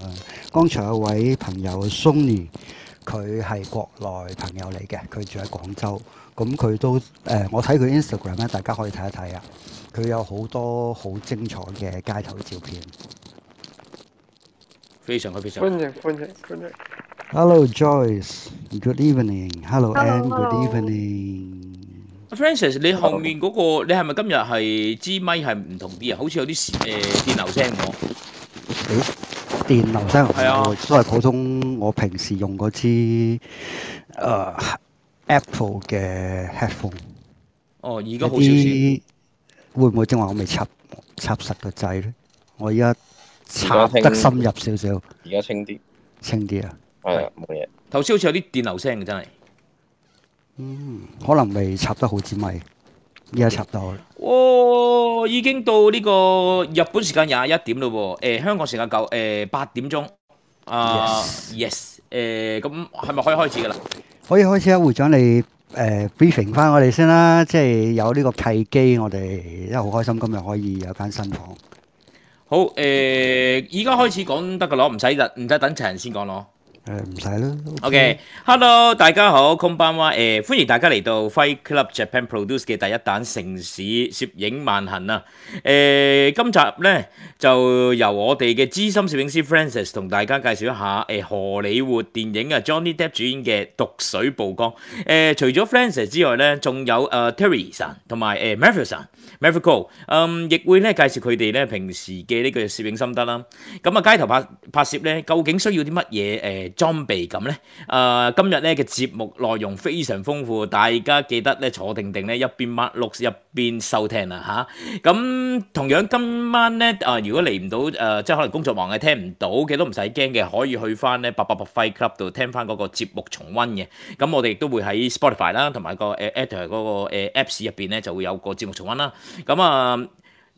啦。剛才有位朋友 Sony，佢係國內朋友嚟嘅，佢住喺廣州。咁佢都誒，我睇佢 Instagram 咧，大家可以睇一睇啊。佢有好多好精彩嘅街頭照片，非常嘅，非常歡迎歡迎歡迎。Hello Joyce，Good evening。Hello Anne，Good evening。Francis，你後面嗰個你係咪今日係支咪係唔同啲啊？好似有啲誒電流聲喎。電流聲係啊，嗯、都係普通。 我平時用嗰支誒、呃、Apple 嘅 headphone。哦，而家好少先。會唔會正話我未插插實個掣咧？我而家插得深入少少。而家清啲，清啲啊！係冇嘢。頭先好似有啲電流聲嘅，真係。嗯，可能未插得好尖咪。而家插到啦！Okay. Oh，已經到呢個日本時間廿一點啦喎、呃，香港時間九誒八點鐘。呃、yes yes，誒咁係咪可以開始噶啦？可以開始啦，會長你誒、呃、briefing 翻我哋先啦，即、就、係、是、有呢個契機，我哋因為好開心，今日可以有間新房。好誒，而、呃、家開始講得㗎攞，唔使等唔使等齊人先講攞。誒唔使啦。OK，Hello，大家好，こんばんは啊誒，歡迎大家嚟到 Fight Club Japan Produce 嘅第一彈城市攝影漫行啊！誒，今集咧就由我哋嘅資深攝影師 Francis 同大家介紹一下誒荷里活電影啊，Johnny Depp 主演嘅《毒水曝光》誒，除咗 Francis 之外咧，仲有誒 Terry 同埋誒 Mafioso，Mafioso，嗯，亦會咧介紹佢哋咧平時嘅呢個攝影心得啦。咁啊，街頭拍拍攝咧，究竟需要啲乜嘢誒？裝備咁咧，啊，今日咧嘅節目內容非常豐富，大家記得咧坐定定咧一邊麥六入邊收聽啦嚇。咁同樣今晚咧，啊，如果嚟唔到，誒，即係可能工作忙係聽唔到嘅都唔使驚嘅，可以去翻咧八八八 Fight Club 度聽翻嗰個節目重温嘅。咁我哋亦都會喺 Spotify 啦，同埋個誒 Apple 嗰個誒 Apps 入邊咧就會有個節目重温啦。咁啊，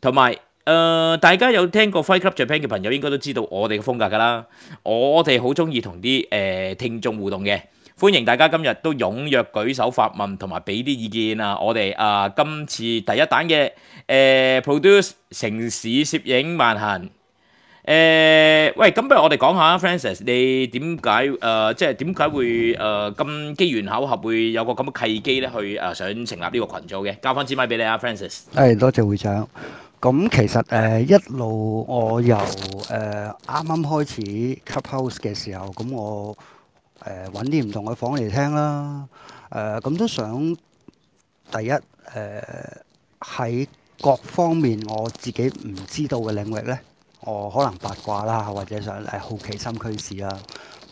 同埋。誒，大家有聽過《Fight Club Japan》嘅朋友應該都知道我哋嘅風格㗎啦。我哋好中意同啲誒聽眾互動嘅，歡迎大家今日都踴躍舉手發問同埋俾啲意見啊！我哋啊，今次第一彈嘅誒 Produce 城市攝影漫行誒，喂，咁不如我哋講下啊，Francis，你點解誒，即係點解會誒咁機緣巧合會有個咁嘅契機咧，去誒想成立呢個羣組嘅？交翻支咪俾你啊，Francis。係，多謝會長。咁、嗯、其實誒、呃、一路我由誒啱啱開始 clubhouse 嘅時候，咁、嗯、我誒揾啲唔同嘅房嚟聽啦。誒、呃、咁都想第一誒喺、呃、各方面我自己唔知道嘅領域呢，我可能八卦啦，或者想誒好奇心驅使啦。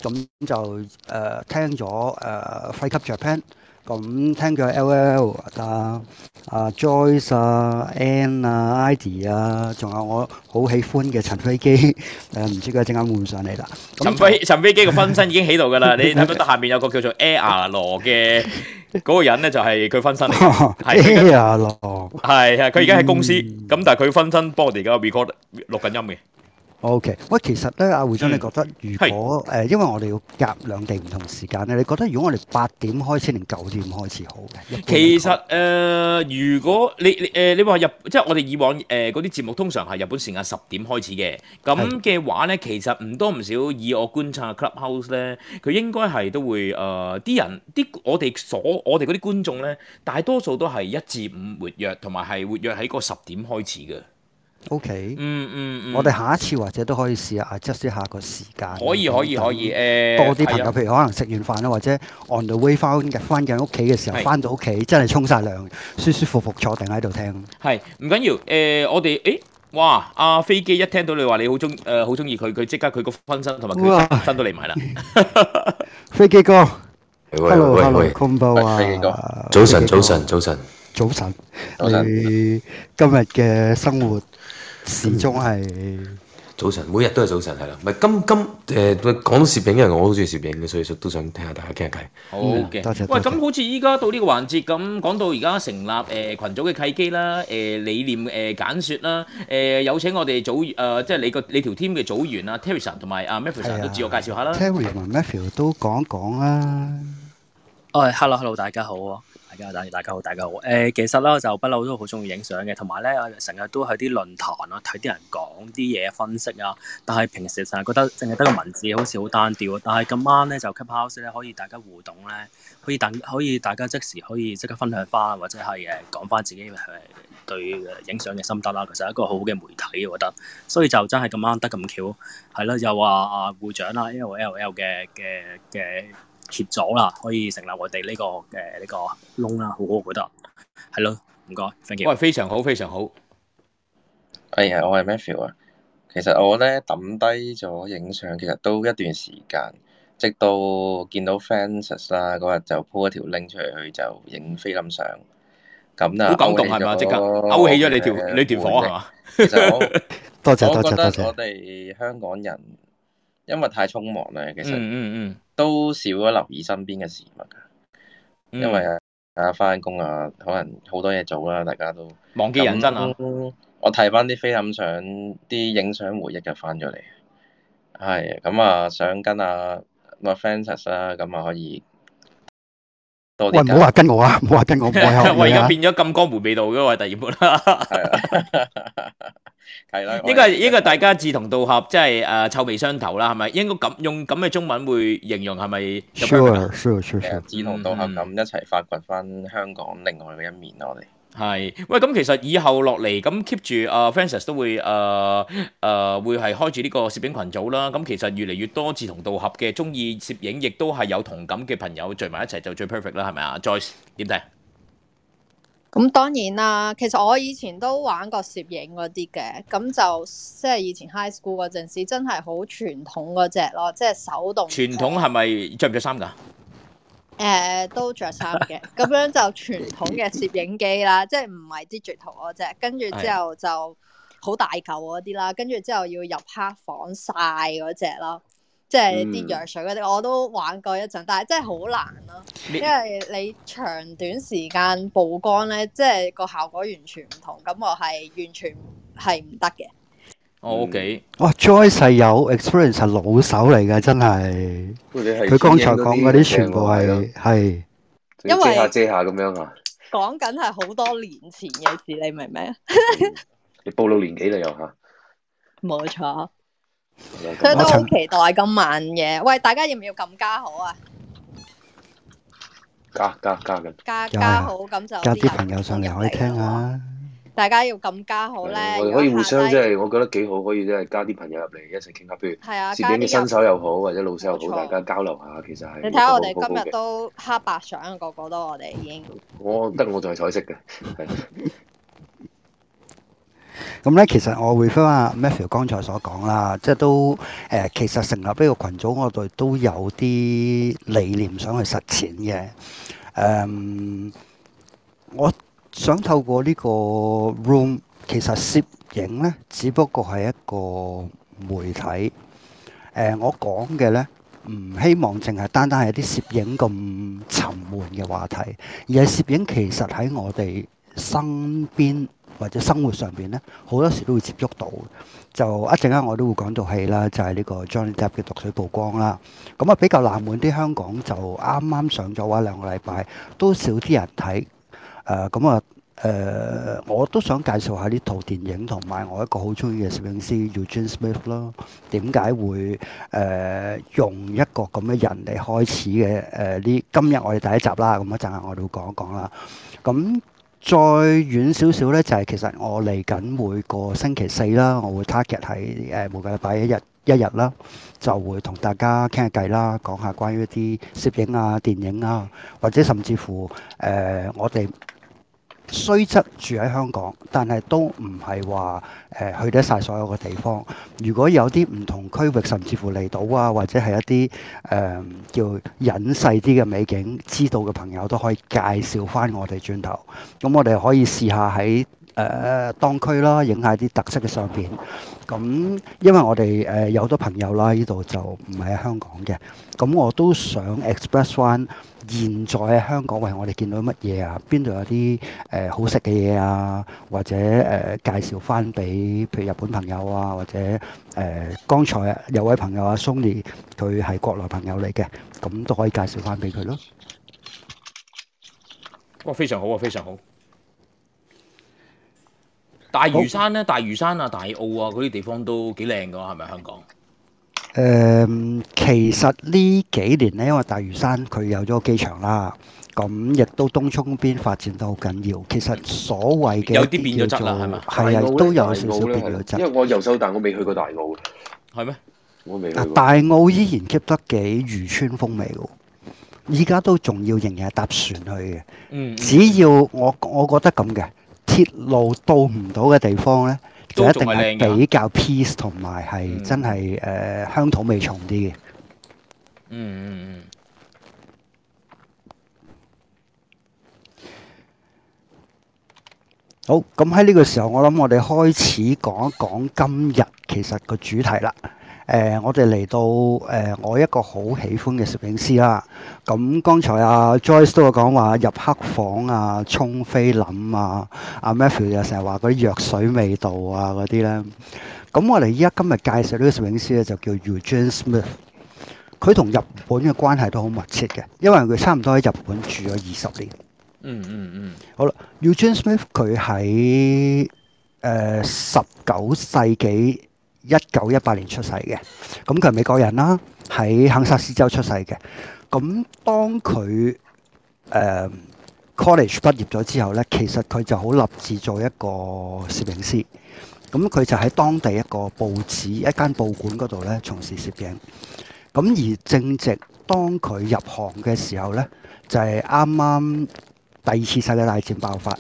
咁、嗯、就誒、呃、聽咗誒費級哲賓。呃咁聽佢嘅 L.L. 啊啊 Joyce 啊 Ann 啊 Idy 啊，仲有我好喜歡嘅陳飛機，誒唔知佢一陣間換上嚟啦。陳飛陳飛機嘅分身已經喺度㗎啦，你睇唔睇得下面有個叫做 Air 羅嘅嗰個人咧？就係佢分身，Air 羅，係，係佢而家喺公司，咁但係佢分身幫我哋而家 record 錄緊音嘅。O K，喂，okay. 其實咧，阿會長，嗯、你覺得如果誒是、呃，因為我哋要夾兩地唔同時間咧，你覺得如果我哋八點開始定九點開始好嘅？其實誒、呃，如果你你、呃、你話日，即係我哋以往誒嗰啲節目通常係日本時間十點開始嘅，咁嘅話咧，其實唔多唔少，以我觀察 Clubhouse 咧，佢應該係都會誒啲、呃、人啲我哋所我哋嗰啲觀眾咧，大多數都係一至五活躍，同埋係活躍喺個十點開始嘅。O K，嗯嗯，我哋下一次或者都可以試下 adjust 一下個時間。可以可以可以，誒多啲朋友，譬如可能食完飯啦，或者 on the way 翻嘅翻緊屋企嘅時候，翻到屋企真係沖晒涼，舒舒服服坐定喺度聽。係，唔緊要，誒我哋，誒哇，阿飛機一聽到你話你好中，誒好中意佢，佢即刻佢個分身同埋佢個分身都嚟埋啦。飛機哥，Hello，Hello，Come back，飛機哥，早晨，早晨，早晨，早晨，我哋今日嘅生活。始終係早晨，每日都係早晨，係啦。唔係今今誒、呃、講到攝影，因為，我好中意攝影嘅，所以都想聽下大家傾下偈。好 Okay.、嗯、多謝。多謝喂，咁好似依家到呢個環節咁，講到而家成立誒、呃、群組嘅契機啦，誒、呃、理念誒、呃、簡説啦，誒、呃、有請我哋組誒，即、呃、係、就是、你個你條 team 嘅組員啊，Terry 同埋啊 Matthew 都自我介紹下啦。Terry 同埋 Matthew 都講一講啦、啊。Oh, Hello, Hello，大家好啊！大家大家好，大家好。誒、欸，其實啦，就不嬲都好中意影相嘅，同埋咧，我成日都喺啲論壇啦睇啲人講啲嘢分析啊。但係平時成日覺得淨係得個文字，好似好單調。但係咁啱咧就 Keep House 咧，可以大家互動咧，可以等可以大家即時可以即刻分享翻，或者係誒講翻自己誒對影相嘅心得啦。其實一個好嘅媒體，我覺得。所以就真係咁啱得咁巧，係咯，又話啊會長啦，L L L 嘅嘅嘅。貼咗啦，可以成立我哋呢個誒呢個窿啦，好好我覺得係咯，唔該，thank you。喂，非常好，非常好。哎呀，我係 Matthew 啊。其實我咧抌低咗影相，其實都一段時間，直到見到 Francis 啦嗰日就 po 一條 link 出嚟，佢就影菲林相。咁啊，好感動係嘛？即刻勾起咗你條你條火係嘛？多謝多謝多謝。我覺得我哋香港人。因為太匆忙咧，其實都少咗留意身邊嘅事物。因為啊，翻工啊，可能好多嘢做啦，大家都忘記人真啊！我睇翻啲菲林相，啲影相回憶就翻咗嚟。係、哎、啊，咁啊，想跟啊個 friends 啦，咁啊可以。喂，唔好話跟我啊，唔好話跟我，我而家 變咗咁江湖味道噶，我係第二幕啦。係啦，應該係應該大家志同道合，即係誒、呃、臭味相投啦，係咪？應該咁用咁嘅中文會形容係咪？Sure，sure，sure，志同道合咁一齊發掘翻香港另外嘅一面，我哋。係，喂，咁其實以後落嚟咁 keep 住啊、uh，Francis 都會誒誒、uh, uh, 會係開住呢個攝影群組啦。咁其實越嚟越多志同道合嘅中意攝影，亦都係有同感嘅朋友聚埋一齊就最 perfect 啦，係咪啊？Joyce 點睇？咁、嗯、當然啦，其實我以前都玩過攝影嗰啲嘅，咁就即係以前 high school 嗰陣時，真係好傳統嗰隻咯，即係手動。傳統係咪着唔着衫㗎？穿誒、呃，都着衫嘅，咁樣就傳統嘅攝影機啦，即係唔係 digital 嗰隻，跟住之後就好大舊嗰啲啦，跟住之後要入黑房曬嗰隻咯，即係啲藥水嗰啲，嗯、我都玩過一陣，但係真係好難咯，因為你長短時間曝光咧，即係個效果完全唔同，咁我係完全係唔得嘅。我幾哇 Joy 係有 experience 係老手嚟嘅，真係佢剛才講嗰啲全部係係遮下遮下咁樣吓、啊，講緊係好多年前嘅事，你明咩、 嗯？你暴露年紀嚟又吓，冇錯錯，所以都好期待今晚嘅。喂，大家要唔要撳加好啊？加加加嘅，加加好咁就加啲朋友上嚟可以聽下。啊大家要咁加好咧，我哋可以互相即係，我覺得幾好，可以即係加啲朋友入嚟一齊傾下，譬如，係啊，自己嘅新手又好，或者老師又好，大家交流下，其實係。你睇下我哋今日都黑白相，個個都我哋已經。我得我仲係彩色嘅。咁咧，其實我 refer 翻 Matthew 剛才所講啦，即係都誒，其實成立呢個羣組，我哋都有啲理念想去實踐嘅。誒，我。想透過呢個 room，其實攝影咧，只不過係一個媒體。誒，我講嘅咧，唔希望淨係單單係啲攝影咁沉悶嘅話題，而係攝影其實喺我哋身邊或者生活上面咧，好多時都會接觸到。就一陣間我都會講到套戲啦，就係呢個 Johnny Depp 嘅《毒水曝光》啦。咁啊，比較冷門啲，香港就啱啱上咗話兩個禮拜，都少啲人睇。誒，咁啊～誒、呃，我都想介紹下呢套電影同埋我一個好中意嘅攝影師 Eugene Smith 咯。點解會誒、呃、用一個咁嘅人嚟開始嘅誒？呢、呃、今日我哋第一集啦，咁啊，陣間我哋會講一講啦。咁、嗯、再遠少少咧，就係、是、其實我嚟緊每個星期四啦，我會 target 喺誒每、呃、個禮拜一日一日啦，就會同大家傾下偈啦，講下關於一啲攝影啊、電影啊，或者甚至乎誒、呃、我哋。雖則住喺香港，但係都唔係話誒去得晒所有嘅地方。如果有啲唔同區域，甚至乎離島啊，或者係一啲誒、呃、叫隱世啲嘅美景，知道嘅朋友都可以介紹翻我哋轉頭。咁、嗯、我哋可以試下喺誒、呃、當區啦，影下啲特色嘅相片。咁、嗯、因為我哋誒、呃、有好多朋友啦，呢度就唔係喺香港嘅。咁、嗯、我都想 express 翻。現在喺香港，喂！我哋見到乜嘢啊？邊度有啲誒好食嘅嘢啊？或者誒介紹翻俾譬如日本朋友啊，或者誒剛才有位朋友阿 Sony，佢係國內朋友嚟嘅，咁都可以介紹翻俾佢咯。哇！非常好啊，非常好。大嶼山咧，大嶼山啊，大澳啊，嗰啲地方都幾靚㗎，係咪香港？誒，um, 其實呢幾年咧，因為大嶼山佢有咗機場啦，咁亦都東涌邊發展得好緊要。其實所謂嘅有啲變咗質啦，係嘛？係啊，都有少少變咗質。因為我右手但我未去過大澳嘅，係咩？我未去過。啊，大澳依然 keep 得幾漁村風味喎，依家都仲要仍然係搭船去嘅。嗯嗯，只要我我覺得咁嘅鐵路到唔到嘅地方咧，就一定係比較 peace 同埋係真係誒鄉土味重啲嘅。嗯嗯嗯。好，咁喺呢個時候，我諗我哋開始講一講今日其實個主題啦。誒、呃，我哋嚟到誒、呃，我一個好喜歡嘅攝影師啦。咁、呃、剛才阿、啊、Joyce 都有講話入黑房啊，沖菲林啊，阿、啊、Matthew 又成日話嗰啲藥水味道啊嗰啲咧。咁、呃、我哋依家今日介紹呢個攝影師咧，就叫 Eugene Smith。佢同日本嘅關係都好密切嘅，因為佢差唔多喺日本住咗二十年。嗯嗯嗯。嗯嗯好啦 Eugene Smith 佢喺誒十九世紀。一九一八年出世嘅，咁佢係美國人啦，喺肯薩斯州出世嘅。咁、嗯、當佢誒、呃、college 畢業咗之後咧，其實佢就好立志做一個攝影師，咁、嗯、佢就喺當地一個報紙一間報館嗰度咧從事攝影。咁、嗯、而正值當佢入行嘅時候咧，就係啱啱第二次世界大戰爆發誒、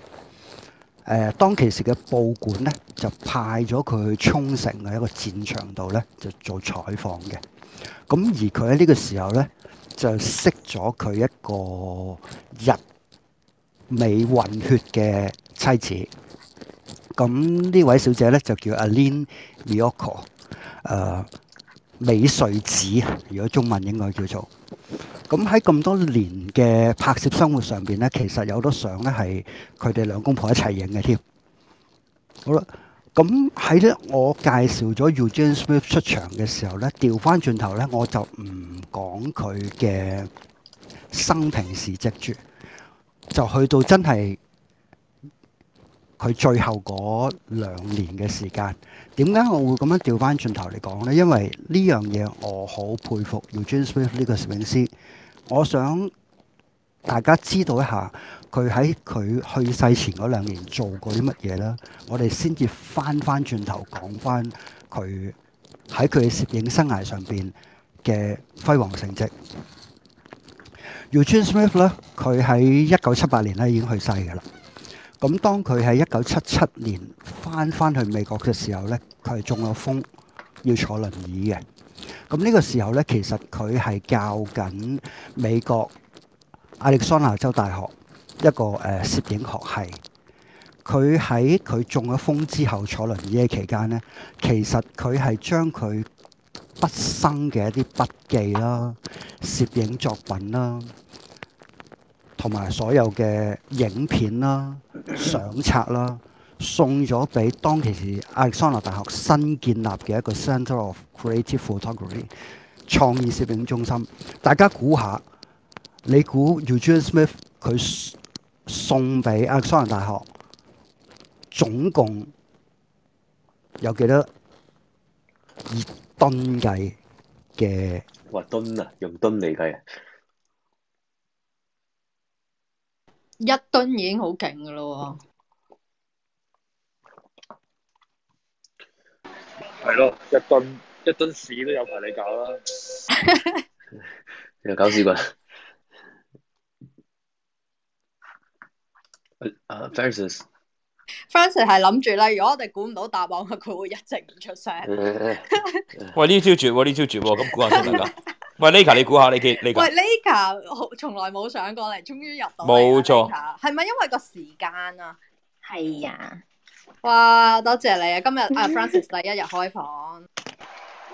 呃，當其時嘅報館咧。就派咗佢去沖繩嘅一個戰場度咧，就做採訪嘅。咁而佢喺呢個時候咧，就識咗佢一個日美混血嘅妻子。咁呢位小姐咧就叫 Aline Miyoko，誒美穗子，如果中文應該叫做。咁喺咁多年嘅拍攝生活上面咧，其實有好多相咧係佢哋兩公婆一齊影嘅添。好啦。咁喺咧，嗯、我介紹咗 Eugene Smith 出場嘅時候咧，調翻轉頭咧，我就唔講佢嘅生平事蹟住，就去到真係佢最後嗰兩年嘅時間。點解我會咁樣調翻轉頭嚟講咧？因為呢樣嘢我好佩服、e、Eugene Smith 呢個攝影師，我想，大家知道一下佢喺佢去世前嗰兩年做過啲乜嘢啦？我哋先至翻翻轉頭講翻佢喺佢嘅攝影生涯上邊嘅輝煌成績。Eugene Smith 咧，佢喺一九七八年咧已經去世噶啦。咁當佢喺一九七七年翻翻去美國嘅時候咧，佢係中咗風要坐輪椅嘅。咁、這、呢個時候咧，其實佢係教緊美國。亞利桑拿州大學一個誒、uh, 攝影學系，佢喺佢中咗風之後坐輪椅嘅期間呢，其實佢係將佢畢生嘅一啲筆記啦、攝影作品啦，同埋所有嘅影片啦、相冊啦，送咗俾當其時亞利桑拿大學新建立嘅一個 Centre of Creative Photography 創意攝影中心。大家估下？你估 Ujames 咩？佢送畀啊，桑陽大學總共有幾多噸計嘅？哇！噸啊，用噸嚟計啊！一噸已經好勁㗎啦！喎，係咯，一噸一噸屎都有排你搞啦！又搞屎棍。Francis，Francis 係諗住啦，如果我哋估唔到答案，佢會一直唔出聲。 喂，呢招絕喎，呢招絕喎，咁、嗯、估人點諗噶？估下先？ 喂，Lika，你估下，你記，你個？喂，Lika，好，從來冇上過嚟，終於入到。冇錯，係咪因為個時間啊？係呀，哇，多謝你啊！今日 啊，Francis 第一日開房。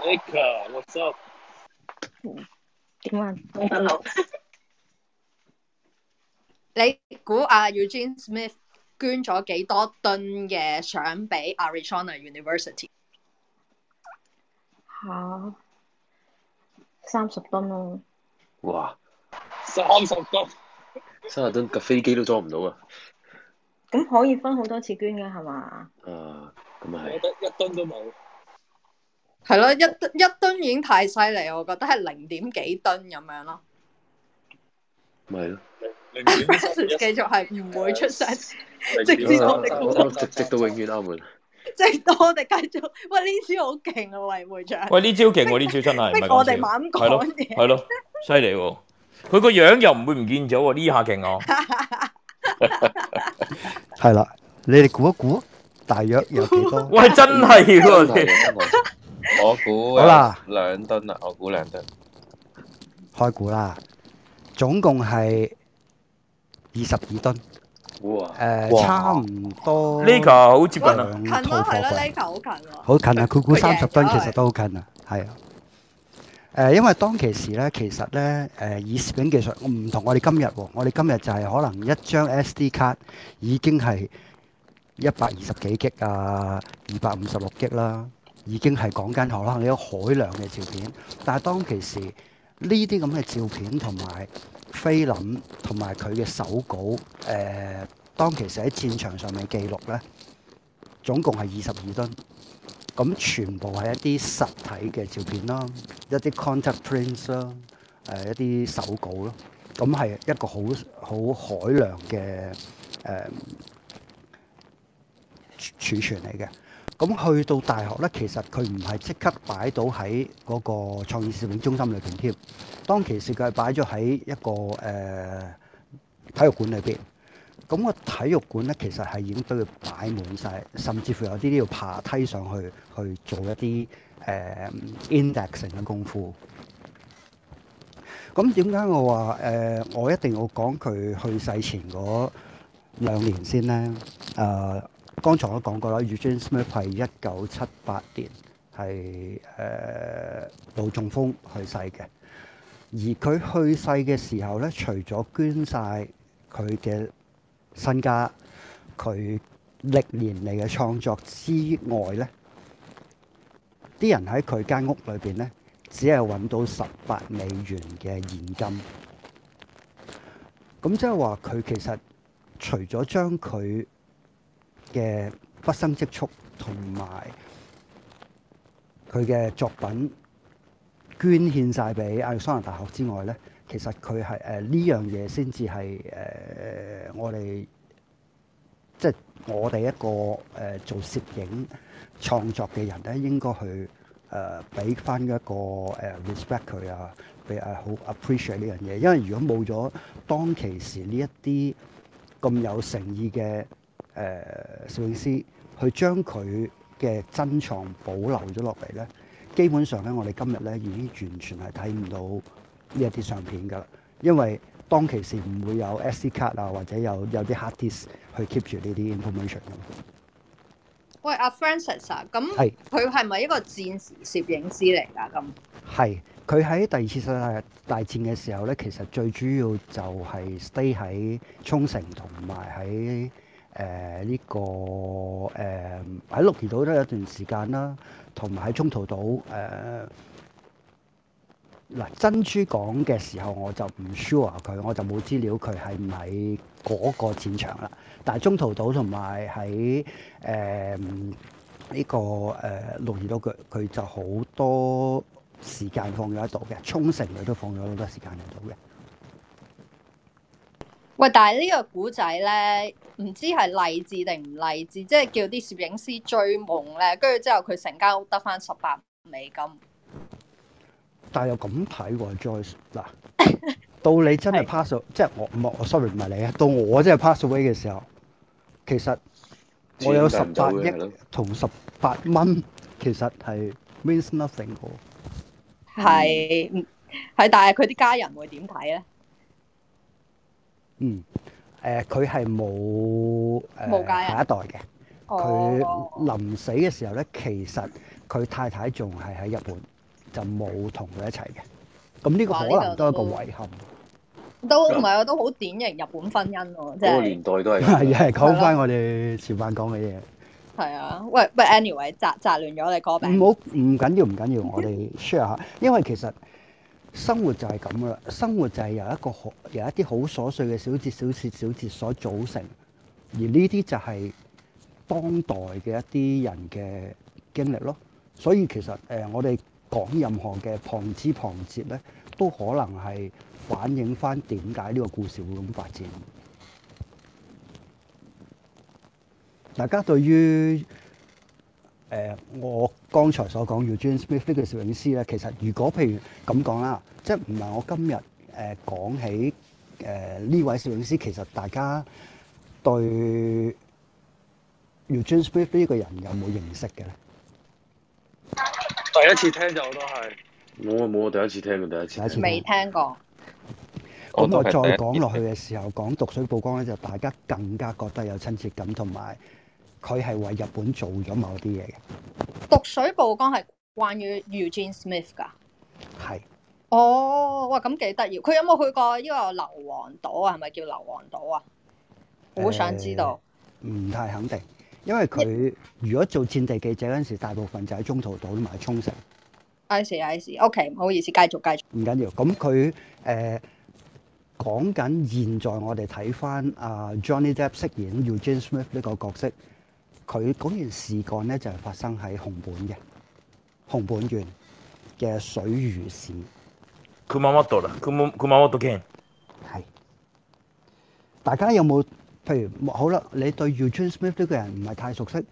Lika，what's up？點啊？Hello。 你估阿 Eugene Smith 捐咗幾多噸嘅相俾阿 Arizona University？吓，三十噸啊！哇，三十噸，三十噸架飛機都裝唔到噶。咁可以分好多次捐噶係嘛？啊，咁啊係。我覺得一噸都冇。係咯，一噸一噸已經太犀利，我覺得係零點幾噸咁樣咯。咪咯。繼續係唔會出聲，直至我哋直直到永遠澳門。直到我哋繼續喂，呢招好勁啊，喂會長。喂呢招勁喎，呢招真係逼我哋猛講嘢。係咯，犀利喎。佢個樣又唔會唔見咗喎。呢下勁啊，係啦，你哋估一估，大約有幾多？我係真係嘅，我估好啦，兩噸啦，我估兩噸。開估啦，總共係。二十二噸，誒，哇差唔不多哇。呢個好接近啊，近咯，係咯，呢個好近，好近啊，佢估三十噸，其實都好近啊，係啊。誒、呃，因為當其時咧，其實咧，誒、呃，以攝影技術唔同我哋今日、啊，我哋今日就係可能一張 SD 卡已經係一百二十幾 G 啊，二百五十六 G 啦，已經係講緊可能有海量嘅照片。但係當其時呢啲咁嘅照片同埋，菲林同埋佢嘅手稿，誒、呃，當其時，喺戰場上面記錄咧，總共係二十二噸，咁全部係一啲實體嘅照片啦，一啲 contact prints 啦，呃，誒，一啲手稿咯，咁係一個好好海量嘅誒儲存嚟嘅。咁去到大學咧，其實佢唔係即刻擺到喺嗰個創意攝影中心裏邊，添當其時佢係擺咗喺一個誒、呃、體育館裏邊。咁個體育館咧，其實係已經俾佢擺滿晒，甚至乎有啲都要爬梯上去去做一啲誒、呃、indexing 嘅功夫。咁點解我話誒、呃、我一定要講佢去世前嗰兩年先咧？啊、呃！剛才我都講過啦 e a m e s Smith 係一九七八年係誒腦中風去世嘅，而佢去世嘅時候咧，除咗捐晒佢嘅身家、佢歷年嚟嘅創作之外咧，啲人喺佢間屋裏邊咧，只係揾到十八美元嘅現金，咁即係話佢其實除咗將佢嘅畢生積蓄同埋佢嘅作品捐獻晒俾亞利桑那大學之外咧，其實佢係誒呢樣嘢先至係誒我哋即係我哋一個誒、呃、做攝影創作嘅人咧，應該去誒俾翻一個誒 respect 佢啊，俾誒好、啊、appreciate 呢樣嘢，因為如果冇咗當其時呢一啲咁有誠意嘅。誒攝、呃、影師去將佢嘅珍藏保留咗落嚟咧，基本上咧，我哋今日咧已經完全係睇唔到呢一啲相片㗎啦，因為當其時唔會有 SD 卡啊，或者有有啲 hard disk 去 keep 住呢啲 information。喂，阿、啊、Francis 啊，咁佢係咪一個戰時攝影師嚟㗎？咁係，佢喺第二次世界大戰嘅時候咧，其實最主要就係 stay 喺沖繩同埋喺。誒呢、呃這個誒喺鹿兒島都有段時間啦，同埋喺中途島誒嗱珍珠港嘅時候我就唔 sure 佢，我就冇資料佢係唔係嗰個戰場啦。但係中途島同埋喺誒呢個誒、呃、鹿兒島佢佢就好多時間放咗喺度嘅，沖繩佢都放咗好多時間喺度嘅。喂，但係呢個古仔咧，唔知係勵志定唔勵志，即係叫啲攝影師追夢咧，跟住之後佢成間屋得翻十八美金。但係又咁睇喎，Joyce，嗱， 到你真係 pass 咗的，即係我唔係我，sorry 唔係你啊，到我真係 pass away 嘅時候，其實我有十八億同十八蚊，其實係 means nothing 喎 係，係，但係佢啲家人會點睇咧？嗯，誒佢係冇誒下一代嘅，佢臨死嘅時候咧，其實佢太太仲係喺日本，就冇同佢一齊嘅。咁呢個可能，都一個遺憾。都唔係啊，都好典型日本婚姻囉，即係嗰個年代都係。係，係講翻我哋前晚講嘅嘢。係啊，喂，but anyway，雜雜亂咗你歌名。唔好，唔緊要，唔緊要，我哋 share 下，因為其實。生活就係咁噶啦，生活就係由一個好，由一啲好瑣碎嘅小節、小節、小節所組成，而呢啲就係當代嘅一啲人嘅經歷咯。所以其實誒、呃，我哋講任何嘅旁枝旁節咧，都可能係反映翻點解呢個故事會咁發展。大家對於～誒、呃，我剛才所講，Eugene Smith 呢個攝影師咧，其實如果譬如咁講啦，即係唔係我今日誒、呃、講起誒呢、呃、位攝影師，其實大家對 Eugene Smith 呢個人有冇認識嘅咧？第一次聽就我都係冇啊，冇啊，第一次聽嘅第一次，未聽過。咁我再講落去嘅時候，講毒水曝光咧，就大家更加覺得有親切感同埋。佢係為日本做咗某啲嘢嘅。毒水曝光係關於、e、Eugene Smith 噶，係是。哦，oh, 哇，咁幾得意！佢有冇去過呢個硫磺島啊？係咪叫硫磺島啊？好、uh, 想知道。唔太肯定，因為佢如果做戰地記者嗰陣時，大部分就喺中途島同埋沖繩。I see, I see，OK，、okay, 唔好意思，繼續繼續。唔緊要，咁佢誒講緊現在，我哋睇翻阿 Johnny Depp 飾演、e、Eugene Smith 呢個角色。佢嗰件事幹咧，就係發生喺熊本嘅熊本縣嘅水俁市。Kumamoto 啦，Kum Kumamoto 係。大家有冇譬如好啦？你對 Eugene Smith 呢個人唔係太熟悉，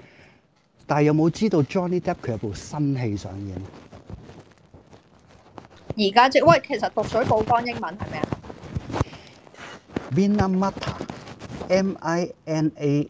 但係有冇知道 Johnny Depp 佢有部新戲上映？而家即喂，其實讀水俁講英文係咩啊？Minamata，M-I-N-A。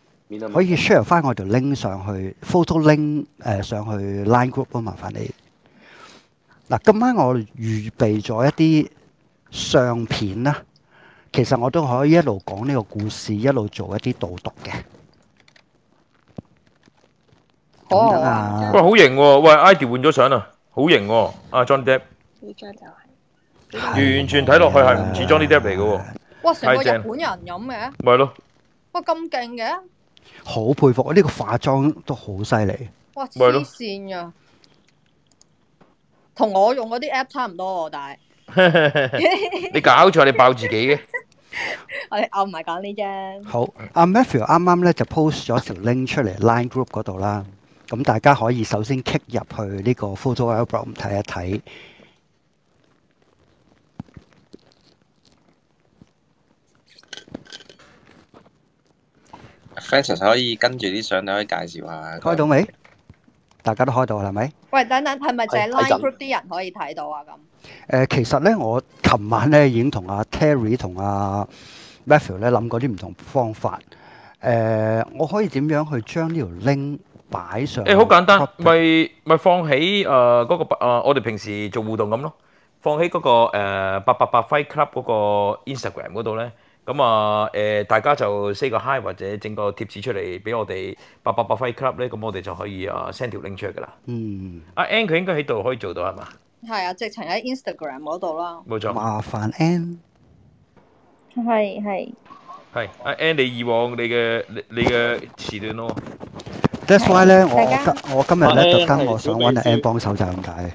可以 share 返我條 link 上去，photo link 誒上去 line group 啊，麻煩你。嗱，今晚我預備咗一啲相片啦，其實我都可以一路講呢個故事，一路做一啲導讀嘅。哦，哇，好型喎！喂，ID 換咗相啊，好型喎！啊，John Depp 呢張就係完全睇落去係唔似 Johnny Depp 嚟嘅喎。哇，成個日本人飲嘅。唔係咯。哇，咁勁嘅！好佩服，呢、這個化妝都好犀利。哇，黐線噶，同我用嗰啲 app 差唔多，但係你搞錯，你爆自己嘅。我我唔係講呢張。好，阿、 啊、Matthew 啱啱咧就 post 咗條 link 出嚟 Line Group 嗰度啦，咁、嗯、 大家可以首先 kick 入去呢個 Photo Album 睇一睇。fans 可以跟住啲相，你可以介紹下。開到未？大家都開到啦，係咪？喂，等等係咪淨係 line group 啲人可以睇到啊？咁誒、呃，其實咧，我琴晚咧已經、啊啊、呢同阿 Terry 同阿 Matthew 咧諗過啲唔同方法。誒、呃，我可以點樣去將呢條 link 擺上誒？誒，好簡單，咪咪面放喺誒嗰個、呃、我哋平時做互動咁咯，放喺嗰、嗰個八八八 Fight Club 嗰個 Instagram 嗰度咧。咁、嗯、啊，誒、呃、大家就 say 個 hi 或者整個貼紙出嚟俾我哋八八八輝 club 咧，咁我哋就可以啊 send 條 link 出嚟噶啦。嗯，阿 N 佢應該喺度可以做到係嘛？係啊，直情喺 Instagram 嗰度咯。冇錯。麻煩 N。係係係。阿、啊、N，你以往你嘅你嘅時段咯。That's why 咧，我家我今日咧煩就特登我想揾阿 N 幫手就咁解。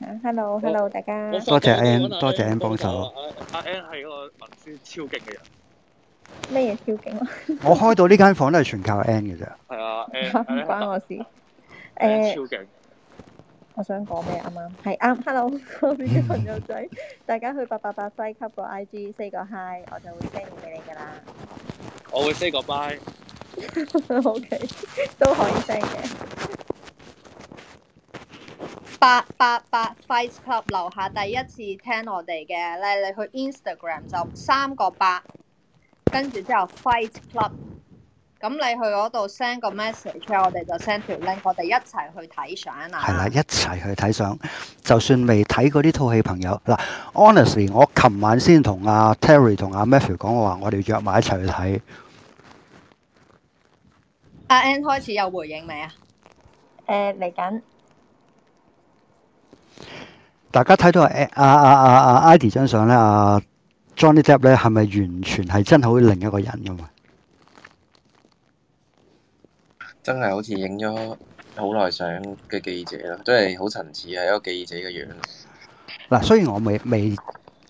哈，hello，hello，大家。多謝 Ann，多謝 Ann 幫手。阿 Ann 係個文宣超勁嘅人。咩嘢超勁啊？我開到呢間房都係全靠 Ann 嘅咋。係啊，Ann 唔關我事。誒，超勁。我想講咩啱啱？係啱。Hello，我啲朋友仔，大家去八八八西級個 IG say 個 hi，我就會 send 嘢俾你噶啦。我會 say 個 bye。OK，都可以 send 嘅。八八八 Fight Club 樓下第一次聽我哋嘅，你去 agram, 8, 你去 Instagram 就三個八，跟住之後 Fight Club，咁你去嗰度 send 個 message，我哋就 send 條 link，我哋一齊去睇相啊！係啦，一齊去睇相，就算未睇過呢套戲，朋友嗱，Honestly，我琴晚先同阿 Terry 同阿 Matthew 講話，我哋約埋一齊去睇。阿、啊、Ann 開始有回應未啊？誒嚟緊。大家睇到阿阿阿阿艾迪張相咧，阿 Johnny Depp 咧係咪完全係真係好似另一個人咁啊？真係好似影咗好耐相嘅記者咯，都係好傳神啊，一個記者嘅樣。嗱，雖然我未未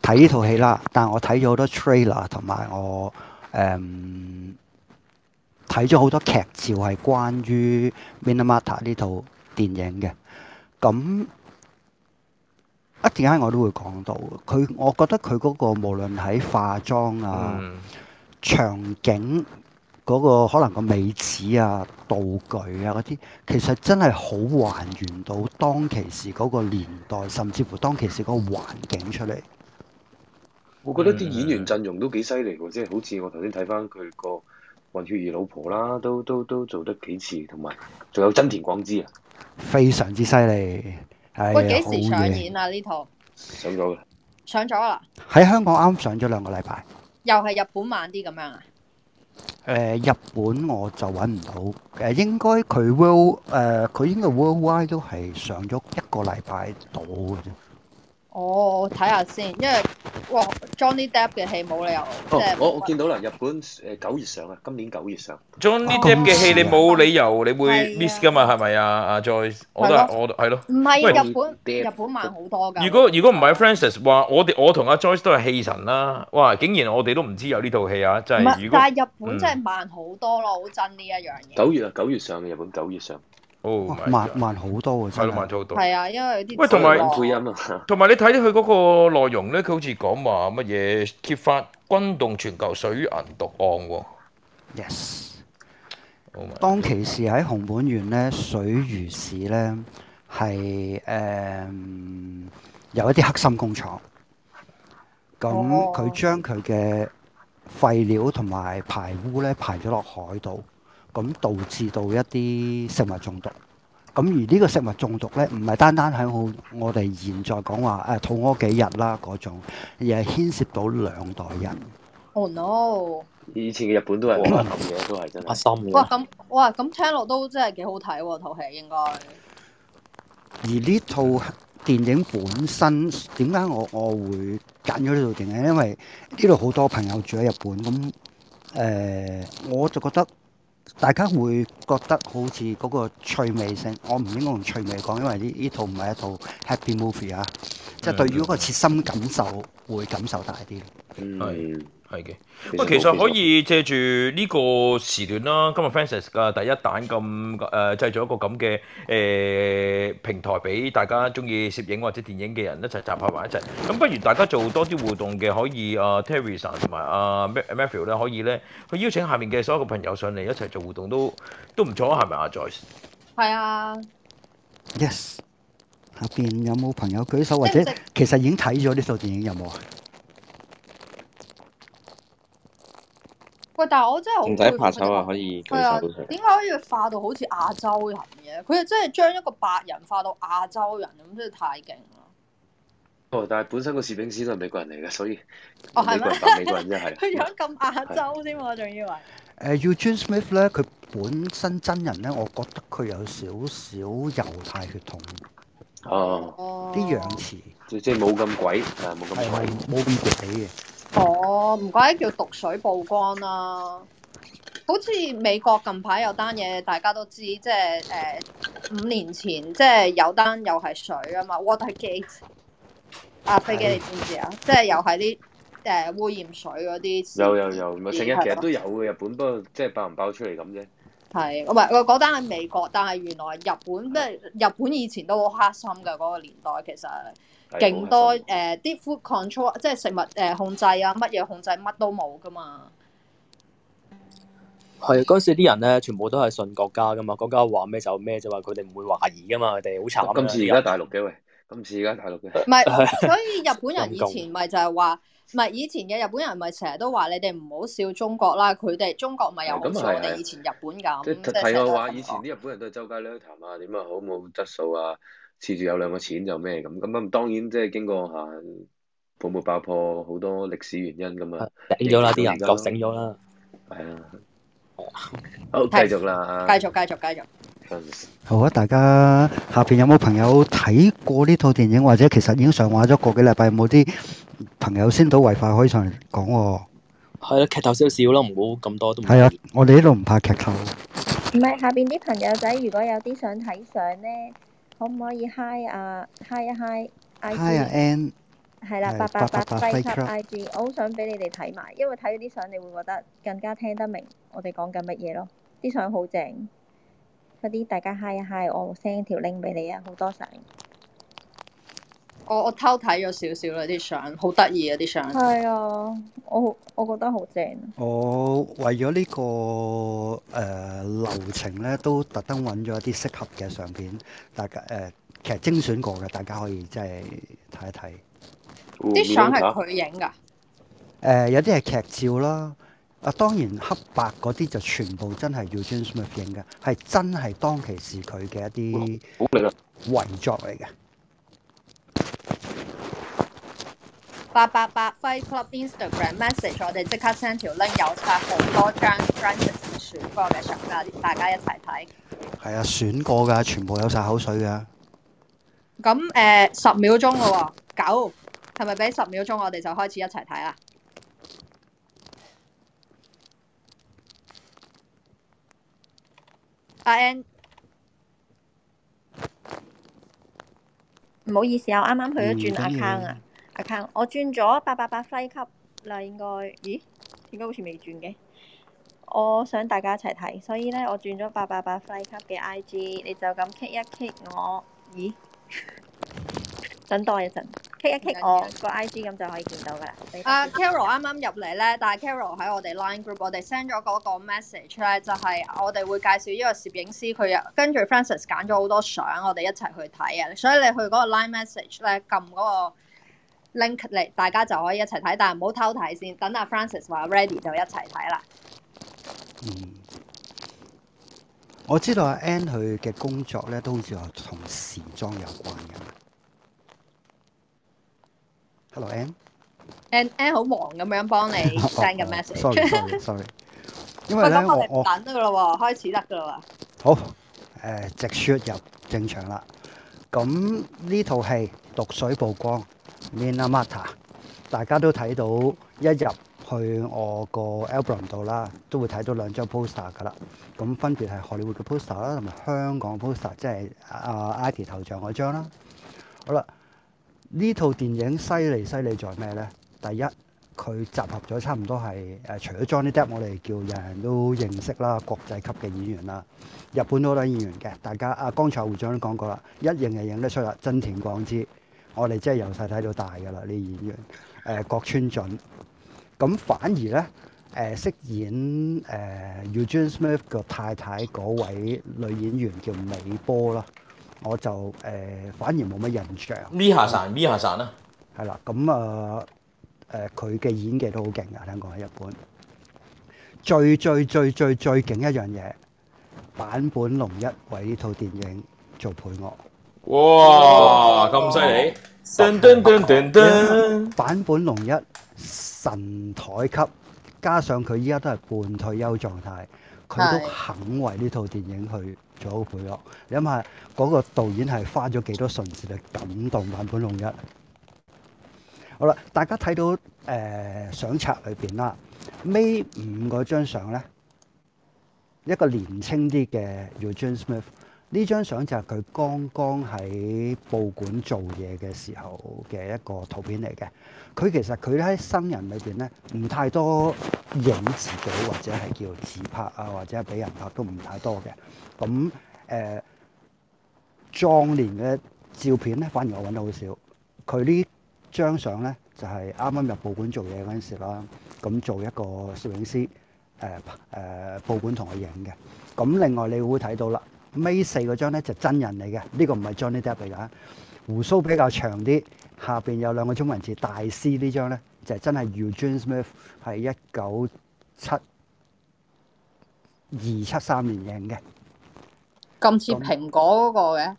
睇呢套戲啦，但我睇咗好多 trailer 同埋我誒睇咗好多劇照係關於 Minamata 呢套電影嘅咁。一陣間我都會講到，佢我覺得佢嗰個無論喺化妝啊、嗯、場景嗰個可能個美齒啊、道具啊嗰啲，其實真係好還原到當其時嗰個年代，甚至乎當其時嗰個環境出嚟。我覺得啲演員陣容都幾犀利喎，即係好似我頭先睇翻佢個混血兒老婆啦，都都都做得幾似，同埋仲有真田廣之啊，非常之犀利。喂幾時上演啊？呢套上咗啦，上咗啦。喺香港啱啱上咗兩個禮拜，又係日本慢啲咁樣啊？誒，日本我就搵唔到，誒，應該佢 World 誒，佢應該 World Wide 都係上咗一個禮拜到嘅啫。哦，我睇下先，因為哇，Johnny Depp 嘅戲冇理由即係。我我見到啦，日本誒九月上啊，今年九月上。Johnny Depp 嘅戲你冇理由你會 miss 噶嘛，係咪啊？阿 Joyce 我都係我都係咯。唔係，日本日本慢好多㗎。如果如果唔係 Francis 話，我哋我同阿 Joyce 都係戲神啦。哇，竟然我哋都唔知有呢套戲啊！真係如果。但係日本真係慢好多咯，好憎呢一樣嘢。九月啊，九月上嘅，日本九月上。哦、oh,，慢慢好多啊，真係咯，慢咗好多。係啊，因為有啲喂，同埋同埋你睇到佢嗰個內容咧，佢好似講話乜嘢揭發軍動全球水銀毒案喎、啊。Yes，、oh, my 當其時喺熊本縣咧，水魚市咧係誒有一啲黑心工廠，咁佢將佢嘅廢料同埋排污咧排咗落海度。咁導致到一啲食物中毒。咁而呢個食物中毒咧，唔係單單係我我哋現在講話誒肚屙幾日啦嗰種，而係牽涉到兩代人。o、oh, no！以前嘅日本都係乜嘢都係真係噏心嘅。哇！咁 哇！咁聽落都真係幾好睇喎、啊，套戲應該。而呢套電影本身點解我我會揀咗呢套電影？因為呢度好多朋友住喺日本，咁誒、呃、我就覺得。大家會覺得好似嗰個趣味性，我唔應該用趣味講，因為呢呢套唔係一套 happy movie 啊， 即係對於嗰個切身感受會感受大啲。嗯。係嘅，喂，其實可以借住呢個時段啦，今日 Francis 嘅第一彈咁誒，製造一個咁嘅誒平台，俾大家中意攝影或者電影嘅人一齊集合埋一齊。咁不如大家做多啲互動嘅，可以啊，Teresa 同埋啊 Matthew 咧，可以咧去邀請下面嘅所有嘅朋友上嚟一齊做互動，都都唔錯啊，係咪啊，Joyce？係啊，Yes。下邊有冇朋友舉手，或者其實已經睇咗呢套電影有冇啊？但係我真係好，唔使拍手啊！可以，係啊，點解可以化到好似亞洲人嘅？佢又真係將一個白人化到亞洲人，咁真係太勁啦！哦，但係本身個攝影師都係美國人嚟嘅，所以哦，好鬼白美國人一係。佢樣咁亞洲先喎，仲是是以為？誒，Eugene、uh, Smith 咧，佢本身真人咧，我覺得佢有少少猶太血統。Uh uh. 哦，啲樣詞即即冇咁鬼，係冇咁。鬼，冇咁鬼嘅？ 哦，唔怪得，叫毒水曝光啦、啊。好似美國近排有單嘢，大家都知，即係誒，五年前，即係有單又係水啊嘛，Watergate。啊，飛機你知唔知啊？ 即係又係啲誒污染水嗰啲。有有有，成日吧其實都有嘅日本，包不過即係爆唔爆出嚟咁啫。係，唔係我嗰單係美國，但係原來日本咩？ 日本以前都好黑心噶，嗰、嗰個年代，其實。勁多誒啲 food control，即係食物誒控制啊，乜嘢控制乜都冇噶嘛。係啊，嗰時啲人咧，全部都係信國家噶嘛，國家話咩就咩啫，話佢哋唔會懷疑噶嘛，佢哋好慘。今次而家大陸嘅喂，今次而家大陸嘅是。唔係，所以日本人以前咪就係話，唔係 以前嘅日本人咪成日都話你哋唔好笑中國啦，佢哋中國咪又好似我哋以前日本咁。樣即係我話以前啲日本人都係周街亂談啊，點啊好冇質素啊。持住有兩個錢就咩咁咁啊？當然即係經過、哎、泡沫爆破，好多歷史原因咁啊，醒咗啦啲人，覺醒咗啦，係啊、哎，好看繼續啦，繼續繼續繼續。繼續繼續好啊，大家下邊有冇朋友睇過呢套電影，或者其實已經上畫咗個幾禮拜，有冇啲朋友先睹為快可以上嚟講、啊？係咯，劇透少少咯，唔好咁多都。係啊，我哋呢度唔怕劇透。唔係下邊啲朋友仔，如果有啲想睇相咧。可唔可以嗨 i 啊？hi 啊 hi I G N 係啦、啊，八八八飛 club I G，我好想俾你哋睇埋，因為睇到啲相你會覺得更加聽得明我哋講緊乜嘢咯。啲相好正，快啲大家嗨啊嗨，我 send 條 link 俾你啊，好多相。我我偷睇咗少少啦，啲相，好得意啊啲相。係啊，我我覺得好正。我為咗呢、這個誒、呃、流程咧，都特登搵咗一啲適合嘅相片，大家誒、其、呃、實精選過嘅，大家可以即係睇一睇。啲相係佢影噶。誒、呃，有啲係劇照啦。啊，當然黑白嗰啲就全部真係要 o a n 影嘅，係真係當其時佢嘅一啲好遺作嚟嘅。八八八 Fight Club Instagram message，我哋即刻 send 條 link 有晒好多張 Francis 選過嘅相噶，大家一齊睇。係啊，選過噶，全部有晒口水噶。咁誒、呃，十秒鐘咯，九係咪俾十秒鐘？我哋就開始一齊睇啦。阿 N，唔好意思啊，我啱啱去咗轉 account 啊。我轉咗八八八 fly 飛級啦，應該？咦？點解好似未轉嘅？我想大家一齊睇，所以咧我轉咗八八八 fly 飛級嘅 I G，你就咁 click 一 click 我。咦？ 等待一陣 click 一 click 我個 I G 咁就可以見到噶啦。阿、uh, Carol 啱啱入嚟咧，但係 Carol 喺我哋 Line Group，我哋 send 咗嗰個 message 咧，就係我哋會介紹呢個攝影師，佢又跟住 Francis 揀咗好多相，我哋一齊去睇啊。所以你去嗰個 Line Message 咧，撳嗰個。link 嚟，大家就可以一齊睇，但係唔好偷睇先。等阿 Francis 話 ready 就一齊睇啦。我知道阿 Ann 佢嘅工作咧，都好似係同時裝有關嘅。Hello, Ann。Ann Ann 好忙咁樣幫你 send 個 message。 oh, oh, sorry sorry，sorry. 因為咧呢、 嗯、我等我等得噶啦，oh, 開始得噶啦。好誒，直說入正場啦。咁呢套戲《毒水曝光》。《Minamata》，大家都睇到一入去我個 album 度啦，都會睇到兩張 poster 噶啦。咁分別係荷里活嘅 poster 啦，同埋香港 poster，即係阿 Ike 頭像嗰張啦。好啦，呢套電影犀利犀利在咩咧？第一，佢集合咗差唔多係誒、啊，除咗 Johnny Depp，我哋叫人人都認識啦，國際級嘅演員啦，日本好多演員嘅。大家啊，剛才會長都講過啦，一認就影得出啦，真田廣之。我哋真係由細睇到大噶啦，呢演員誒，郭、呃、川准。咁反而咧，誒、呃，飾演誒呃、Eugene Smith 嘅太太嗰位女演員叫美波啦。我就誒、呃，反而冇乜印象。Mika San，Mika San 啦，係啦。咁啊，誒，佢嘅、呃呃、演技都好勁噶，聽過喺日本。最最最最最勁一樣嘢，坂本龍一為呢套電影做配樂。哇，咁犀利！坂本龍一神台級，加上佢依家都係半退休狀態，佢都肯為呢套電影去做好配樂。你諗下嗰個導演係花咗幾多唇舌去感動坂本龍一。好啦，大家睇到誒、呃、相冊裏邊啦，尾五嗰張相咧，一個年青啲嘅 Eugene Smith 呢張相就係佢剛剛喺報館做嘢嘅時候嘅一個圖片嚟嘅。佢其實佢喺新人裏邊咧，唔太多影自己或者係叫自拍啊，或者係俾人拍都唔太多嘅。咁誒壯年嘅照片咧，反而我揾到好少。佢呢張相咧就係啱啱入報館做嘢嗰陣時啦。咁做一個攝影師誒誒、呃呃、報館同佢影嘅。咁另外你會睇到啦。May 四嗰張咧就是、真人嚟嘅，呢、這個唔係 Johnny Depp 嚟噶，鬍鬚比較長啲，下邊有兩個中文字。大師張呢張咧就是、真係 Eugene Smith 係一九七二七三年影嘅。咁似蘋果嗰、那個嘅。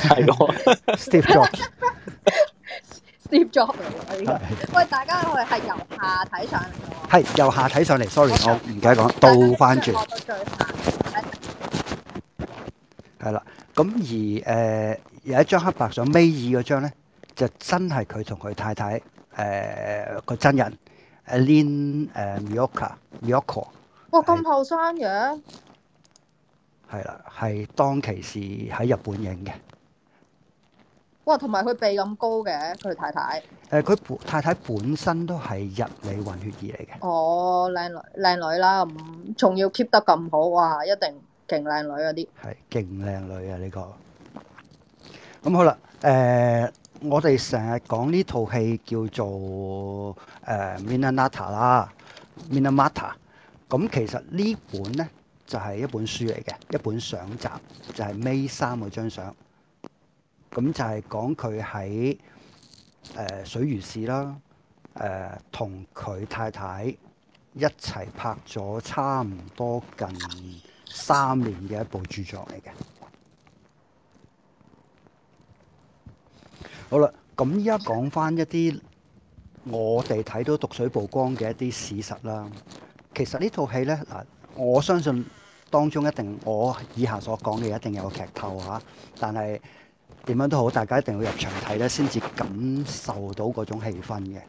係喎，Steve Jobs。Steve Jobs 嚟嘅。 喂，大家由由 Sorry, 我係係由下睇上嚟嘅。係由下睇上嚟，sorry，我唔該講倒翻轉。係啦，咁而誒、呃、有一張黑白相，尾二嗰張咧就真係佢同佢太太誒個、呃、真人 Aline Yoka Yoko，哇，咁後生嘅。係啦，係、哦、當其時喺日本影嘅。哇，同埋佢鼻咁高嘅，佢太太誒，佢、呃、太太本身都係日美混血兒嚟嘅。哦，靚女靚女啦，唔仲要 keep 得咁好，哇，一定。勁靚女嗰啲係勁靚女啊！呢個咁好啦，誒，我哋成日講呢套戲叫做誒《Minamata》啦，《Minamata》咁，其實呢本咧就係一本書嚟嘅，一本相集就係 May 三嗰張相咁就係講佢喺誒水俁市啦，誒同佢太太一齊拍咗差唔多近三年嘅一部著作嚟嘅，好啦，咁依家講翻一啲我哋睇到毒水曝光嘅一啲事實啦。其實呢套戲呢，嗱，我相信當中一定我以下所講嘅一定有劇透吓，但係點樣都好，大家一定要入場睇呢，先至感受到嗰種氣氛嘅。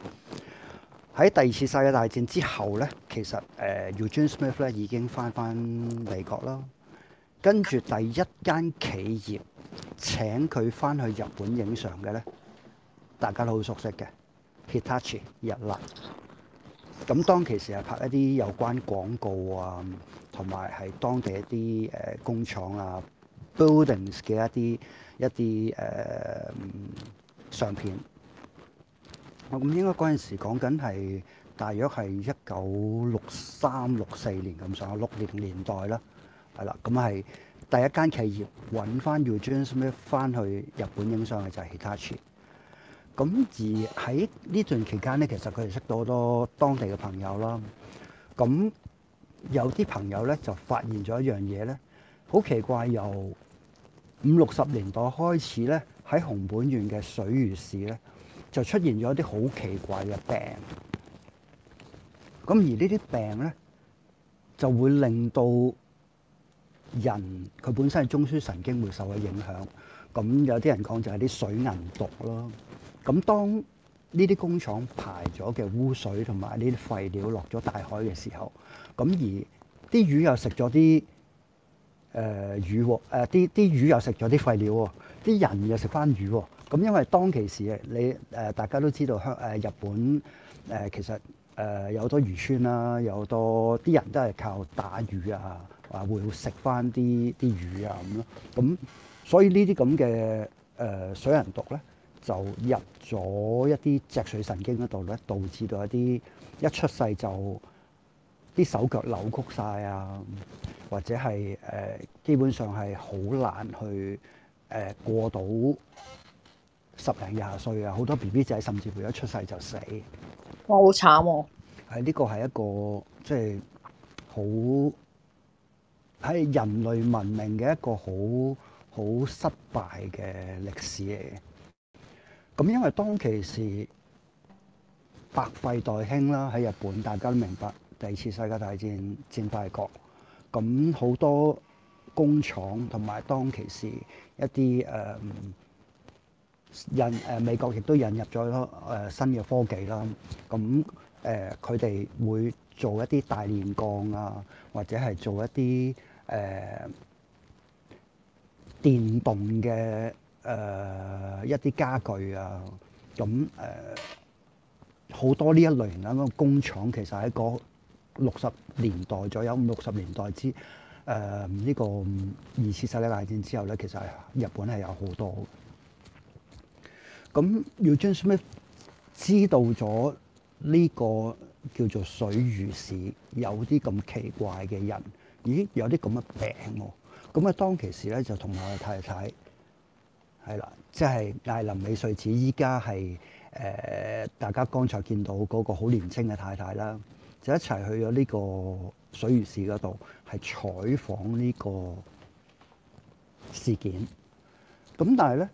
喺第二次世界大戰之後咧，其實誒、呃，Eugene Smith 咧已經翻翻美國咯。跟住第一間企業請佢翻去日本影相嘅咧，大家都好熟悉嘅 Hitachi 日立。咁當其時係拍一啲有關廣告啊，同埋係當地一啲誒工廠啊、buildings 嘅一啲一啲誒相片。咁應該嗰陣時講緊係大約係一九六三六四年咁上下，六零年代啦，係啦，咁係第一間企業揾翻 Eugene Smith 翻去日本影相嘅就係 Hitachi。咁而喺呢段期間咧，其實佢哋識到好多當地嘅朋友啦。咁有啲朋友咧就發現咗一樣嘢咧，好奇怪，由五六十年代開始咧，喺熊本縣嘅水俁市咧。就出現咗一啲好奇怪嘅病，咁而呢啲病咧就會令到人佢本身係中樞神經會受佢影響，咁有啲人講就係啲水銀毒咯。咁當呢啲工廠排咗嘅污水同埋呢啲廢料落咗大海嘅時候，咁而啲魚又食咗啲誒魚喎，啲、呃、啲魚又食咗啲廢料喎，啲人又食翻魚喎。咁因為當其時，你誒、呃、大家都知道香誒日本誒，其實誒、呃、有好多漁村啦、啊，有好多啲人都係靠打魚啊，啊會食翻啲啲魚啊咁咯。咁所以呢啲咁嘅誒水銀毒咧，就入咗一啲脊髓神經嗰度咧，導致到一啲一出世就啲手腳扭曲晒啊，或者係誒、呃、基本上係好難去誒、呃、過到。十零廿歲啊，好多 B B 仔甚至乎一出世就死，哇！好慘喎。係，呢個係一個即係好係人類文明嘅一個好好失敗嘅歷史嚟嘅。咁因為當其時百廢待興啦，喺日本大家都明白第二次世界大戰戰敗國，咁好多工廠同埋當其時一啲誒。呃引誒、呃、美國亦都引入咗誒、呃、新嘅科技啦，咁誒佢哋會做一啲大煉鋼啊，或者係做一啲誒、呃、電動嘅誒、呃、一啲家具啊，咁誒好多呢一類型嘅工廠其實喺個六十年代左右，五六十年代之誒呢、呃呢個二次世界大戰之後咧，其實日本係有好多。咁要將咩？E、知道咗呢個叫做水魚市有啲咁奇怪嘅人，咦？有啲咁嘅病喎。咁啊，當其時咧就同我太太係啦，即係亞林美瑞子，依家係誒大家剛才見到嗰個好年青嘅太太啦，就一齊去咗呢個水魚市嗰度，係採訪呢個事件。咁但係咧。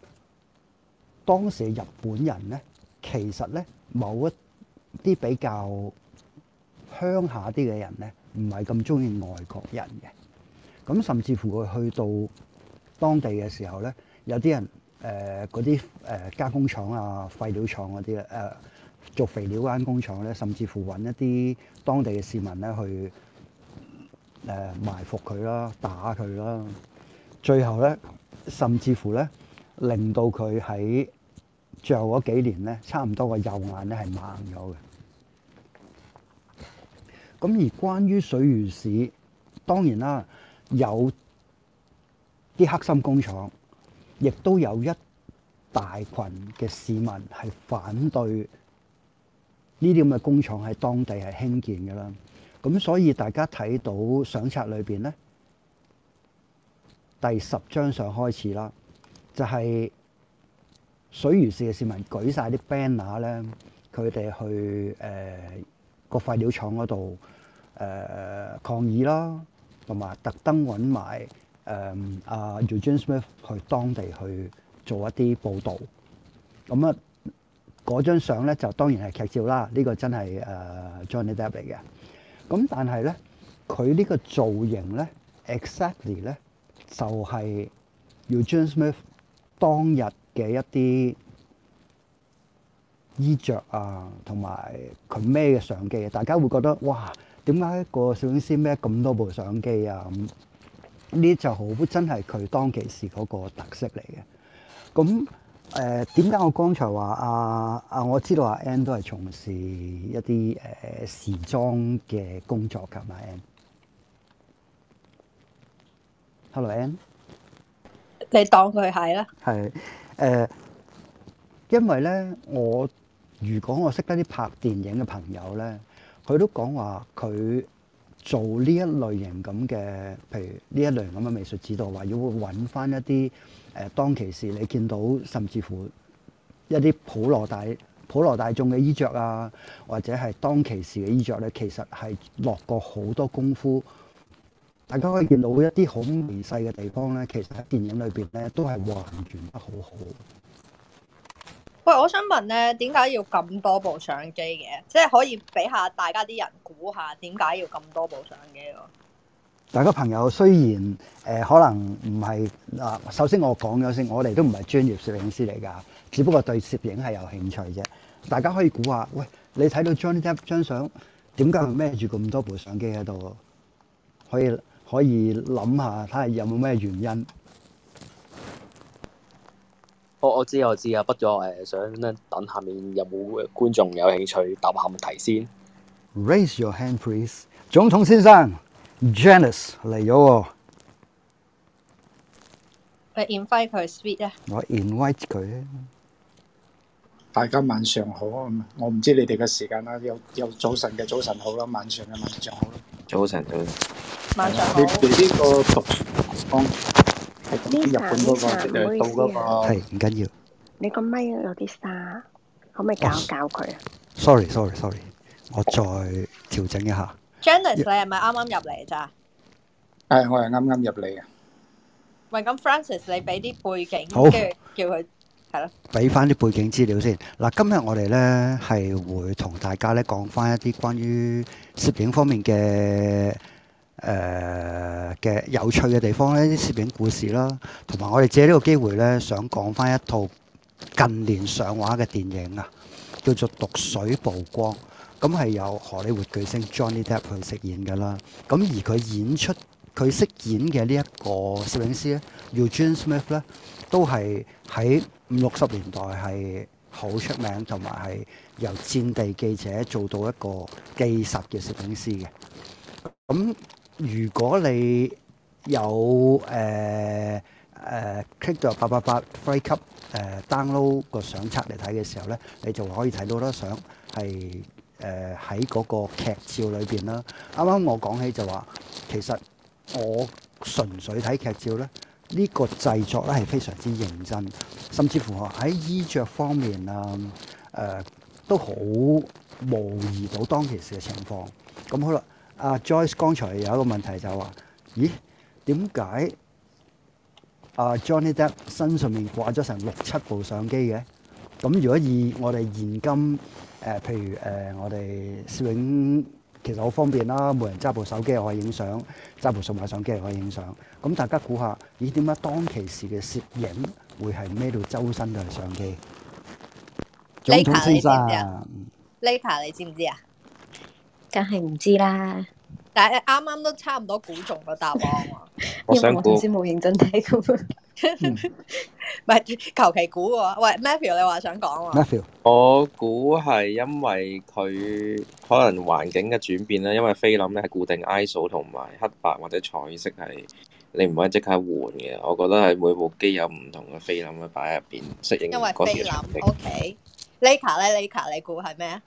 當時日本人咧，其實咧某一啲比較鄉下啲嘅人咧，唔係咁中意外國人嘅。咁甚至乎佢去到當地嘅時候咧，有啲人誒嗰啲誒加工廠啊、廢料廠嗰啲啦，誒做肥料間工廠咧，甚至乎揾一啲當地嘅市民咧去誒、呃、埋伏佢啦、打佢啦。最後咧，甚至乎咧，令到佢喺最後嗰幾年咧，差唔多個右眼咧係盲咗嘅。咁而關於水源市，當然啦，有啲黑心工廠，亦都有一大群嘅市民係反對呢啲咁嘅工廠喺當地係興建嘅啦。咁所以大家睇到相冊裏邊咧，第十張相開始啦，就係、是。水俁市嘅市民舉晒啲 banner 咧，佢哋去誒、呃、個廢料廠嗰度誒抗議啦，同埋特登揾埋誒阿 Eugene Smith 去當地去做一啲報導。咁、嗯、啊，嗰張相咧就當然係劇照啦。呢、這個真係誒、呃、Johnny Depp 嚟嘅。咁、嗯、但係咧，佢呢個造型咧，exactly 咧就係、是、Eugene、e、Smith 當日嘅一啲衣着啊，同埋佢孭嘅相機，大家會覺得哇，點解個攝影師孭咁多部相機啊？咁呢啲就好真係佢當其時嗰個特色嚟嘅。咁、嗯、誒，點解我剛才話啊啊，我知道阿 Ann 都係從事一啲誒、呃、時裝嘅工作㗎嘛？Ann，Hello Ann，你當佢係啦，係。誒，uh, 因為咧，我如果我識得啲拍電影嘅朋友咧，佢都講話佢做呢一類型咁嘅，譬如呢一類型咁嘅美術指導，話要會揾翻一啲誒、呃、當其時你見到，甚至乎一啲普羅大普羅大眾嘅衣着啊，或者係當其時嘅衣着咧，其實係落過好多功夫。大家可以見到一啲好微細嘅地方咧，其實喺電影裏邊咧都係還原得好好。喂，我想問咧，點解要咁多部相機嘅？即係可以俾下大家啲人估下，點解要咁多部相機？大家朋友雖然誒、呃，可能唔係嗱，首先我講有先，我哋都唔係專業攝影師嚟噶，只不過對攝影係有興趣啫。大家可以估下，喂，你睇到 John 呢一張相，點解孭住咁多部相機喺度？可以。可以諗下，睇下有冇咩原因。我我知我知啊，不咗誒，想咧等下面有冇觀眾有興趣答下問題先。Raise your hand, please。總統先生，Janice 嚟咗喎。誒，invite 佢 speech 咧？我 invite 佢。大家晚上好啊！我唔知你哋嘅時間啦，有有早晨嘅早晨好啦，晚上嘅晚上好啦。早晨早晨，晚上好。你哋呢個服裝係啲日本嗰個到㗎嘛，係，唔緊要。你個咪有啲沙，可唔可以搞一搞佢啊？Sorry，sorry，sorry，我再調整一下。Janice，你係咪啱啱入嚟咋？係，我係啱啱入嚟啊！喂，咁 Francis，你俾啲背景，跟住叫佢。俾翻啲背景資料先。嗱，今日我哋咧係會同大家咧講翻一啲關於攝影方面嘅誒嘅有趣嘅地方咧，啲攝影故事啦。同埋我哋借呢個機會咧，想講翻一套近年上畫嘅電影啊，叫做《毒水曝光》。咁係由荷里活巨星 Johnny Depp 去飾演嘅啦。咁而佢演出佢飾演嘅呢一個攝影師咧，叫 Eugene Smith 咧，都係喺五六十年代係好出名，同埋係由戰地記者做到一個技術嘅攝影師嘅。咁如果你有誒誒 click 咗八八八 free up 誒 download 個相冊嚟睇嘅時候咧，你就可以睇到好多相係誒喺嗰個劇照裏邊啦。啱啱我講起就話，其實我純粹睇劇照咧。呢個製作咧係非常之認真，甚至乎喺衣着方面啊，誒、呃、都好模擬到當其時嘅情況。咁、嗯、好啦，阿、啊、Joyce 剛才有一個問題就話：咦，點解阿 Johnny Depp 身上面掛咗成六七部相機嘅？咁如果以我哋現今誒、呃，譬如誒、呃、我哋攝影其實好方便啦，冇人揸部手機嚟可以影相，揸部數碼相機嚟可以影相。咁大家估下，咦，點解當其時嘅攝影會係孭到周身嘅相機？張春先生，呢排你，你知唔知啊？梗係唔知啦。但係啱啱都差唔多估中個答案喎。 我先冇認真睇咁，唔係求其估喎。喂，Matthew 你話想講喎。Matthew. 我估係因為佢可能環境嘅轉變啦，因為菲林咧係固定 ISO 同埋黑白或者彩色係你唔可以即刻換嘅。我覺得係每部機有唔同嘅菲林咧擺喺入邊適應嗰條環境。OK，Lika 咧，Lika 你估係咩啊？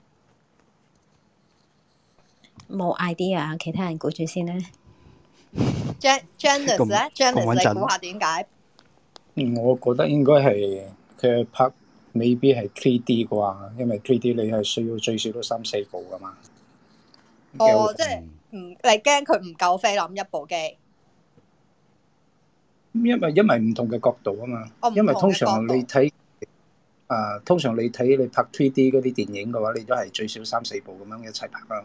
冇 idea，其他人估住先咧。J Jaden 咧，Jaden 你估下點解？我覺得應該係佢拍未必係 3D 啩，因為 3D 你係需要最少都三四部㗎嘛。哦，即係唔你驚佢唔夠菲林一部機。因為因為唔同嘅角度啊嘛，因為通常你睇，啊通常你睇你拍 3D 嗰啲電影嘅話，你都係最少三四部咁樣一齊拍啊。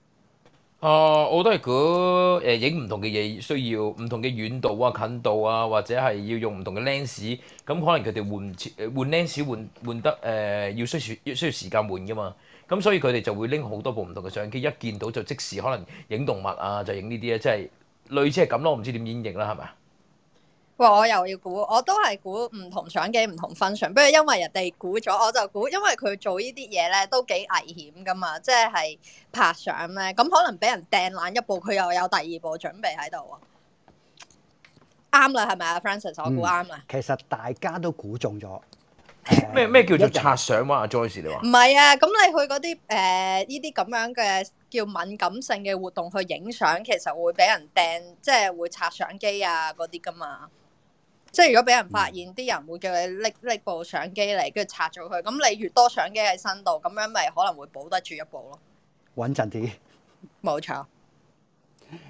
啊！Uh, 我都係估誒影唔同嘅嘢需要唔同嘅遠度啊、近度啊，或者係要用唔同嘅 lens，咁可能佢哋換換 lens 換換得誒、呃、要需時要需要時間換㗎嘛。咁、嗯、所以佢哋就會拎好多部唔同嘅相機，一見到就即時可能影動物啊，就影呢啲咧，即係類似係咁咯。我唔知點影啦，係咪？我又要估，我都係估唔同相機唔同 function。不過因為人哋估咗，我就估，因為佢做呢啲嘢咧都幾危險噶嘛，即係拍相咧，咁可能俾人掟爛一部，佢又有第二部準備喺度。是是啊。啱啦，係咪啊 Francis 我估啱啦。其實大家都估中咗。咩咩、嗯、叫做拆相啊，Joyce？你話唔係啊？咁、啊、你去嗰啲誒呢啲咁樣嘅叫敏感性嘅活動去影相，其實會俾人掟，即係會拆相機啊嗰啲噶嘛。即係如果俾人發現，啲、嗯、人會叫你搦搦部相機嚟，跟住拆咗佢。咁你越多相機喺身度，咁樣咪可能會保得住一部咯，穩陣啲。冇 錯，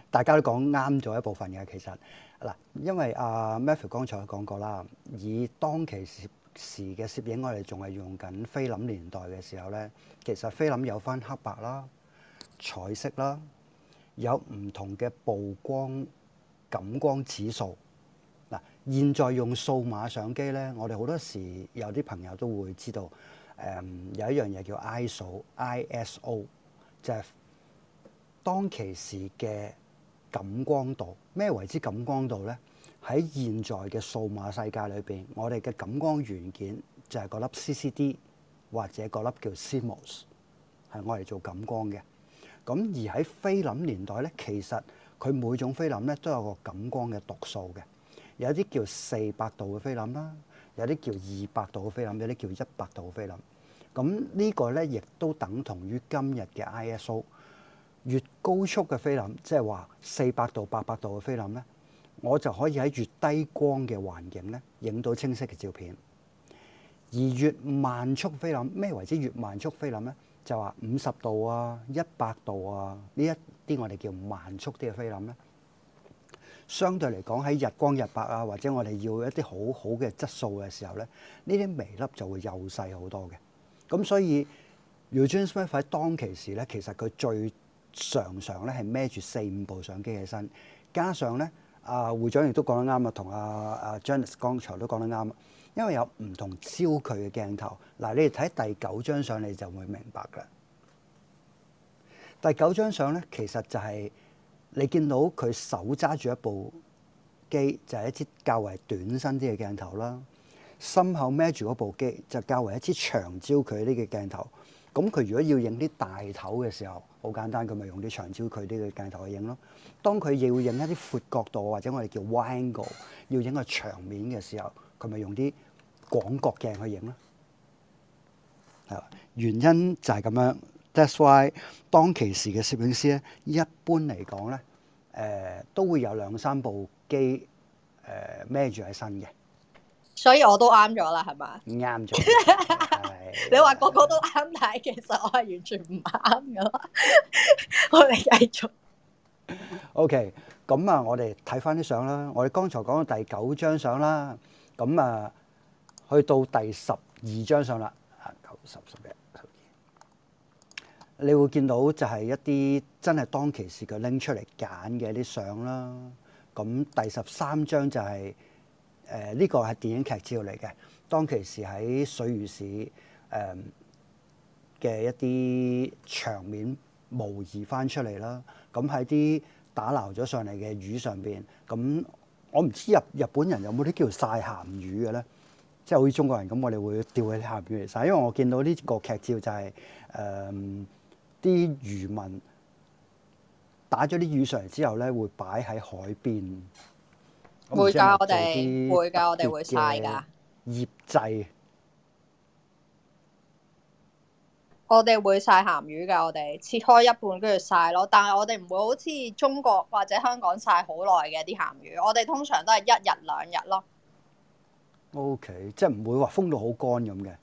大家都講啱咗一部分嘅。其實嗱，因為阿、啊、Matthew 剛才講過啦，以當其時嘅攝影，我哋仲係用緊菲林年代嘅時候咧，其實菲林有翻黑白啦、彩色啦，有唔同嘅曝光感光指數。現在用數碼相機咧，我哋好多時有啲朋友都會知道，誒、嗯、有一樣嘢叫 ISO ISO，就係當其時嘅感光度。咩為之感光度咧？喺現在嘅數碼世界裏邊，我哋嘅感光元件就係粒 CCD 或者粒叫 CMOS，係我哋做感光嘅。咁而喺菲林年代咧，其實佢每種菲林咧都有個感光嘅度數嘅。有啲叫四百度嘅菲林啦，有啲叫二百度嘅菲林，有啲叫一百度嘅菲林。咁呢個呢，亦都等同於今日嘅 ISO。越高速嘅菲林，即係話四百度、八百度嘅菲林呢，我就可以喺越低光嘅環境呢，影到清晰嘅照片。而越慢速菲林，咩為之越慢速菲林呢？就話五十度啊、一百度啊，呢一啲我哋叫慢速啲嘅菲林咧。相對嚟講喺日光日白啊，或者我哋要一啲好好嘅質素嘅時候咧，呢啲微粒就會幼細好多嘅。咁所以，Eugene Smith 喺當其時咧，其實佢最常常咧係孭住四五部相機起身，加上咧，啊會長亦都講得啱啊，同阿啊 Janice 剛才都講得啱，因為有唔同焦距嘅鏡頭。嗱，你哋睇第九張相你就會明白㗎啦。第九張相咧，其實就係、是。你見到佢手揸住一部機，就係一支較為短身啲嘅鏡頭啦。心口孭住嗰部機，就較為一支長焦距呢個鏡頭。咁佢如果要影啲大頭嘅時候，好簡單，佢咪用啲長焦距呢個鏡頭去影咯。當佢要影一啲闊角度或者我哋叫 wangle，要影個場面嘅時候，佢咪用啲廣角鏡去影咯。係啦，原因就係咁樣。That's why，當其時嘅攝影師咧，一般嚟講咧，誒都會有兩三部機誒，孭住喺身嘅。所以我都啱咗啦，係嘛？唔啱咗。你話個個都啱睇，其實我係完全唔啱噶。我哋繼續。OK，咁啊，我哋睇翻啲相啦。我哋剛才講到第九張相啦，咁啊，去到第十二張相啦。啊，九、十、十一。你會見到就係一啲真係當其時佢拎出嚟揀嘅啲相啦。咁第十三張就係誒，呢個係電影劇照嚟嘅，當其時喺水魚市誒嘅，呃、一啲場面模擬翻出嚟啦。咁喺啲打撈咗上嚟嘅魚上邊，咁我唔知日日本人有冇啲叫曬鹹魚嘅咧？即、就、係、是、好似中國人咁，我哋會釣啲鹹魚嚟曬，因為我見到呢個劇照就係、是、誒。呃啲漁民打咗啲魚上嚟之後咧，會擺喺海邊。會㗎的，我哋會㗎，我哋會曬㗎。醃製，我哋會曬鹹魚㗎。我哋切開一半，跟住曬咯。但係我哋唔會好似中國或者香港曬好耐嘅啲鹹魚。我哋通常都係一日兩日咯。OK，即係唔會話風到好乾咁嘅。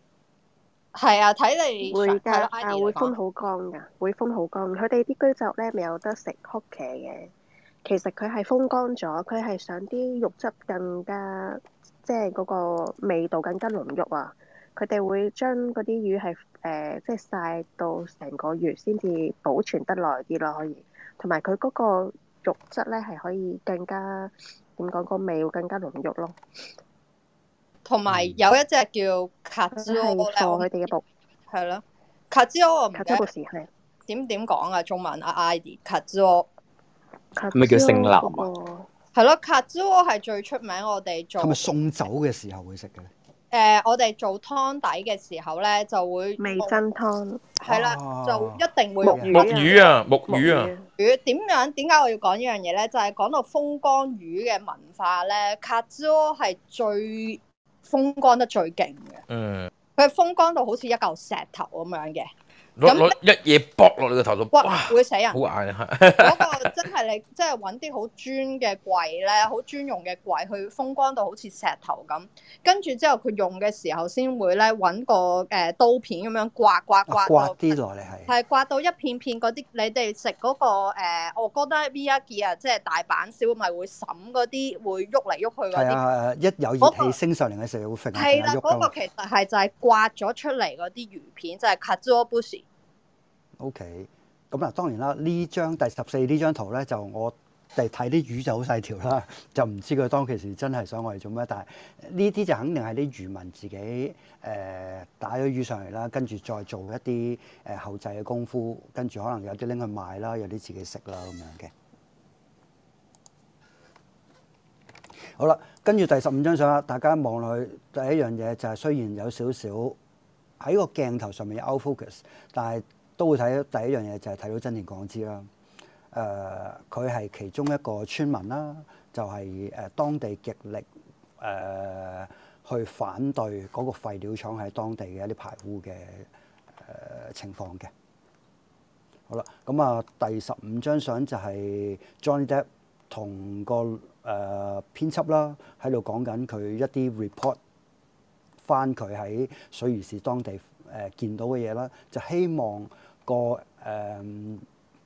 係啊，睇嚟會噶的，啊會風好乾噶，會風好乾。佢哋啲居酒屋咧未有得食曲奇嘅。其實佢係風乾咗，佢係想啲肉質更加，即係嗰個味道更加濃郁啊！佢哋會將嗰啲魚係誒、呃，即係晒到成個月先至保存得耐啲咯，可以。同埋佢嗰個肉質咧係可以更加點講？個味會更加濃郁咯。同埋有一隻叫卡姿歐咧，我佢哋一部，係咯，卡姿歐，卡姿歐是咩？點點講啊？中文啊，I D 卡姿歐，咪叫星流係咯，卡姿歐係最出名我。我哋做係咪送酒嘅時候會食嘅咧？誒、呃，我哋做湯底嘅時候咧，就會味噌湯係啦，就一定會木魚，啊、魚啊，木魚啊，木魚點、啊啊、樣？點解我要講呢樣嘢咧？就係、是、講到風乾魚嘅文化咧，卡姿歐係最。風乾得最勁嘅，佢係風乾到好似一嚿石頭咁樣嘅。咁一嘢駁落你個頭度，哇！會死人。好硬啊！嗰個真係你真，即係揾啲好專嘅櫃咧，好專用嘅櫃去封乾到好似石頭咁。跟住之後佢用嘅時候先會咧揾個誒刀片咁樣刮刮刮，刮，刮。刮啲落嚟係係刮到一片片嗰啲。你哋食嗰個誒，我覺得 Okonomiyaki 即係大阪燒咪會剷嗰啲會喐嚟喐去嗰啲。係啊，一有熱氣升上嚟嘅時候會甩。係啦，嗰個其實係就係刮咗出嚟嗰啲魚片，就係 Katsuobushi。O.K. 咁、嗯、啊，當然啦，呢張第十四張呢張圖咧，就我哋睇啲魚就好細條啦，就唔知佢當其時真係想我哋做咩。但係呢啲就肯定係啲漁民自己誒、呃、打咗魚上嚟啦，跟住再做一啲誒、呃、後製嘅功夫，跟住可能有啲拎去賣啦，有啲自己食啦咁樣嘅。好啦，跟住第十五張相啦，大家望落去第一樣嘢就係雖然有少少喺個鏡頭上面有 out focus，但係。都會睇到第一樣嘢就係睇到真田光之啦，誒佢係其中一個村民啦，就係、是、誒當地極力誒、呃、去反對嗰個廢料廠喺當地嘅一啲排污嘅誒、呃、情況嘅。好啦，咁、嗯、啊第十五張相就係 Johnny Depp 同、那個誒、呃、編輯啦，喺度講緊佢一啲 report 翻佢喺水俁市當地誒、呃、見到嘅嘢啦，就希望。個誒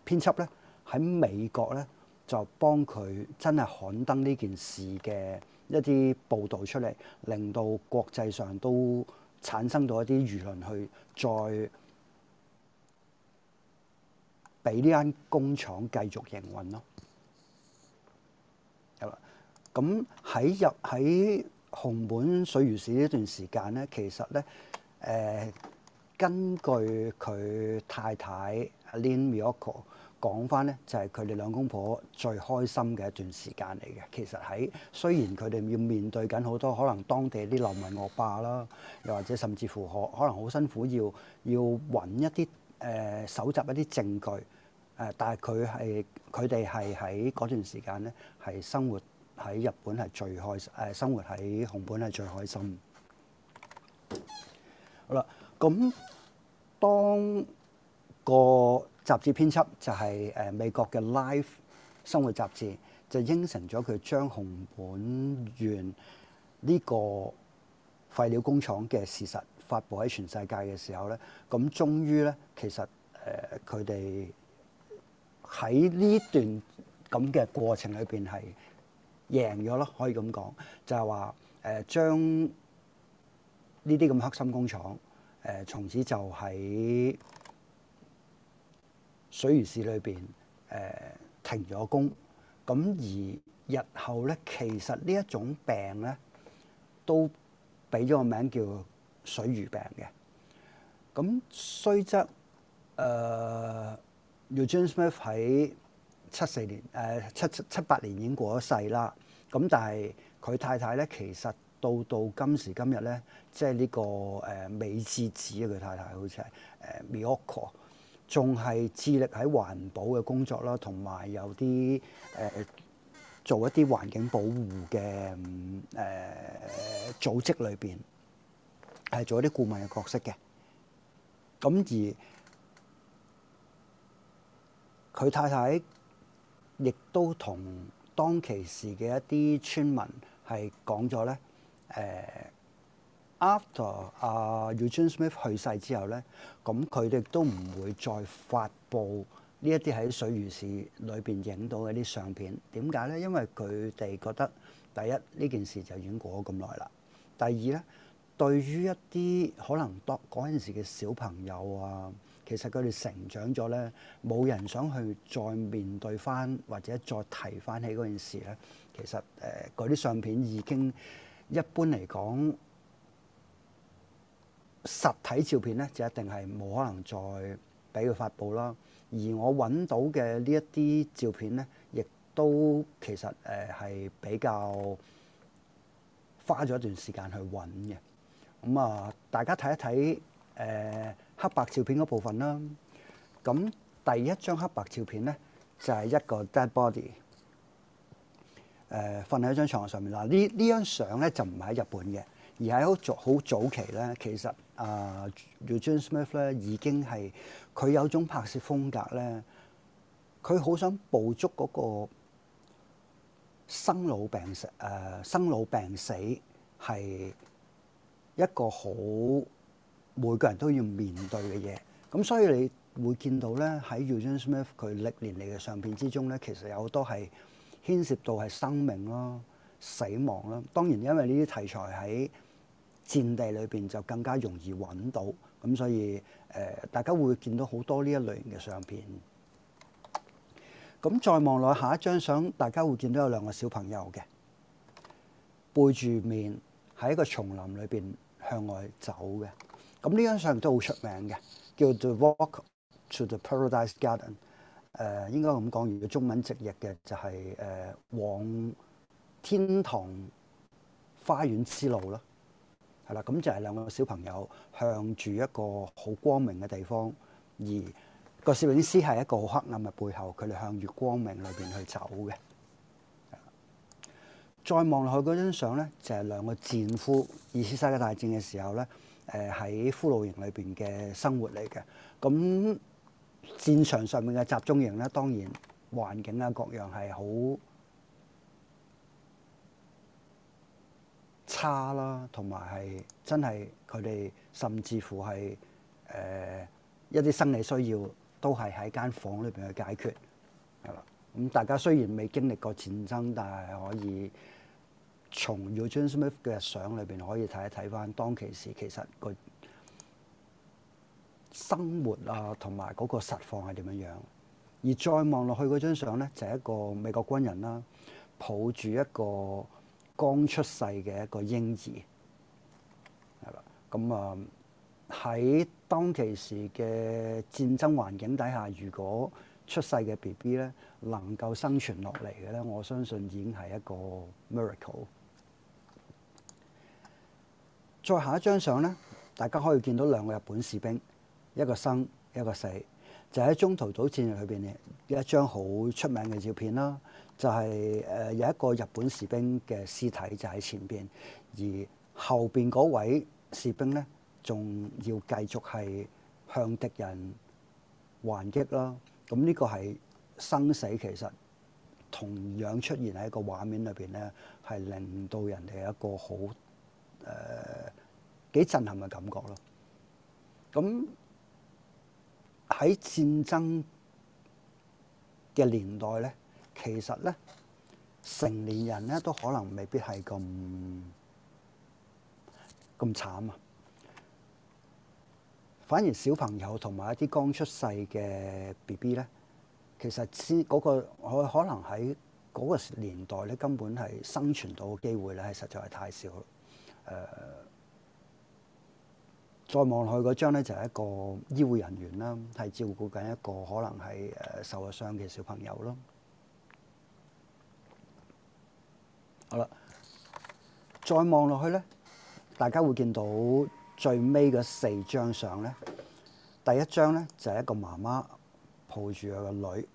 編輯咧喺美國咧就幫佢真係刊登呢件事嘅一啲報道出嚟，令到國際上都產生咗一啲輿論去再俾呢間工廠繼續營運咯。咁、嗯、喺、嗯嗯、入喺熊本水俁市呢段時間咧，其實咧誒。呃根據佢太太 Lin Mioko 講翻咧，就係佢哋兩公婆最開心嘅一段時間嚟嘅。其實喺雖然佢哋要面對緊好多可能當地啲流民惡霸啦，又或者甚至乎可可能好辛苦要要揾一啲誒蒐集一啲證據誒，但係佢係佢哋係喺嗰段時間咧係生活喺日本係最開誒生活喺熊本係最開心。好啦。咁當個雜誌編輯就係誒美國嘅《Life》生活雜誌，就應承咗佢將紅本園呢個廢料工廠嘅事實發佈喺全世界嘅時候咧，咁終於咧，其實誒佢哋喺呢段咁嘅過程裏邊係贏咗咯，可以咁講就係話誒將呢啲咁黑心工廠。誒，從此就喺水魚市裏邊誒停咗工。咁而日後咧，其實呢一種病咧，都俾咗個名叫水魚病嘅。咁雖則誒，Eugene Smith 喺、呃、七四年誒七七八年已經過咗世啦。咁但係佢太太咧，其實到到今時今日咧，即係呢個誒美智子啊，佢太太好似係誒美國，仲係致力喺環保嘅工作啦，同埋有啲誒、呃、做一啲環境保護嘅誒、呃、組織裏邊係做一啲顧問嘅角色嘅。咁而佢太太亦都同當其時嘅一啲村民係講咗咧。誒、uh，after 阿 Eugene Smith 去世之後咧，咁佢哋都唔會再發布呢一啲喺水魚市裏邊影到嘅啲相片。點解咧？因為佢哋覺得第一呢件事就已經過咗咁耐啦。第二咧，對於一啲可能當嗰陣時嘅小朋友啊，其實佢哋成長咗咧，冇人想去再面對翻或者再提翻起嗰件事咧。其實誒，嗰、uh, 啲相片已經。一般嚟講，實體照片咧就一定係冇可能再俾佢發布啦。而我揾到嘅呢一啲照片咧，亦都其實誒係比較花咗一段時間去揾嘅。咁、嗯、啊，大家睇一睇誒黑白照片嗰部分啦。咁、嗯、第一張黑白照片咧，就係、是、一個 dead body。誒瞓喺張床上面啦！張呢呢張相咧就唔係喺日本嘅，而喺好早好早期咧，其實啊 Eugene Smith 咧已經係佢有種拍攝風格咧，佢好想捕捉嗰個生老病死誒、呃、生老病死係一個好每個人都要面對嘅嘢。咁所以你會見到咧喺 Eugene Smith 佢歷年嚟嘅相片之中咧，其實有好多係。牽涉到係生命咯、死亡咯。當然，因為呢啲題材喺戰地裏邊就更加容易揾到，咁所以誒、呃、大家會見到好多呢一類型嘅相片。咁再望落下，下一張相，大家會見到有兩個小朋友嘅背住面喺一個叢林裏邊向外走嘅。咁呢張相都好出名嘅，叫 The Walk to the Paradise Garden。誒、呃、應該咁講，完，如果中文直譯嘅就係、是、誒、呃、往天堂花園之路咯，係啦，咁就係兩個小朋友向住一個好光明嘅地方，而個攝影師係一個好黑暗嘅背後，佢哋向住光明裏邊去走嘅。再望落去嗰張相咧，就係、是、兩個戰俘二次世界大戰嘅時候咧，誒、呃、喺俘虜營裏邊嘅生活嚟嘅，咁。戰場上面嘅集中營咧，當然環境啊各樣係好差啦，同埋係真係佢哋甚至乎係誒、呃、一啲生理需要都係喺間房裏邊去解決，係啦。咁、嗯、大家雖然未經歷過戰爭，但係可以從、e、Eugene Smith 嘅相裏邊可以睇一睇翻當其時其實個。生活啊，同埋嗰個實況係點樣樣？而再望落去嗰張相咧，就係、是、一個美國軍人啦、啊，抱住一個剛出世嘅一個嬰兒，係啦。咁啊，喺、嗯、當其時嘅戰爭環境底下，如果出世嘅 BB 咧能夠生存落嚟嘅咧，我相信已經係一個 miracle。再下一張相咧，大家可以見到兩個日本士兵。一個生一個死，就喺、是、中途島戰役裏邊呢，一張好出名嘅照片啦，就係、是、誒有一個日本士兵嘅屍體就喺前邊，而後邊嗰位士兵呢，仲要繼續係向敵人還擊咯。咁呢個係生死其實同樣出現喺一個畫面裏邊呢，係令到人哋一個好誒幾震撼嘅感覺咯。咁喺戰爭嘅年代咧，其實咧成年人咧都可能未必係咁咁慘啊！反而小朋友同埋一啲剛出世嘅 BB 咧，其實先嗰個我可能喺嗰個年代咧，根本係生存到嘅機會咧，係實在係太少啦。誒、呃。再望落去嗰張咧，就係一個醫護人員啦，係照顧緊一個可能係誒受咗傷嘅小朋友咯。好啦，再望落去咧，大家會見到最尾嘅四張相咧，第一張咧就係一個媽媽抱住佢個女，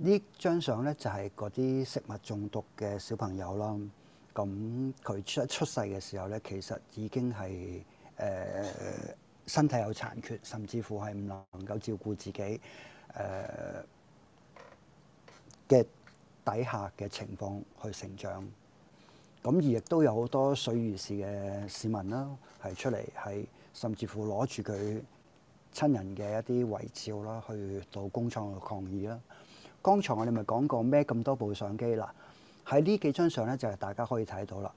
呢張相咧就係嗰啲食物中毒嘅小朋友啦。咁佢出出世嘅時候咧，其實已經係誒、呃、身體有殘缺，甚至乎係唔能夠照顧自己誒嘅、呃、底下嘅情況去成長。咁而亦都有好多水魚市嘅市民啦，係出嚟係甚至乎攞住佢親人嘅一啲遺照啦，去到工廠去抗議啦。剛才我哋咪講過咩咁多部相機嗱？喺呢幾張相咧，就係、是、大家可以睇到啦。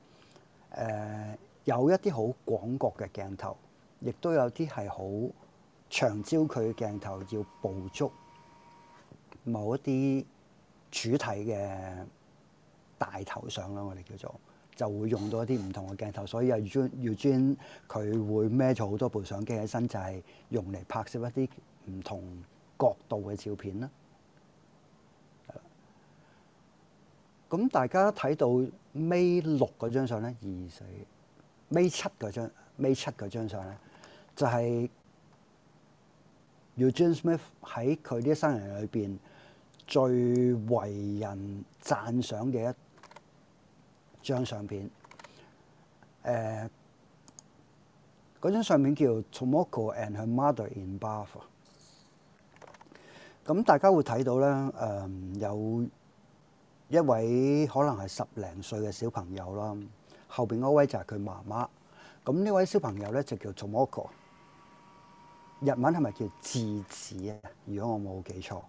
誒、呃，有一啲好廣角嘅鏡頭，亦都有啲係好長焦距鏡頭，要捕捉某一啲主題嘅大頭相啦。我哋叫做就會用到一啲唔同嘅鏡頭，所以阿 Eugene 佢會孭咗好多部相機喺身，就係、是、用嚟拍攝一啲唔同角度嘅照片啦。咁大家睇到 May 六嗰張相咧，二四 May 七嗰張，May 七嗰張相咧，就係 Eugene Smith 喺佢啲生人裏邊最為人讚賞嘅一張相片。誒、呃，嗰張相片叫 Tomoko and Her Mother in Bath。咁、嗯、大家會睇到咧，誒、呃、有。一位可能係十零歲嘅小朋友啦，後邊嗰位就係佢媽媽。咁呢位小朋友咧就叫做 Tomoko，日文係咪叫智子啊？如果我冇記錯，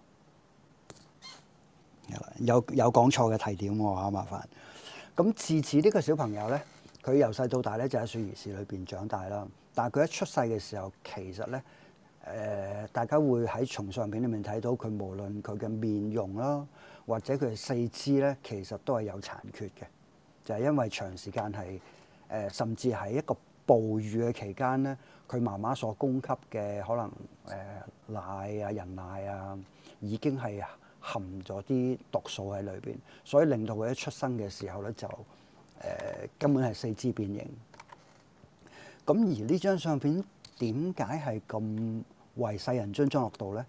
有有講錯嘅提點喎，好麻煩。咁智子呢個小朋友咧，佢由細到大咧就喺雪兒市裏邊長大啦。但係佢一出世嘅時候，其實咧誒、呃，大家會喺重相片裏面睇到佢，無論佢嘅面容啦。或者佢嘅四肢咧，其實都係有殘缺嘅，就係、是、因為長時間係誒，甚至喺一個暴雨嘅期間咧，佢媽媽所供給嘅可能誒、呃、奶啊、人奶啊，已經係含咗啲毒素喺裏邊，所以令到佢一出生嘅時候咧就誒、呃、根本係四肢變形。咁而呢張相片點解係咁為世人津津樂道咧？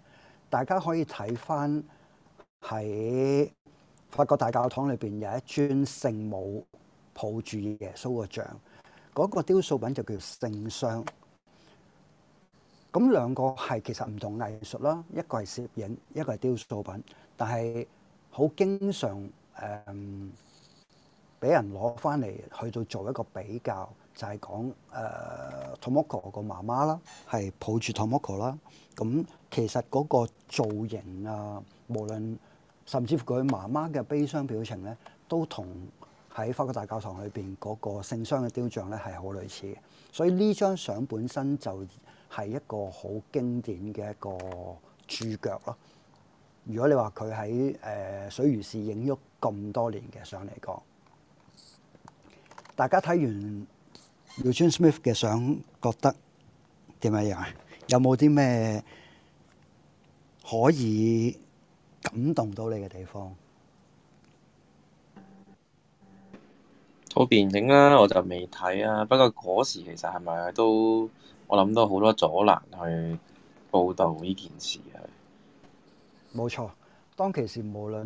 大家可以睇返。喺法國大教堂裏邊有一尊聖母抱住耶穌個像，嗰、那個雕塑品就叫聖像。咁兩個係其實唔同藝術啦，一個係攝影，一個係雕塑品。但係好經常誒、俾、嗯、人攞翻嚟去到做一個比較，就係、是、講誒、呃、Tomoko 個媽媽啦，係抱住 Tomoko 啦。咁其實嗰個造型啊，無論。甚至乎佢媽媽嘅悲傷表情咧，都同喺法國大教堂裏邊嗰個聖殤嘅雕像咧係好類似嘅。所以呢張相本身就係一個好經典嘅一個注腳咯。如果你話佢喺誒水俁市影咗咁多年嘅相嚟講，大家睇完 Eugene Smith 嘅相，覺得點樣樣啊？有冇啲咩可以？感動到你嘅地方？好電影啦，我就未睇啊。不過嗰時其實係咪都我諗到好多阻攔去報道呢件事啊？冇錯，當其時無論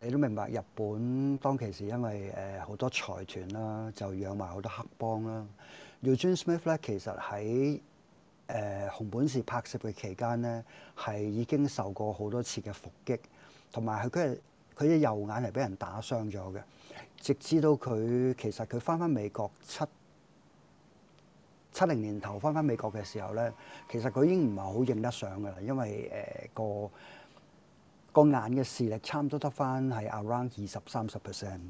你都明白，日本當其時因為誒好多財團啦，就養埋好多黑幫啦。Eugene Smith 咧，其實喺。誒紅、呃、本事拍攝嘅期間咧，係已經受過好多次嘅伏擊，同埋佢佢嘅右眼係俾人打傷咗嘅。直至到佢其實佢返返美國七七零年頭返返美國嘅時候咧，其實佢已經唔係好認得上嘅啦，因為誒、呃、個個眼嘅視力差唔多得返係 around 二十三十 percent。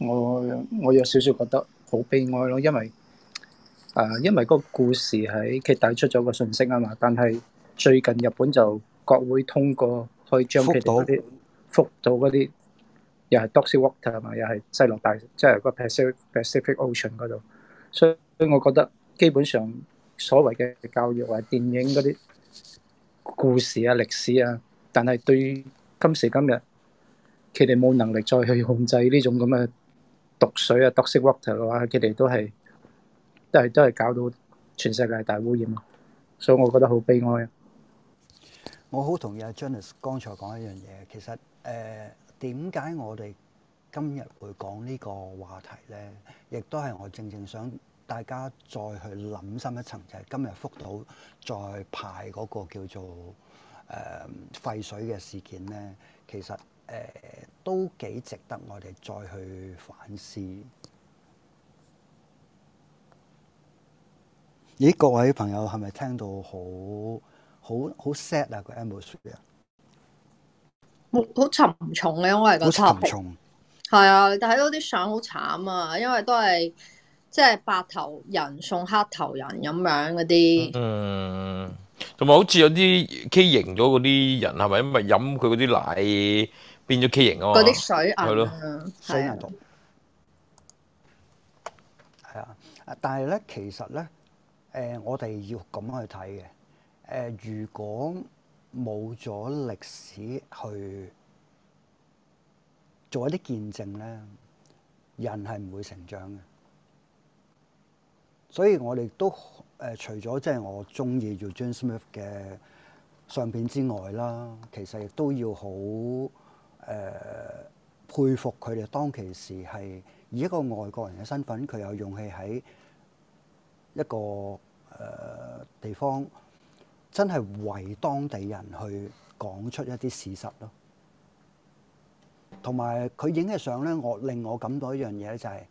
我有我有少少覺得。好悲哀咯，因為誒、呃，因為個故事喺佢帶出咗個信息啊嘛。但係最近日本就國會通過，可以將佢哋嗰啲覆到嗰啲，又係 drinking water 嘛，又係西落大，即係個 Pacific Pacific Ocean 嗰度。所以，所以我覺得基本上所謂嘅教育或者電影嗰啲故事啊、歷史啊，但係對今時今日佢哋冇能力再去控制呢種咁嘅。毒水啊，毒色 water 嘅話，佢哋都係都係都係搞到全世界大污染，所以我覺得好悲哀啊！我好同意阿 Jonas, 剛才講一樣嘢，其實誒，點解我哋今日會講呢個話題咧？亦都係我正正想大家再去諗深一層，就係、是、今日福島再排嗰個叫做誒、呃、廢水嘅事件咧，其實。誒、呃，都幾值得我哋再去反思。咦，各位朋友係咪聽到好好好 sad 啊？個 Amber 說啊，好沉重嘅，因為好沉重，係啊，但係睇到啲相好慘啊，因為都係即係白頭人送黑頭人咁樣嗰啲，嗯，同埋好似有啲畸形咗嗰啲人係咪因為飲佢嗰啲奶？變咗畸形啊嘛！係咯，水銀毒係啊！但係咧，其實咧，誒，我哋要咁樣去睇嘅。誒，如果冇咗歷史去做一啲見證咧，人係唔會成長嘅。所以我哋都誒，除咗即係我中意做 Eugene Smith 嘅相片之外啦，其實亦都要好。誒、呃、佩服佢哋當其時係以一個外國人嘅身份，佢有勇氣喺一個誒、呃、地方，真係為當地人去講出一啲事實咯。同埋佢影嘅相咧，我令我感到一樣嘢就係、是、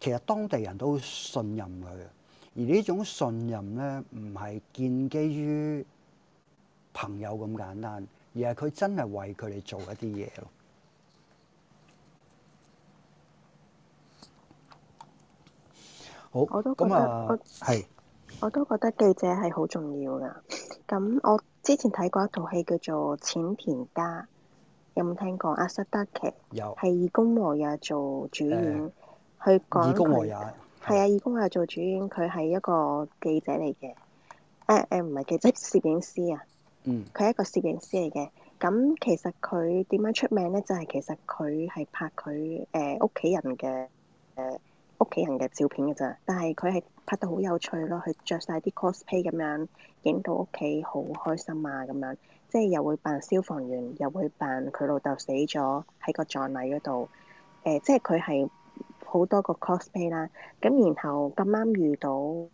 其實當地人都信任佢，而呢種信任咧唔係建基於朋友咁簡單。而係佢真係為佢哋做一啲嘢咯。好，我都覺得、嗯、我是我都覺得記者係好重要㗎。咁我之前睇過一套戲叫做《淺田家》，有冇聽過？阿瑟德劇有，係二宮和也做主演，欸、去講二宮和也係啊，二宮好和也做主演，佢係一個記者嚟嘅。誒、欸、誒，唔、欸、係記者，攝影師啊。佢係、嗯、一個攝影師嚟嘅，咁其實佢點樣出名呢？就係、是、其實佢係拍佢誒屋企人嘅誒屋企人嘅照片嘅咋。但係佢係拍得好有趣咯，佢着晒啲 cosplay 咁樣，影到屋企好開心啊咁樣。即係又會扮消防員，又會扮佢老豆死咗喺個葬禮嗰度。誒、呃，即係佢係好多個 cosplay 啦。咁然後咁啱遇到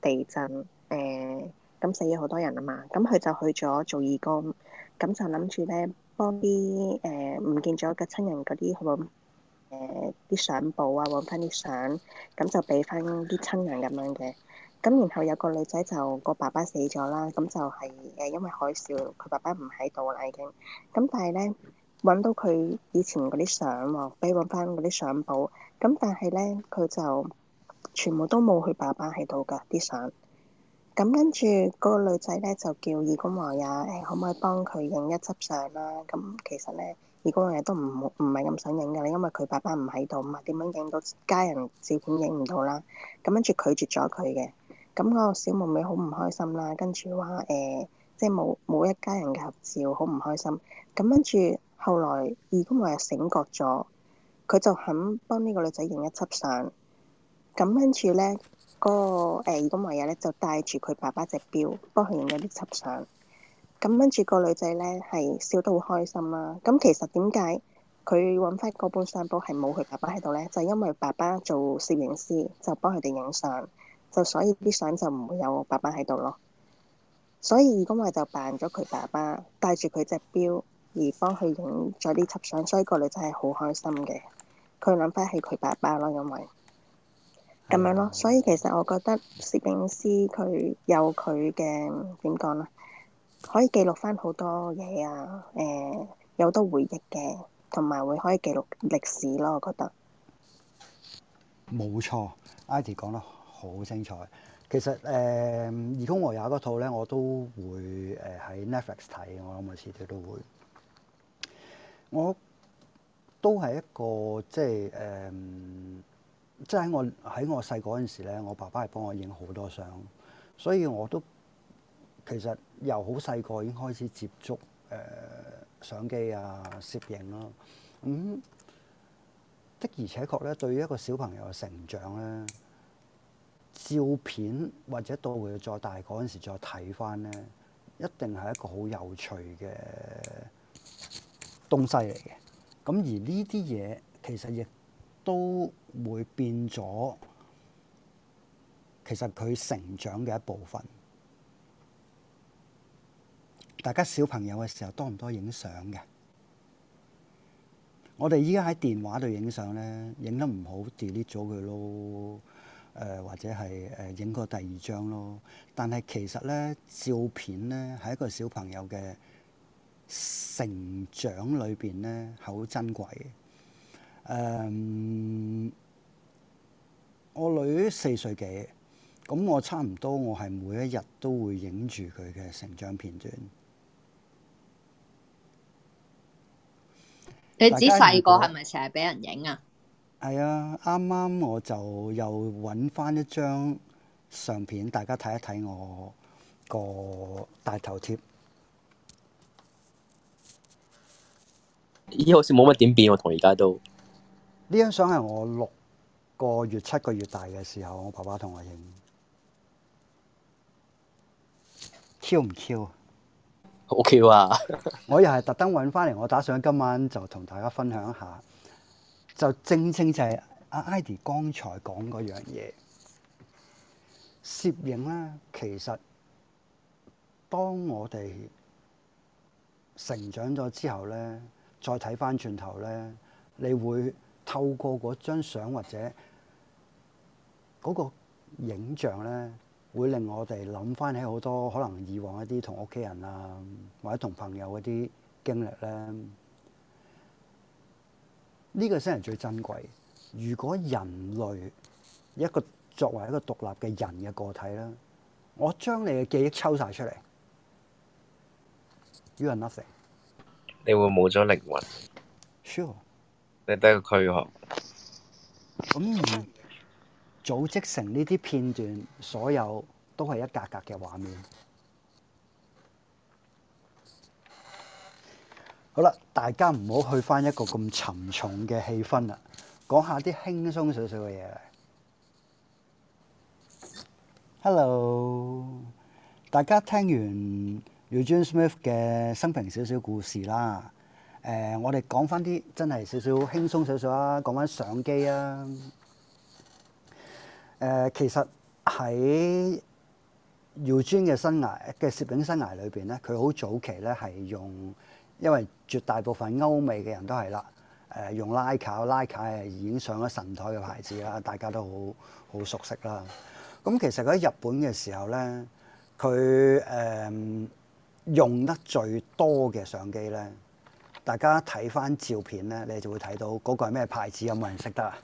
地震，誒、呃。咁死咗好多人啦嘛，咁佢就去咗做義工，咁就諗住咧幫啲誒唔見咗嘅親人嗰啲，好誒啲相簿啊，搵翻啲相，咁就俾翻啲親人咁樣嘅。咁然後有個女仔就、個爸爸死咗啦，咁就係誒因為海嘯，佢爸爸唔喺度啦已經。咁但係咧搵到佢以前嗰啲相喎，啊，俾搵翻嗰啲相簿，咁但係咧佢就全部都冇佢爸爸喺度噶啲相。咁跟住嗰個女仔咧就叫義工王爺，誒、欸、可唔可以幫佢影一輯相啦？咁、嗯、其實咧，義工王爺都唔唔係咁想影噶啦，因為佢爸爸唔喺度，嘛點樣影到家人照片影唔到啦？咁跟住拒絕咗佢嘅。咁、嗯嗰個小妹妹好唔開心啦，跟住話誒，即係冇冇一家人嘅合照，好唔開心。咁跟住後來義工王爺醒覺咗，佢就肯幫呢個女仔影一輯相。咁跟住咧。嗰、那個誒義工為咗咧就戴住佢爸爸隻表，幫佢影咗啲輯相。咁跟住個女仔咧係笑得好開心啦，啊。咁其實點解佢揾翻嗰本相簿係冇佢爸爸喺度咧？就因為爸爸做攝影師，就幫佢哋影相，就所以啲相就唔會有我爸爸喺度咯。所以義工為就扮咗佢爸爸，戴住佢隻表而幫佢影咗啲輯相，所以個女仔係好開心嘅。佢諗翻係佢爸爸咯，因為。咁樣咯，所以其實我覺得攝影師佢有佢嘅點講啦，可以記錄翻好多嘢啊，誒、呃、有好多回憶嘅，同埋會可以記錄歷史咯，我覺得。冇錯，Ivy 講得好精彩。其實誒、呃《二宮和也》嗰套咧，我都會誒喺 Netflix 睇，我諗每次佢都會。我都係一個即係誒。呃即係我喺我細個嗰陣時咧，我爸爸係幫我影好多相，所以我都其實由好細個已經開始接觸誒、呃、相機啊、攝影咯。咁、嗯、的而且確咧，對於一個小朋友嘅成長咧，照片或者到佢再大個嗰陣時再睇翻咧，一定係一個好有趣嘅東西嚟嘅。咁而呢啲嘢其實亦～都會變咗，其實佢成長嘅一部分。大家小朋友嘅時候多唔多影相嘅？我哋依家喺電話度影相咧，影得唔好 delete 咗佢咯。誒、呃、或者係誒影過第二張咯。但係其實咧，照片咧喺一個小朋友嘅成長裏邊咧，係好珍貴嘅。誒，um, 我女四歲幾，咁我差唔多，我係每一日都會影住佢嘅成長片段。你指細個係咪成日俾人影啊？係啊，啱啱我就又揾翻一張相片，大家睇一睇我個大頭貼。咦、欸，好似冇乜點變，我同而家都。呢張相係我六個月，七個月大嘅時候，我爸爸同我影。Q 唔 Q？好 Q 可啊 ！我又係特登揾翻嚟，我打算今晚就同大家分享一下，就正正就係阿 Idy 剛才講嗰樣嘢。攝影咧，其實當我哋成長咗之後咧，再睇翻轉頭咧，你會。透過嗰張相或者嗰個影像咧，會令我哋諗返起好多可能以往一啲同屋企人啊，或者同朋友嗰啲經歷咧，呢個先係最珍貴。如果人類一個作為一個獨立嘅人嘅個體咧，我將你嘅記憶抽晒出嚟，You are nothing，你會冇咗靈魂。Sure。第一個區學，咁組織成呢啲片段，所有都係一格格嘅畫面。好啦，大家唔好去翻一個咁沉重嘅氣氛啦，講下啲輕鬆少少嘅嘢啦。Hello，大家聽完 Eugene Smith 嘅生平少少故事啦。誒、呃，我哋講翻啲真係少少輕鬆少少啦。講翻相機啊。誒、呃，其實喺姚尊嘅生涯嘅攝影生涯裏邊咧，佢好早期咧係用，因為絕大部分歐美嘅人都係啦，誒、呃、用拉卡拉卡係已經上咗神台嘅牌子啦，大家都好好熟悉啦。咁、嗯、其實喺日本嘅時候咧，佢誒、呃、用得最多嘅相機咧。大家睇翻照片咧，你就會睇到嗰個係咩牌子？有冇人識得啊？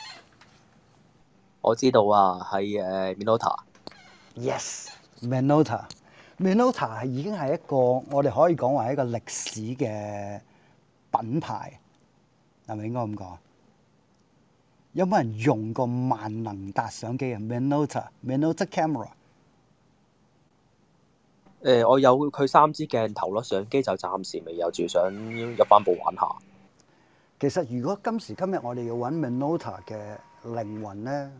我知道啊，係誒、uh, Minolta。Yes、Yes, Minolta。Minolta 係已經係一個我哋可以講話係一個歷史嘅品牌，係咪應該咁講？有冇人用過萬能達相機啊 Minolta。Minolta camera。誒，我有佢三支鏡頭咯，相機就暫時未有住，想入翻部玩下。其實，如果今時今日我哋要揾 Minolta 嘅靈魂咧，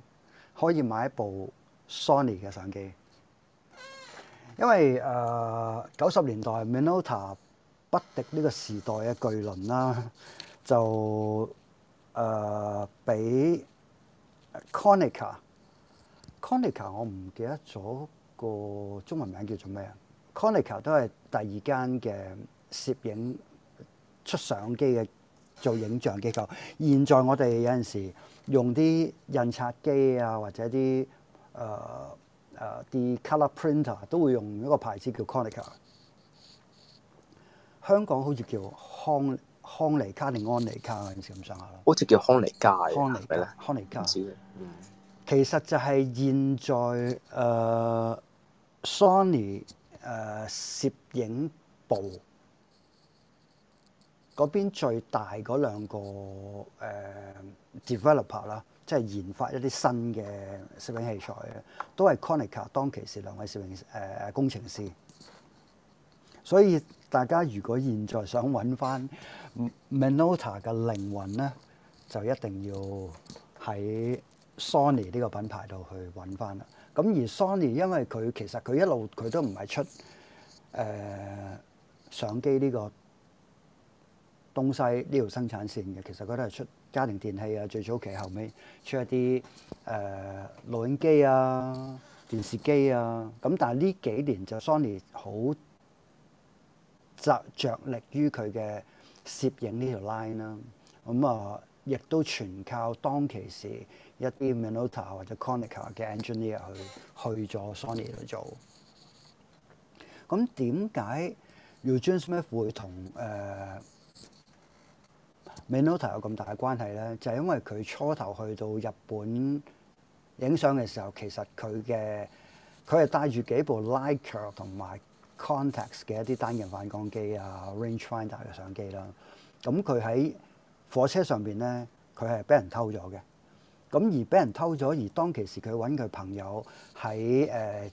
可以買一部 Sony 嘅相機，因為誒九十年代 Minolta 不敵呢個時代嘅巨輪啦，就誒畀、呃、Konica，Konica 我唔記得咗個中文名叫做咩啊。Konica 都係第二間嘅攝影出相機嘅做影像機構。現在我哋有陣時用啲印刷機啊，或者啲誒誒啲、呃呃、colour printer 都會用一個牌子叫 Konica。香港好似叫康康尼卡定安尼卡，有陣時咁上下啦。好似叫康尼佳康尼咧？康尼卡，尼卡。其實就係現在誒、呃、Sony。誒、呃、攝影部嗰邊最大嗰兩個、呃、developer 啦，即係研發一啲新嘅攝影器材都係 Konica 當其時兩位攝影誒、呃、工程師。所以大家如果現在想揾翻 Minolta 嘅靈魂咧，就一定要喺 Sony 呢個品牌度去揾翻啦。咁而 Sony 因為佢其實佢一路佢都唔係出誒、呃、相機呢個東西呢條、這個、生產線嘅，其實佢都係出家庭電器啊，最早期後尾出一啲誒錄影機啊、電視機啊，咁但係呢幾年就 Sony 好着着力於佢嘅攝影呢條 line 啦、啊，咁啊亦都全靠當其時。一啲 Minolta 或者 Konica 嘅 engineer 去去咗 Sony 去做。咁點解 Eugene Smith 會同誒、呃、Minolta 有咁大嘅關係咧？就係、是、因為佢初頭去到日本影相嘅時候，其實佢嘅佢係帶住幾部 Leica 同埋 Contax 嘅一啲單眼反光機啊、Range Finder 嘅相機啦。咁佢喺火車上邊咧，佢係俾人偷咗嘅。咁而俾人偷咗，而當其時佢揾佢朋友喺、呃、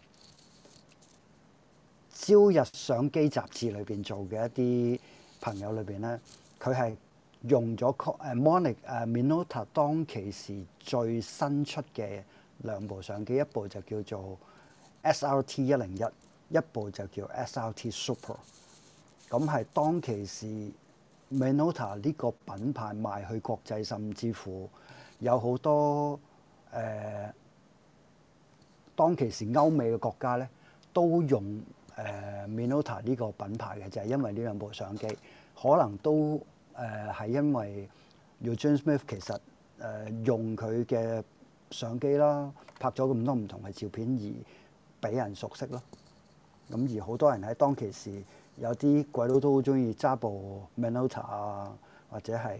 朝日相機雜誌裏邊做嘅一啲朋友裏邊咧，佢係用咗誒、啊、Monic 誒、啊、Minolta 當其時最新出嘅兩部相機，一部就叫做 SRT 一零一，101, 一部就叫 SRT Super。咁係當其時 Minolta 呢個品牌賣去國際，甚至乎。有好多誒、呃、當其時歐美嘅國家咧，都用誒、呃、Minolta 呢個品牌嘅，就係、是、因為呢兩部相機，可能都誒係、呃、因為 Eugene Smith 其實誒、呃、用佢嘅相機啦，拍咗咁多唔同嘅照片而俾人熟悉咯。咁而好多人喺當其時有啲鬼佬都好中意揸部 Minolta 啊，或者係。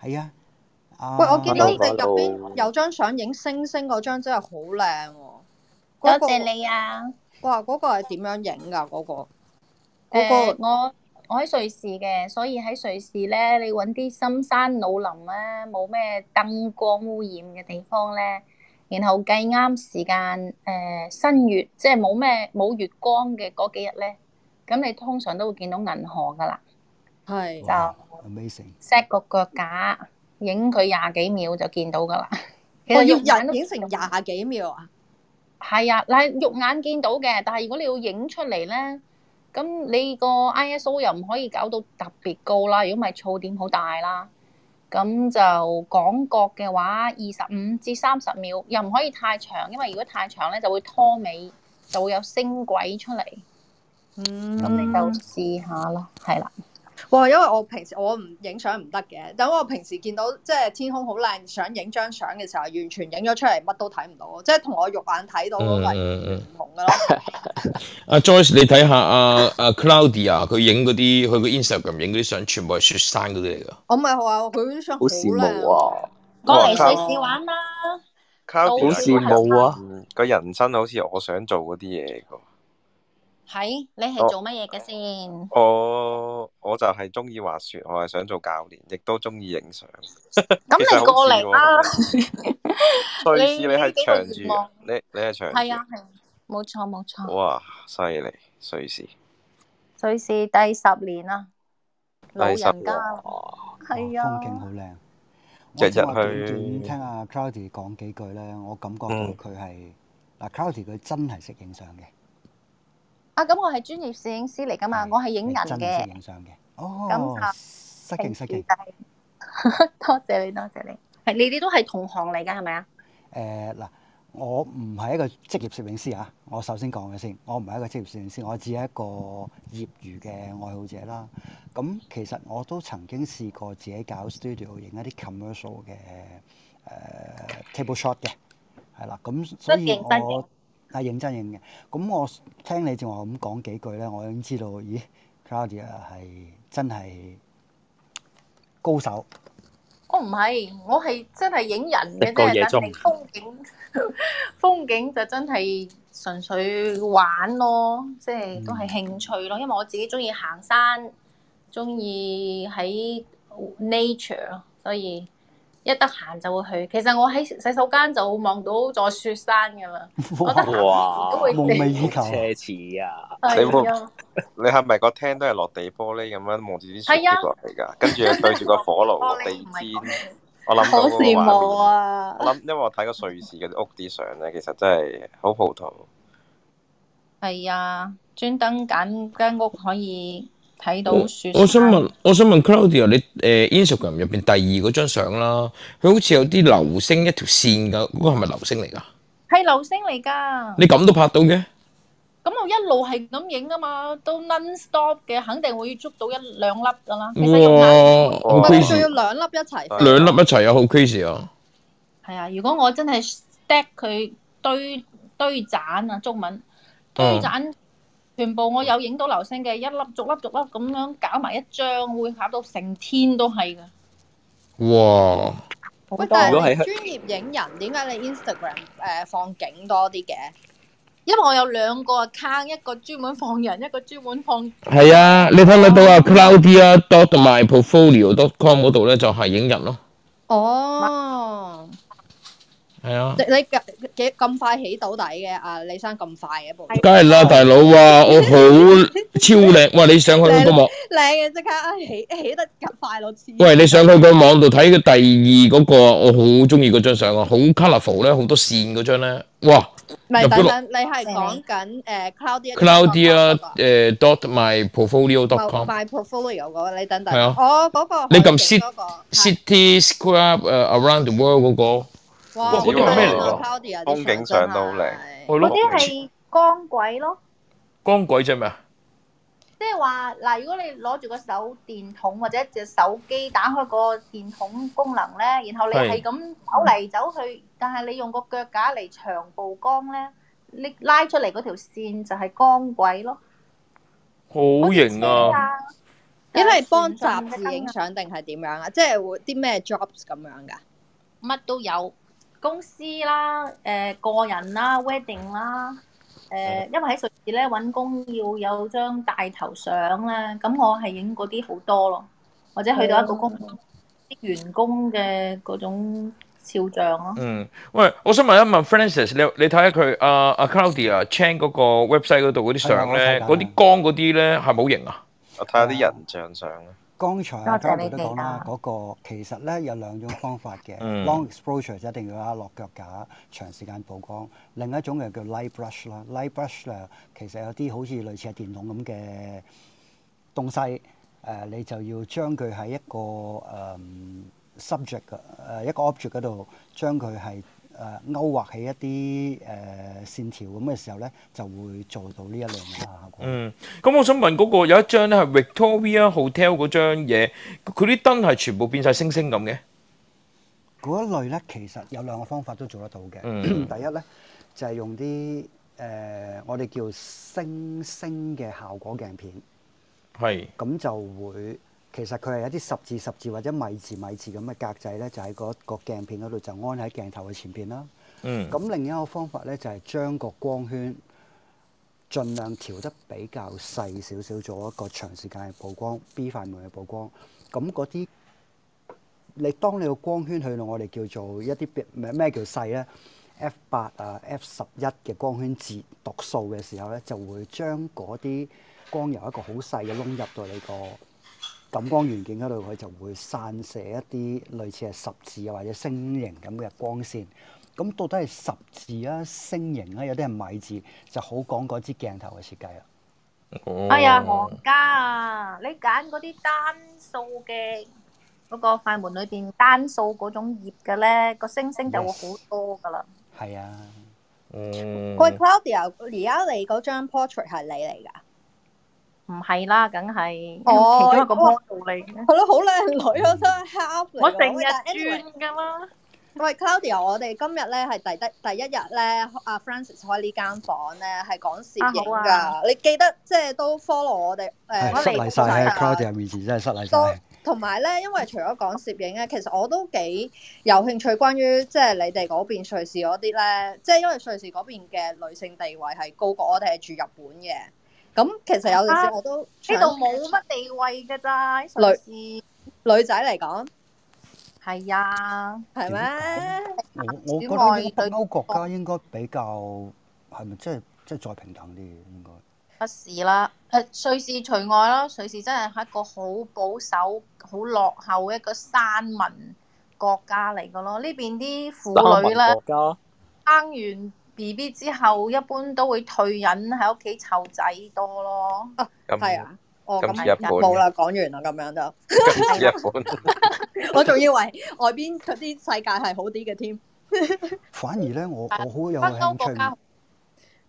係啊！啊喂，我見到入邊有張相影星星嗰張真係好靚，多、那個、謝,謝你啊！哇，嗰、那個係點樣影噶？嗰、那個？誒、呃，我我喺瑞士嘅，所以喺瑞士咧，你搵啲深山老林咧，冇咩燈光污染嘅地方咧，然後計啱時間，誒、呃，新月即係冇咩冇月光嘅嗰幾日咧，咁你通常都會見到銀河噶啦，係是就。set 個腳架，影佢廿幾秒就見到噶啦。 其實肉眼影成廿幾秒啊？係啊，但肉眼見到嘅。但係如果你要影出嚟咧，咁你個 ISO 又唔可以搞到特別高啦，如果唔係噪點好大啦。咁就廣角嘅話，二十五至三十秒又唔可以太長，因為如果太長咧就會拖尾，就會有星軌出嚟。咁、嗯、你就試下啦，係啦。哇，因為我平時我唔影相唔得嘅，但我平時見到即係天空好靚，想影張相嘅時候，完全影咗出嚟乜都睇唔到，即係同我肉眼睇到係唔同嘅咯。阿 Joyce，你睇下阿阿 Claudia，佢影嗰啲，佢個 Instagram 影嗰啲相，全部係雪山嗰啲嚟噶。我咪話佢啲相好靚。好羨慕啊！過嚟瑞士玩啦，啊。好羨慕啊！個人生好似我想做嗰啲嘢嚟係你係做乜嘢嘅先？我我就係中意滑雪，我係想做教練，亦都中意影相。咁你過嚟啦！瑞士，你係長住你你係長係啊，係冇錯冇錯。哇，犀利瑞士，瑞士 第十年啦，老人家啦，係 啊，風景好靚。日日去聽阿、啊啊啊啊啊啊、Cloudy 講幾句咧，我感覺到佢係嗱 Cloudy 佢真係識影相嘅。啊，咁我係專業攝影師嚟噶嘛，是我係影人嘅，真實影相嘅，哦，失敬失敬，失敬 多謝你，多謝你，係你哋都係同行嚟噶，係咪啊？誒，嗱，我唔係一個職業攝影師啊，我首先講嘅先，我唔係一個職業攝影師，我只係一個業餘嘅愛好者啦。咁其實我都曾經試過自己搞 studio 影一啲 commercial 嘅誒、呃、table shot 嘅，係啦，咁所以係認真影嘅，咁我聽你正話咁講幾句咧，我已經知道，咦，Claudia 係真係高手。我唔係，我係真係影人嘅啫。肯定風景風景就真係純粹玩咯，即係都係興趣咯，因為我自己中意行山，中意喺 nature，所以。一得閒就會去，其實我喺洗手間就會望到座雪山噶啦。哇，夢寐以求，奢侈啊！你你係咪個廳都係落地玻璃咁樣望住啲雪落嚟噶？跟住、啊、對住個火爐落地氈， 我諗好羨慕啊！我諗因為我睇過瑞士嘅屋啲相咧，其實真係好普通。係啊，專登揀間屋可以，睇到雪，我想問，我想問 Claudia，你誒、呃、Instagram 入邊第二嗰張相啦，佢好似有啲流星一條線噶，嗰個係咪流星嚟噶？係流星嚟㗎。你咁都拍到嘅？咁我一路係咁影啊嘛，都 non stop 嘅，肯定會捉到一兩粒噶啦哇。哇，好 case！需要兩粒一齊。兩粒一齊啊，好 crazy 啊！係啊，如果我真係 stack 佢堆堆盞啊，中文堆盞、嗯。.全部我有影到流星嘅一粒，逐粒逐粒咁樣搞埋一張，會搞到成天都係噶。哇！喂，但係專業影人，點解你 Instagram 誒放景多啲嘅？因為我有兩個 account，一個專門放人，一個專門放係啊。你睇唔到啊？cloudydotmyportfolio.com 嗰度咧就係影人咯。哦。係啊！你咁快起到底嘅？阿李生咁快嘅一步，梗係啦，大佬啊！我好超靚，哇！你上去嗰個網靚嘅，即刻起起得咁快咯，黐 喂樂！你上去個網度睇佢第二嗰、那個，我好中意嗰張相啊，好 colourful 咧，好多線嗰張咧，哇！咪是了等等，你係講緊誒，Claudia 誒，dot my portfolio.com my portfolio 嗰、uh, 那個、你等等，啊、哦，嗰、那個你咁個 city city squ、uh, are around the world 嗰、那個。 嗰啲係咩嚟？咯，風景上都好靚，嗰啲係光軌咯。光軌啫咩啊？即係話，嗱，如果你攞住個手電筒或者隻手機打開個電筒功能咧，然後你係咁走嚟走去，但係你用個腳架嚟長曝光咧，你拉出嚟嗰條線就係光軌咯。好型啊！你係幫雜誌影相定係點樣啊？即係會啲咩 jobs 咁樣噶？乜都有。公司啦，誒、呃、個人啦，wedding 啦，誒、呃，因為喺瑞士咧揾，工要有張大頭相咧，咁我係影嗰啲好多咯，或者去到一個工，啲員工嘅嗰種肖像咯。嗯，喂、呃呃，我想問一問 Francis 你你睇下佢阿阿 Claudia Chang 嗰個 website 嗰度嗰啲相咧，嗰啲光嗰啲咧係冇型啊？我睇下啲人像相啊。剛才啊 Jeremy 都講啦，嗰、那個其實咧有兩種方法嘅、 嗯、long exposure 就一定要啊落腳架，長時間曝光。另一種嘅叫 light brush 啦，light brush 咧其實有啲好似類似係電筒咁嘅東西，誒、呃、你就要將佢喺一個誒、呃、subject 嘅、呃、誒一個 object 嗰度將佢係。誒勾畫起一啲誒、呃、線條咁嘅時候咧，就會做到呢一類嘅效果嗯。嗯，咁、嗯嗯嗯、我想問嗰個有一張咧係 Victoria Hotel 嗰張嘢，佢啲燈係全部變晒星星咁嘅。嗰一類咧，其實有兩個方法都做得到嘅、嗯。 第一咧就係、是、用啲誒、呃、我哋叫星星嘅效果鏡片，係咁是就會。其實佢係一啲十字十字或者米字米字咁嘅格仔咧，就喺嗰個鏡片嗰度就安喺鏡頭嘅前邊啦。咁、嗯、另一個方法咧就係、是、將個光圈盡量調得比較細少少，做一個長時間嘅曝光，B 快門嘅曝光。咁嗰啲你當你個光圈去到我哋叫做一啲咩咩叫細咧 F 八啊、uh, F 十一嘅光圈字讀數嘅時候咧，就會將嗰啲光由一個好細嘅窿入到你個。感光元件嗰度佢就會散射一啲類似係十字或者星形咁嘅光線。咁到底係十字啊、星形咧、啊？有啲係米字，就好講嗰支鏡頭嘅設計啦。哦、哎呀，行家，那個聲聲 yes、啊，你揀嗰啲單數嘅嗰個快門裏邊單數嗰種葉嘅咧，個星星就會好多噶啦。係啊，嗯。Claudia，而家你嗰張 portrait 係你嚟㗎？唔係啦，梗係其中一個 model 嚟咯，好靚、哦哦、女咯，嗯、真係 h 我成日轉噶啦 Anyway, 喂。喂，Claudia，我哋今日咧係第得第一日咧，阿、啊、Francis 開呢間房咧係講攝影㗎。啊啊、你記得即係都 follow 我哋誒，可能就係 Claudia 面前真係失禮晒。同埋咧，因為除咗講攝影咧，其實我都幾有興趣關於即係你哋嗰邊瑞士嗰啲咧，即係因為瑞士嗰邊嘅女性地位係高過我哋係住日本嘅。咁其實有陣時我都呢度冇乜地位㗎咋，瑞士女仔嚟講係啊，係咩？我我覺得北歐國家應該比較係咪即係即係再平等啲嘅應該？不是啦，誒瑞士除外咯，瑞士真係一個好保守、好落後一個山民國家嚟嘅咯，呢邊啲婦女啦，生完 B B 之後一般都會退隱喺屋企湊仔多咯，係啊，冇啦、啊，講完啦，咁樣就，日本我仲以為外邊嗰啲世界係好啲嘅添， 反而咧我我好有興趣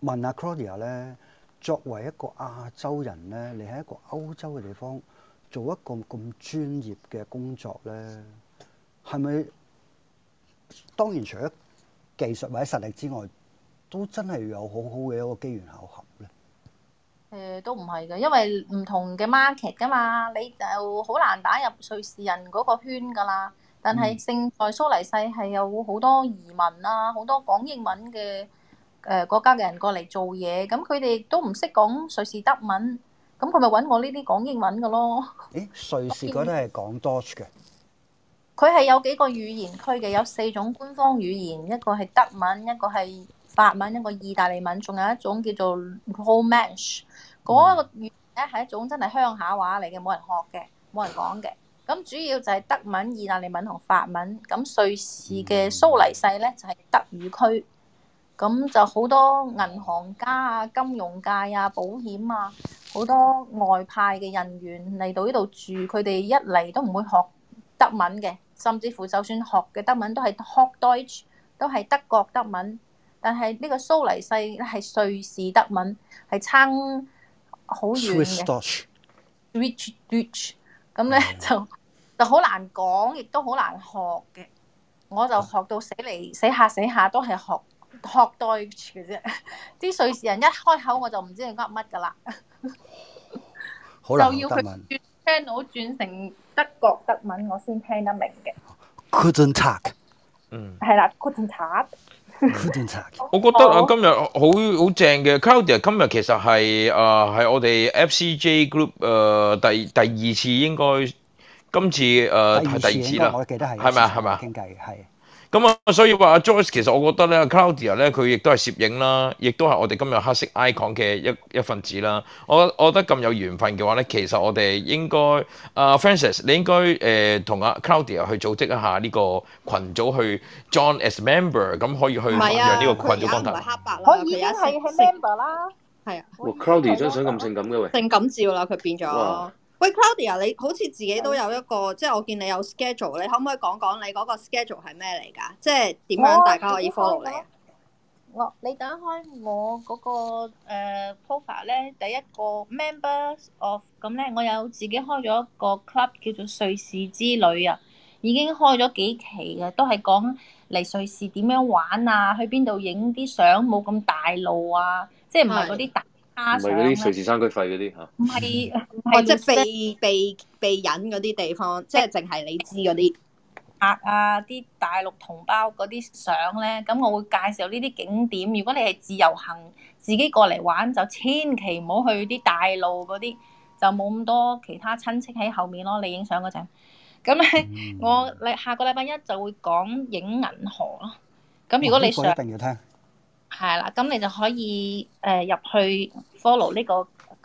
問阿、啊、Claudia 咧，作為一個亞洲人咧，你喺一個歐洲嘅地方做一個咁專業嘅工作咧，係咪？當然除咗技術或者實力之外。都真係有好好嘅一個機緣巧合咧。誒，都唔係嘅，因為唔同嘅 market 噶嘛，你就好難打入瑞士人嗰個圈噶啦。但係，勝在蘇黎世係有好多移民啊，好多講英文嘅誒國家嘅人過嚟做嘢，咁佢哋都唔識講瑞士德文，咁佢咪揾我呢啲講英文嘅咯。誒，瑞士嗰啲係講 Deutsch 嘅，佢係有幾個語言區嘅，有四種官方語言，一個係德文，一個係。法文、一個意大利文，仲有一種叫做 Romance 嗰個語言，係一種真係鄉下話嚟嘅，冇人學嘅，冇人講嘅。咁主要就係德文、意大利文同法文。咁瑞士嘅蘇黎世咧就係德語區，咁就好多銀行家啊、金融界啊、保險啊好多外派嘅人員嚟到呢度住，佢哋一嚟都唔會學德文嘅，甚至乎就算學嘅德文都係 Hochdeutsch，都係德國德文。但係呢個蘇黎世咧係瑞士德文，係差好遠嘅。Swiss Dutch 咁咧就就好難講，亦都好難學嘅。我就學到死嚟，死下死下都係學學 Dutch 嘅啫。啲 瑞士人一開口我就唔知你噏乜噶啦， 好就要去轉 channel 轉成德國德文，我先聽得明嘅。Couldn't and talk，嗯，係啦，couldn't talk。 我覺得啊，今日好好正嘅。Claudia 今日其實係啊，係、呃、我哋 FCJ Group 誒、呃、第第二次應該，今次誒、呃、第二次啦，我記得係，係咪啊？係咪啊？傾偈係。咁啊，所以話 Joyce 其實我覺得咧，Claudia 咧佢亦都係攝影啦，亦都係我哋今日黑色 icon 嘅一一份子啦。我我覺得咁有緣分嘅話咧，其實我哋應該阿、啊、Francis，你應該誒同、呃、阿 Claudia 去組織一下呢個群組去 join as member，咁可以去讓呢個羣組幫佢。可以入係 member 啦，係啊。哇，Claudia 張相咁性感嘅喂！性感照啦，佢變咗。喂，Claudia，你好似自己都有一個，的即係我見你有 schedule，你可唔可以講講你嗰個 schedule 係咩嚟噶？即係點樣大家可以 follow 你啊？哦你哦、你等一我你打開我嗰個誒 profile 咧，第一個 members of 咁咧，我有自己開咗一個 club 叫做瑞士之旅啊，已經開咗幾期嘅，都係講嚟瑞士點樣玩啊，去邊度影啲相冇咁大路啊，即係唔係嗰啲大。唔係嗰啲瑞士山區費嗰啲嚇，唔係，或者避避避隱嗰啲地方，即係淨係你知嗰啲拍啊啲大陸同胞嗰啲相咧。咁我會介紹呢啲景點。如果你係自由行，自己過嚟玩，就千祈唔好去啲大陸嗰啲，就冇咁多其他親戚喺後面咯。你影相嗰陣，咁咧我你下個禮拜一就會講影銀河咯。咁如果你想，定要聽。嗯嗯係啦，咁你就可以誒入、呃、去 follow 呢個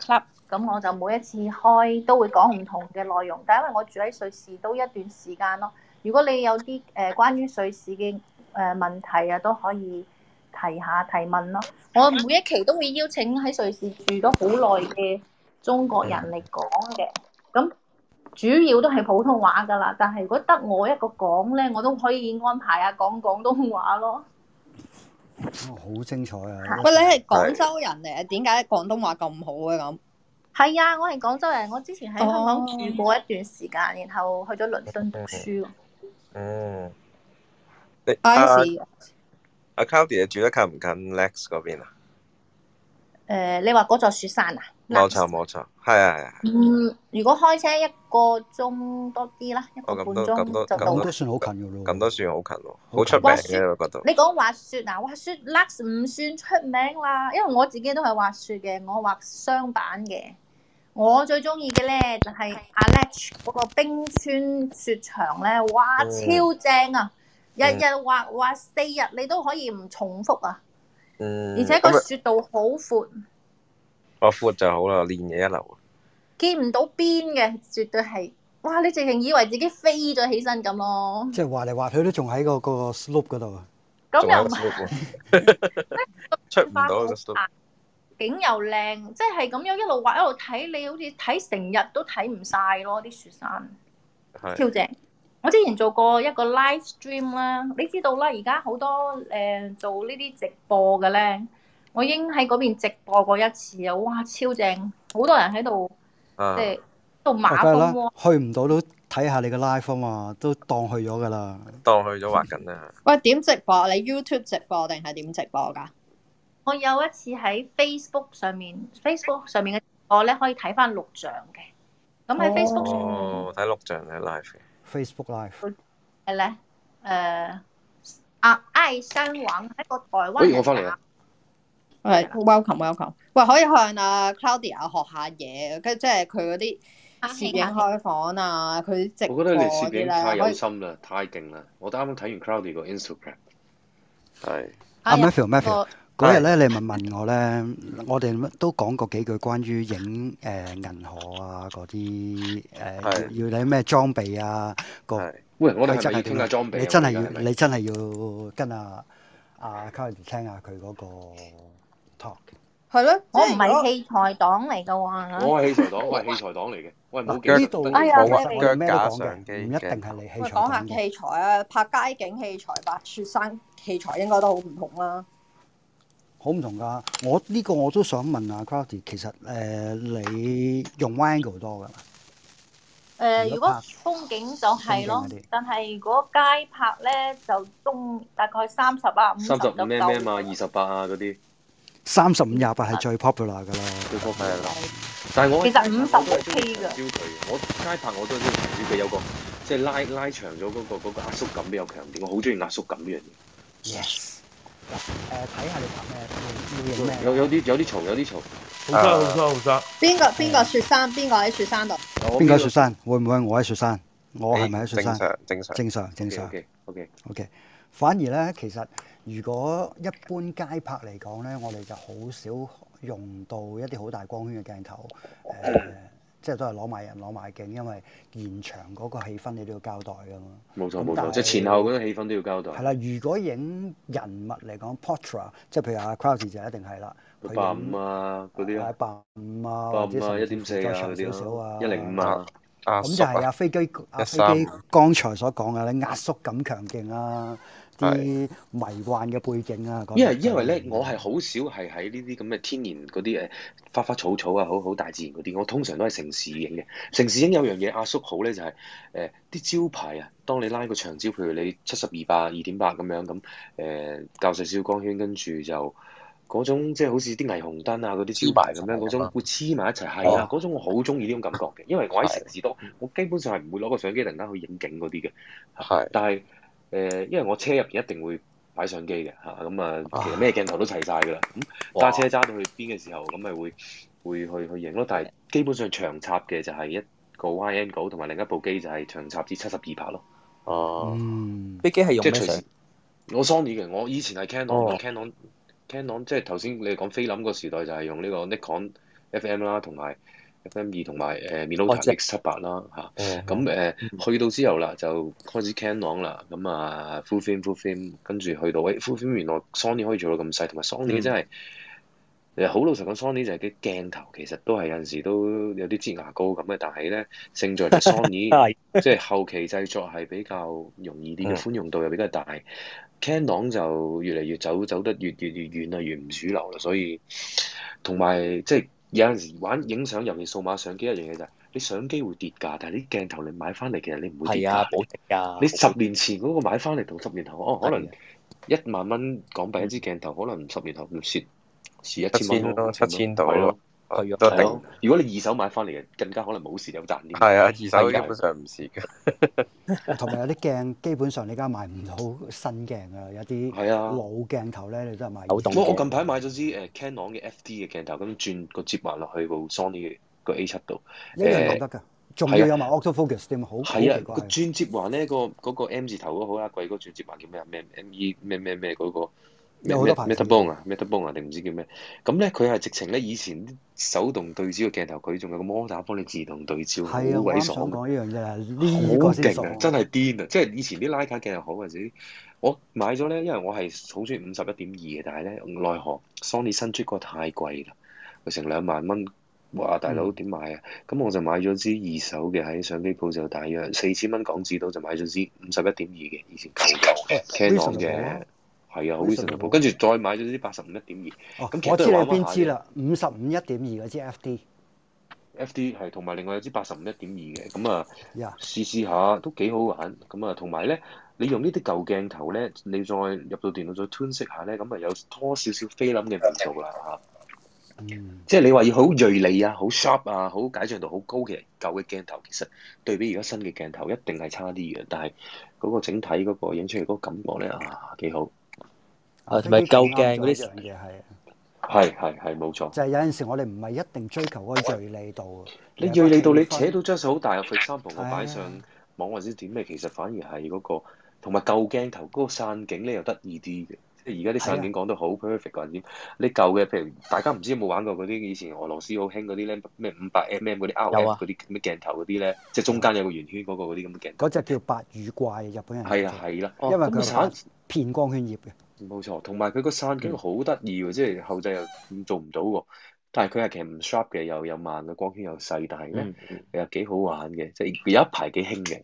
club，咁我就每一次開都會講唔同嘅內容。但係因為我住喺瑞士都一段時間咯，如果你有啲誒關於瑞士嘅誒問題啊，都可以提下提問咯。我每一期都會邀請喺瑞士住咗好耐嘅中國人嚟講嘅，咁主要都係普通話噶啦。但係如果得我一個講咧，我都可以安排啊講廣東話咯。好精彩啊！ 喂，你係廣州人嚟，啊是？點解廣東話咁好嘅咁？係 啊，我係廣州人，我之前喺香港住過一段時間，然後去咗倫敦讀書。 嗯，你阿 Caudy 住得近唔近 Lex 嗰邊啊？誒、呃，你話嗰座雪山啊？冇錯，冇錯。係啊係啊，嗯，如果開車一個鐘多啲啦，哦、一個半鐘就都算好近噶咯。咁都算好近咯，好出名嘅嗰度。你講滑雪啊，滑雪 Lux 唔算出名啦，因為我自己都係滑雪嘅，我滑雙板嘅，我最中意嘅咧就係 Aletsch 嗰個冰川雪場咧，哇，超正啊！日日滑滑四日，你都可以唔重複啊，嗯、而且個雪道好闊。哦、闊就好啦，練嘢一流。見唔到邊嘅，絕對係，哇！你直情以為自己飛咗起身咁咯。即係滑嚟滑去都仲喺、嗰個、嗰個 slope 嗰度啊。咁又唔出唔到啊？ 景又靚，即係咁樣一路滑一路睇，你好似睇成日都睇唔晒咯，啲雪山是超正。我之前做過一個 live stream 啦，你知道啦，而家好多誒、呃、做呢啲直播嘅咧。我已經喺嗰邊直播過一次啊！哇，超正，好多人喺度，啊、即係度馬蜂窩、啊啊。去唔到都睇下你嘅 live 嘛，都當去咗噶啦，當去咗話緊啊！喂，點直播？你 YouTube 直播定係點直播噶？我有一次喺 Facebook 上面，Facebook 上面嘅直播咧，可以睇翻錄像嘅。咁喺 Facebook 上面哦，睇錄像睇 live Facebook Live 係咧，誒啊，艾山王喺個台灣。喂、欸，我翻嚟係 welcome welcome，喂，可以向阿 Claudia 學下嘢，跟即係佢嗰啲攝影開房啊，佢直播嗰啲咧，太有心啦，太勁啦！我啱啱睇完 Claudia 個 Instagram，係。阿 Matthew Matthew 嗰日咧你咪問我咧，我哋都講過幾句關於影誒銀河啊嗰啲誒，要睇咩裝備啊個，喂我哋真係傾下裝備？你真係要，你真係要跟阿阿 Claudia 聽下佢嗰個。係咯，我唔係器材黨嚟噶喎。我係器材黨，我係器材黨嚟嘅。喂，唔好叫呢度腳腳架相機嘅。唔一定係你器材。講下器材啊，拍街景器材、拍雪山器材應該都好唔同啦。好唔同噶，我呢個我都想問下 c r o w y 其實誒你用 wide angle 多噶？誒，如果風景就係咯，但係如果街拍咧就中大概三十啊、五十咩啊、二十八啊嗰啲。三十五廿八係最 popular 噶啦，最 popular。但係我其實五十 K 嘅。我街拍我都中意，佢有個即係拉拉長咗嗰個嗰個壓縮感比較強啲，我好中意壓縮感呢樣嘢。Yes。誒，睇下你拍咩，要要影咩？有有啲有啲嘈，有啲嘈。好沙，好沙，好沙。邊個邊個雪山？邊個喺雪山度？邊個雪山？會唔會我喺雪山？我係咪喺雪山？正常，正常，正常，正常。OK，OK，OK。反而咧，其實。如果一般街拍嚟講咧，我哋就好少用到一啲好大光圈嘅鏡頭，誒、呃，即係都係攞埋人攞埋鏡，因為現場嗰個氣氛你都要交代㗎嘛。冇錯冇錯，但 錯即係前後嗰啲氣氛都要交代。係啦，如果影人物嚟講，Portra，即係譬如阿 Cross y 就一定係啦，佢八五啊嗰啲啊，八、啊、五啊，或者一點四啊嗰啲啦，一零五啊咁，啊啊就係阿、啊啊、飛機阿、啊、飛機剛才所講嘅咧，壓縮感強勁啊！啊啊啊啊啊啲迷幻嘅背景啊，因為因為咧，我係好少係喺呢啲咁嘅天然嗰啲誒花花草草啊，好好大自然嗰啲。我通常都係城市影嘅，城市影有樣嘢阿叔好咧，就係誒啲招牌啊。當你拉個長焦，譬如你七十二百二點八咁樣咁誒，較、呃、細小光圈，跟住就嗰種即係好似啲霓虹燈啊嗰啲招牌咁樣，嗰種會黐埋一齊。係啊，嗰、啊、種我好中意呢種感覺嘅，因為我喺城市多，的我基本上係唔會攞個相機突然間去影景嗰啲嘅。係的，的但係。誒，uh, 因為我車入邊一定會擺相機嘅嚇，咁啊，其實咩鏡頭都齊晒㗎啦。咁揸車揸到去邊嘅時候，咁咪會會去去影咯。但係基本上長插嘅就係一個 YN 九同埋另一部機就係長插至七十二拍咯。哦、嗯，啲機係用咩相？我 Sony 嘅，我以前係 Can、oh. Canon，Canon，Canon，即係頭先你講菲林個時代就係用呢個 Nikon FM 啦，同埋。F 二同埋誒 Milo X 七八啦嚇，咁誒去到之後啦，就開始 Canon 啦，咁啊 Full Frame Full Frame，跟住去到喂、哎、Full Frame 原來 Sony 可以做到咁細，同埋 Sony 真係誒好老實講，Sony 就係啲鏡頭其實都係有陣時都有啲擠牙膏咁嘅，但係咧勝在就 Sony， 即係後期製作係比較容易啲嘅，寬容度又比較大。嗯嗯、Canon 就越嚟越走走得越越越遠啦，越唔主流啦，所以同埋即係。有陣時玩影相，尤其數碼相機一樣嘢就係，你相機會跌價，但係啲鏡頭你買翻嚟其實你唔會跌價，保值噶。啊、你十年前嗰個買翻嚟同十年後，哦，可能一萬蚊港幣一支，的一支鏡頭，可能十年後唔蝕蝕一千蚊七千到。了如果你二手買翻嚟嘅，更加可能冇事。有賺啲。係啊了，二手基本上唔蝕嘅。同 埋有啲鏡基本上你而家買唔到新鏡啊，有啲係啊老鏡頭咧，你都係買。冇動。我近排買咗支誒 Canon 嘅 FD 嘅鏡頭，咁轉接7，個接環落去部 Sony 嘅 A 七度，呢樣都得㗎，仲要有埋 Auto Focus 點好的。係啊，個轉接環呢，嗰個嗰 M 字頭都好啦，貴嗰個轉接環叫咩咩咩咩咩嗰咩咩特邦啊，咩特邦啊，定唔知叫咩？咁咧佢係直情咧以前手動對焦嘅鏡頭，佢仲有個摩打幫你自動對焦，好鬼爽。啱先講呢樣嘢，好勁啊！真係癲啊！即係以前啲拉卡鏡頭好嗰、啊、陣時我買咗咧，因為我係好鍾意五十一點二嘅，但係咧奈何 Sony 新出個太貴啦，佢成兩萬蚊。哇，大佬點買啊？咁、嗯、我就買咗支二手嘅，喺相機鋪就大約四千蚊港紙度就買咗支五十一點二嘅，以前舊舊 Canon 嘅。.係啊，好跟住再買咗呢啲八十五一點二，咁其實我知你邊支啦五十五一點二嗰支 FD，FD 係同埋另外有支八十五一點二嘅，咁啊試試下都幾好玩，咁啊同埋咧，你用呢啲舊鏡頭咧，你再入到電腦再 tune 色下咧，咁啊有多少少菲林嘅味道啦嚇，即係你話要好銳利啊，好 sharp 啊，好解像度好高嘅舊嘅鏡頭，其實對比而家新嘅鏡頭一定係差啲嘅，但係嗰個整體嗰個影出嚟嗰個感覺咧啊幾好。啊，同埋舊鏡嗰啲嘢係，係係係冇錯。就係有陣時我哋唔係一定追求嗰個鋭利度。你鋭利度你扯到張數好大啊！For example，我擺上網的或者點咩，其實反而係嗰個同埋舊鏡頭嗰個散景咧又得意啲嘅。即係而家啲散景講得好 perfect 嗰陣點的？啲舊嘅譬如大家唔知有冇玩過嗰啲以前俄羅斯好興嗰啲咧咩五百 mm 嗰啲 out 嗰啲咩鏡頭嗰啲咧，即係中間有個圓圈嗰個嗰啲咁嘅鏡頭。嗰隻叫白羽怪，日本人係啊係啦，因為佢反片光圈葉嘅。冇錯，同埋佢個散景好得意喎，嗯、即係後製又做唔到喎。但係佢係其實唔 sharp 嘅，又有慢嘅，光圈又細，但係咧、嗯、又幾好玩嘅，即係有一排幾興嘅。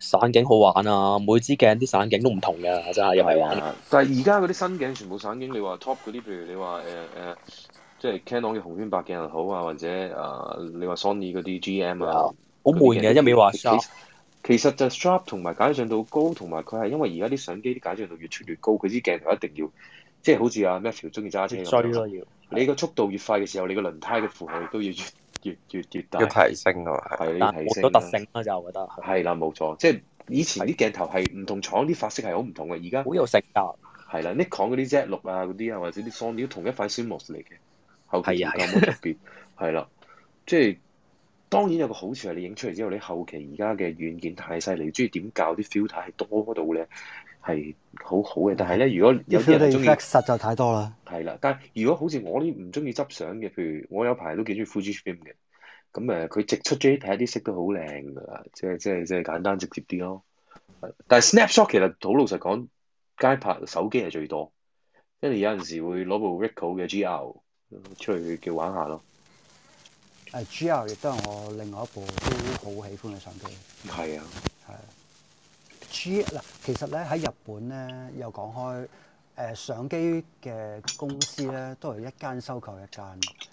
散景好玩啊！每支鏡啲散景都唔同嘅，真係又係啊！但係而家嗰啲新鏡全部散景，你話 top 嗰啲，譬如你話誒誒，即係 Canon 嘅紅圈白鏡又好啊，或者啊、呃，你話 Sony 嗰啲 GM 啊，嗯、好悶嘅，一味話 sharp。其實就 sharp 同埋解像度高，同埋佢係因為而家啲相機啲解像度越出越高，佢啲鏡頭一定要即係好似阿 Matthew 中意揸車咁樣需要你個速度越快嘅時候，你個輪胎嘅負荷都要越越越越大。要提升啊嘛。係，要提升啦。多特性啦，就我覺得。係啦，冇錯，即係以前啲鏡頭係唔同廠啲發色係好唔同嘅，而家。好有性格。係啦 Nikon 嗰啲 Z 六啊，嗰啲啊，或者啲 Sony 同一塊 sensor 嚟嘅，後期唔冇特別。係啦，即係。當然有個好處係你影出嚟之後，你後期而家嘅軟件太犀利，你中意點教啲 filter 係多到咧係好好嘅。但係咧，如果有啲人中意 ，實在太多啦。係啦，但係如果好似我啲唔中意執相嘅，譬如我有排都幾中意 Fujifilm 嘅。咁、嗯、誒，佢、嗯、直出 J 睇啲色都好靚㗎啦，即係即係即係簡單直接啲咯。但係 snapshot 其實好老實講，街拍手機係最多，跟住有陣時會攞部 Ricoh 嘅 GR 出去叫玩下咯。誒 GR 亦都係我另外一部都好喜歡嘅相機。係啊，係 G。嗱，其實咧喺日本咧，又講開誒、呃、相機嘅公司咧，都係一間收購一間。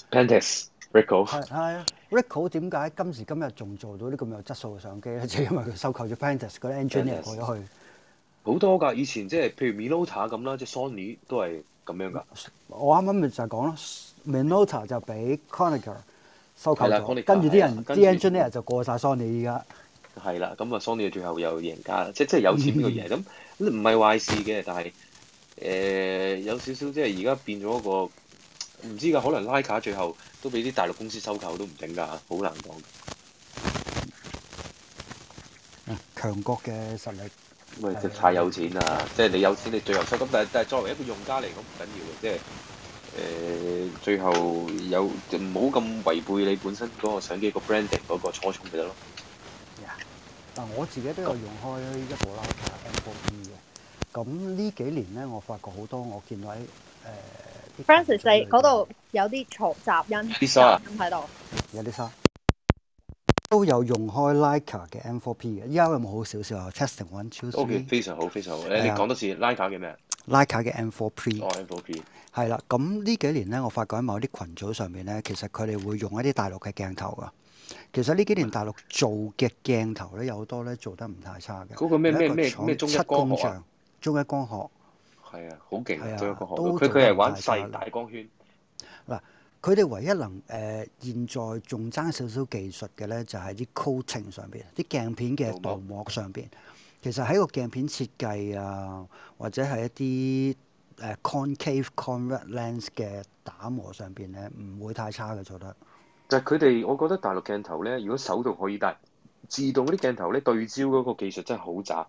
Pentax。係係啊，Ricoh 點解今時今日仲做到啲咁有質素嘅相機咧？就是、因為佢收購咗 Pentax 嗰啲 engineers 過咗去。好多㗎，以前即、就、係、是、譬如 Minolta 咁啦，即 Sony 都係咁樣㗎。我啱啱咪就係講咯 Minolta 就俾 Konica 係啦，跟住啲人啲 engineer 就過晒 Sony 而家。係啦，咁啊 Sony 最後又贏家，即係即係有錢呢個嘢咁，唔係 壞事嘅，但係誒、呃、有少少即係而家變咗一個唔知㗎，可能拉卡最後都俾啲大陸公司收購都唔定㗎，好難講。啊，強國嘅實力。喂，就太有錢啦！即係你有錢，你最後收咁，但係但係作為一個用家嚟講唔緊要嘅，即係。誒，最後有唔好咁違背你本身嗰個相機個 branding 嗰個初衷咪得咯？Yeah，但我自己都有用開一部 Leica M4P 嘅。咁呢幾年咧，我發覺好多我見到喺、呃、Francis 喺嗰度有啲嘈雜，雜音，啲沙音喺度。有啲沙。都有用開 Leica 嘅 M4P 嘅。依家有冇好少少啊？Testing one two three、okay，非常好，非常好。呃、你講多次 Leica 嘅咩？Yeah. Leica 嘅 M4P，M4P，係啦。咁呢幾年咧，我發覺喺某啲群組上面咧，其實佢哋會用一啲大陸嘅鏡頭噶。其實呢幾年大陸做嘅鏡頭咧，有好多咧做得唔太差嘅。嗰個咩咩咩咩七工匠，中一光學，係啊，好勁嘅中一光學。佢佢係玩細大光圈。嗱，佢哋唯一能誒現在仲爭少少技術嘅咧，就係啲 coating 上邊，啲鏡片嘅鍍膜上邊。其實喺個鏡片設計啊，或者係一啲誒 concave concave lens 嘅打磨上邊咧，唔會太差嘅做得。但係佢哋，我覺得大陸鏡頭咧，如果手動可以，但自動啲鏡頭咧，對焦嗰個技術真係好渣。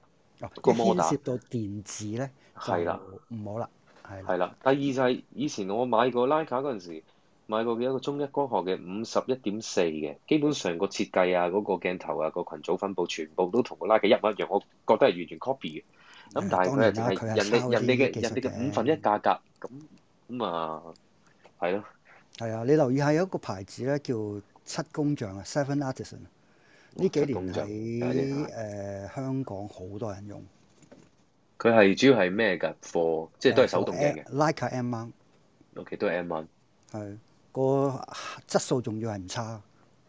個 model 牽涉到電子咧，係啦，唔的好啦，係。係啦，第二就係以前我買過 Leica 嗰陣時。買過嘅一個中一剛學嘅五十一點四嘅，基本上個設計啊、嗰、那個鏡頭啊、那個群組分布全部都同個拉 i 一模一樣，我覺得係完全 copy 嘅。咁、嗯嗯、但係佢係係人哋、嗯啊、人哋嘅人哋嘅五分一價格，咁咁、嗯嗯嗯、啊，係咯。係啊，你留意下，有一個牌子咧叫七工匠啊，Seven Artisan。呢幾年喺誒、啊呃、香港好多人用。佢係主要係咩㗎？貨即係都係手動鏡嘅。Uh, Lica M One。OK，都 M o n 個質素仲要係唔差，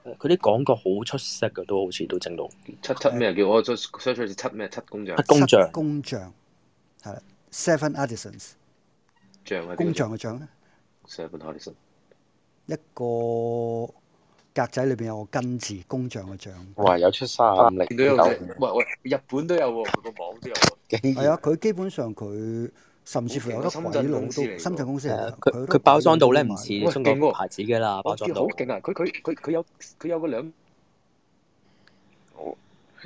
佢啲廣告好出色噶，都好似都整到七七咩？叫我出，七咩？七工匠，七工匠，係 seven artisans，匠工匠嘅匠，seven a r t i s a n 一個格仔裏邊有個根字，工匠嘅匠，哇！有出卅五有喂喂，日本都有喎，佢個網都有，係啊，佢基本上佢。甚至乎有得鬼佬都深圳公司，佢佢包裝到咧唔似香港牌子嘅啦，包裝到好勁啊！佢佢佢佢有佢有嗰兩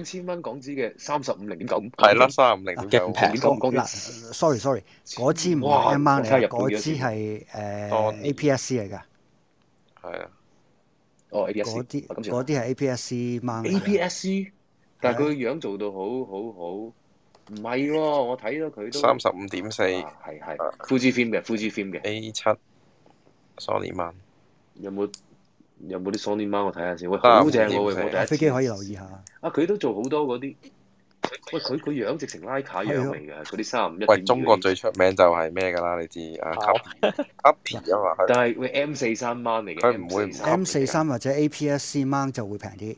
千蚊港紙嘅三十五零點九五，係啦三十五零點九五，好平。嗱，sorry sorry，嗰支唔係萬嚟，嗰支係誒 APSC 嚟㗎，係啊，哦，嗰啲嗰啲係 APSC 萬，APSC，但係佢樣做到好好好。唔係喎，我睇到佢都三十五點四，係，係 full frame 嘅，full frame 嘅 A 七，Sony 芒有冇有冇啲 Sony MAN？我睇下先，好正喎，我第一次飛機可以留意下。啊，佢都做好多嗰啲，喂佢佢樣直情拉卡 k 樣嚟嘅。嗰啲三唔喂中國最出名就係咩噶啦？你知啊，但係喂 M 四三芒嚟嘅，佢唔會 M 四三或者 APS 芒就會平啲。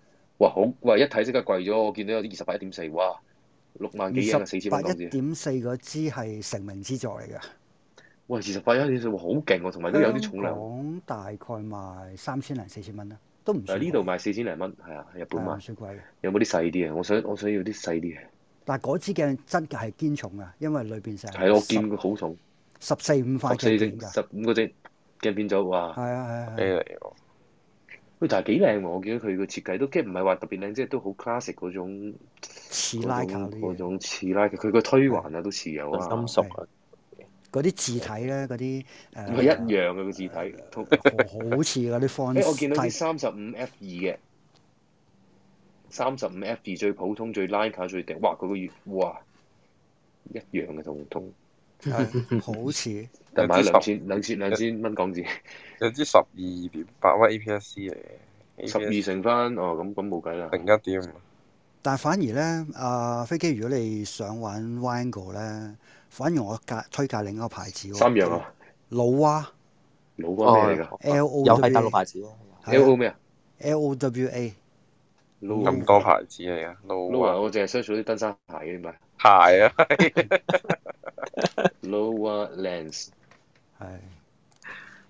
哇好，哇一睇即刻貴咗，我見到有啲二十八一點四，哇六萬幾嘢啊，四千蚊一支。二十八一點四嗰支係成名之作嚟嘅。哇，二十八一點四好勁喎，同埋都有啲重量。講大概賣三千零四千蚊啦，都唔算貴。呢度賣四千零蚊，係啊，日本賣。唔、啊、算貴。有冇啲細啲嘅？我想我想，我想要啲細啲嘅。但係嗰支鏡真係堅重嘅，因為裏邊成係我見好重，十四五塊碎片十五嗰隻鏡變咗，哇！係啊係啊。喂，但係幾靚喎！我見到佢個設計都，即係唔係話特別靚，即係都好 classic 嗰種，嗰種似拉卡嘅。佢個推環啊都似有，金屬啊。嗰啲字體咧，嗰啲唔係一樣嘅個字體，好似嗰啲 font 我見到啲三十五 F 二嘅，三十五 F 二最普通、最拉卡、最頂。哇！佢個月哇，一樣嘅同同 好似。但係買兩千、兩千、兩千蚊港紙。 有支十二點八威 A.P.S.C 嚟，十二乘翻，哦咁咁冇計啦，零一點。但係反而咧，啊飛機，如果你想玩 Wangle 咧，反而我介推介另一個牌子。三樣啊。老 o 老 e l o w 咩嚟噶？L O 又係大陸牌子咯。L O 咩啊？L O W A。Lower 咁多牌子嚟啊？Lower 我淨係 search 啲登山鞋嘅點解？鞋啊。Lower lens 係。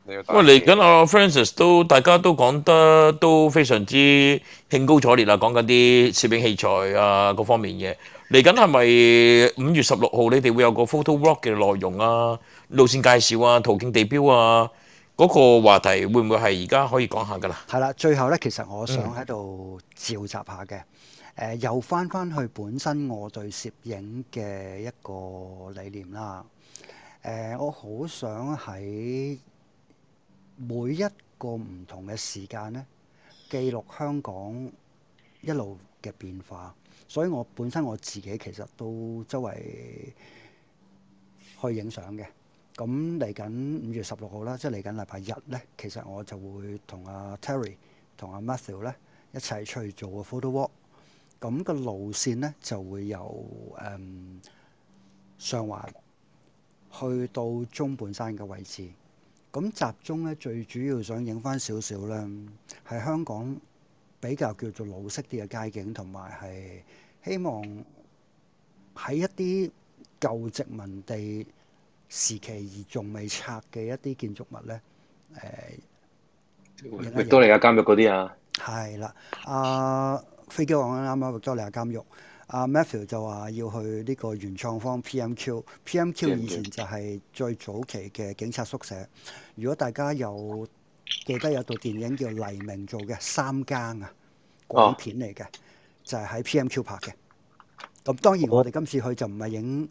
喂，嚟緊啊，Francis 都大家都講得都非常之興高采烈啦，講緊啲攝影器材啊，各方面嘅。嚟緊係咪五月十六號你哋會有個 photo walk 嘅內容啊、路綫介紹啊、途徑地標啊，嗰個話題會唔會係而家可以講下噶啦？係啦，最後咧，其實我想喺度召集下嘅，誒、呃，又翻翻去本身我對攝影嘅一個理念啦，誒、呃，我好想喺。每一個唔同嘅時間咧，記錄香港一路嘅變化。所以我本身我自己其實都周圍去影相嘅。咁嚟緊五月十六號啦，即係嚟緊禮拜日咧，其實我就會同阿、啊、Terry 同阿、啊、Matthew 咧一齊出去做個 photo walk。咁、那個路線咧就會由誒、嗯、上環去到中半山嘅位置。咁集中咧，最主要想影返少少咧，係香港比較叫做老式啲嘅街景，同埋係希望喺一啲舊殖民地時期而仲未拆嘅一啲建築物咧，誒、呃，域多利亞監獄嗰啲啊，係啦，啊飛機講緊啱啱域多利亞監獄。阿 Matthew 就話要去呢個元創方 PMQ，PMQ 以前就係最早期嘅警察宿舍。如果大家有記得有套電影叫黎明做嘅《三更》啊、哦，港片嚟嘅，就係喺 PMQ 拍嘅。咁當然我哋今次去就唔係影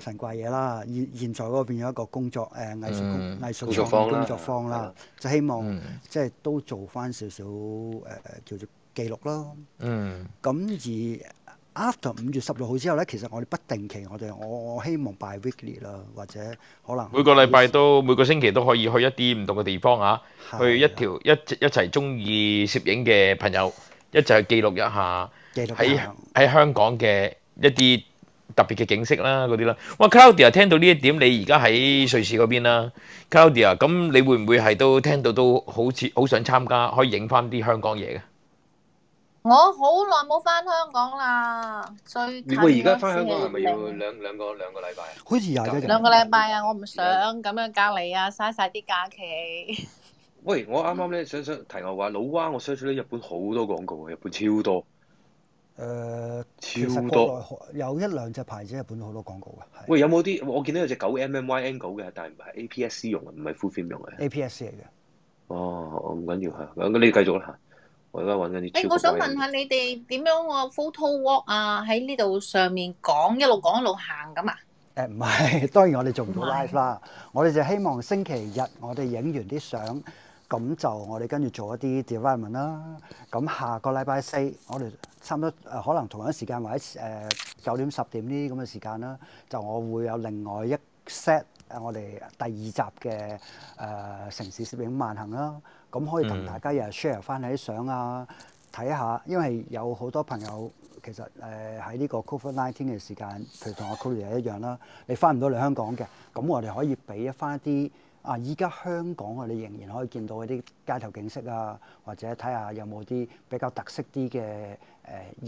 神怪嘢啦，現現在嗰邊有一個工作誒、呃、藝術工、嗯、藝術創工，工，工作坊啦，嗯、就希望、嗯、即係都做翻少少誒、呃、叫做記錄咯。嗯，咁而。After 五月十六號之後呢，其實我哋不定期，我哋我我希望 by weekly 啦，或者可能每個禮拜都每個星期都可以去一啲唔同嘅地方吓，去一條一一齊鍾意攝影嘅朋友一齊去記錄一下，喺喺香港嘅一啲特別嘅景色啦嗰啲啦。哇，Claudia 聽到呢一點，你而家喺瑞士嗰邊啦，Claudia，咁你會唔會係都聽到都好似好想參加，可以影返啲香港嘢嘅？.我好耐冇翻香港啦，最近。你咪而家翻香港係咪要兩兩個兩個禮拜啊？好似有幾日。兩樣個禮拜啊，我唔想咁樣隔離啊，嘥晒啲假期。喂，我啱啱咧想想提，提我話老蛙，我 search 咗日本好多廣告啊，日本超多。誒、呃，超多。有一兩隻牌子日本好多廣告嘅。喂，有冇啲我見到有隻九 M M Y Angle 嘅，但係唔係 A P S C 用，唔係 full film 用嘅。A P S 嚟嘅。哦，唔緊要吓，咁你繼續啦。我而家揾緊啲。誒，我想問下你哋點樣喎？Photo walk 啊，喺呢度上面講，一路講一路行咁啊？誒，唔係，當然我哋做唔到 live 啦。我哋就希望星期日我哋影完啲相，咁就我哋跟住做一啲 development 啦。咁下個禮拜四，我哋差唔多誒，可能同一時間或者誒九點十點呢啲咁嘅時間啦，就我會有另外一 set 誒，我哋第二集嘅誒城市攝影漫行啦。咁、嗯、可以同大家又 share 翻啲相啊，睇下，因為有好多朋友其實誒喺呢個 COVID-19 嘅時間，譬如同我 c o l 一樣啦，你翻唔到嚟香港嘅。咁我哋可以俾一翻一啲啊，依家香港啊，你仍然可以見到嗰啲街頭景色啊，或者睇下有冇啲比較特色啲嘅誒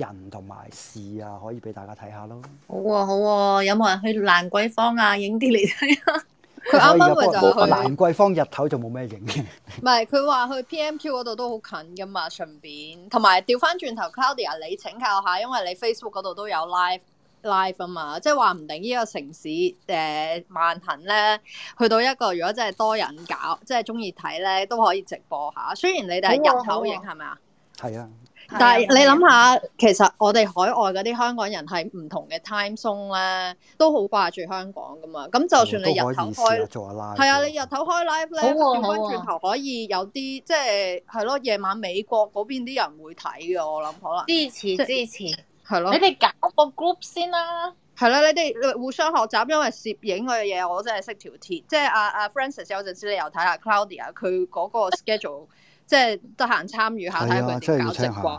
人同埋事啊，可以俾大家睇下咯。好啊，好啊，有冇人去蘭桂坊啊，影啲嚟睇啊？ 佢啱啱咪就去蘭桂坊，日頭就冇咩影嘅。唔係佢話去 PMQ 嗰度都好近噶嘛，順便同埋調返轉頭 Claudia，你請教下，因為你 Facebook 嗰度都有 live live 啊嘛，即係話唔定呢個城市誒慢行咧，去到一個如果真係多人搞，即係鍾意睇咧都可以直播下。雖然你哋係日頭影係咪啊？係啊。是但係你諗下，其實我哋海外嗰啲香港人係唔同嘅 time zone 咧，啊，都好掛住香港噶嘛。咁就算你日頭開，做 live，係啊，你日頭開 live 咧，轉翻，啊、轉頭可以有啲即係係咯，夜晚美國嗰邊啲人會睇嘅，我諗可能支持支持，係咯以。是你哋搞個 group 先啦，啊。係啦，啊，你哋互相學習，因為攝影嗰嘢我真係識條鐵。即、就、係、是、啊，阿 Francis 有陣時你又睇下 Claudia，佢嗰個 schedule。即係得閒參與下，睇下佢哋搞直播。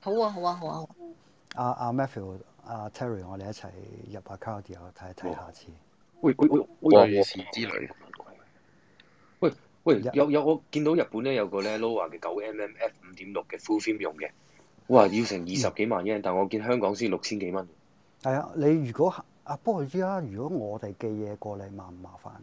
好啊，好啊，好啊！阿阿、uh, Matthew、uh,、阿 Terry，我哋一齊入下 Cardio，睇一睇下次。喂喂喂，光之旅。喂喂 1,，有有我見到日本咧有個咧 Laowa 嘅九 mm f 五點六嘅 full film 用嘅，哇！要成二十幾萬 yen，嗯、但我見香港先六千幾蚊。係啊，你如果、啊、不過而家如果我哋寄嘢過嚟麻唔麻煩啊？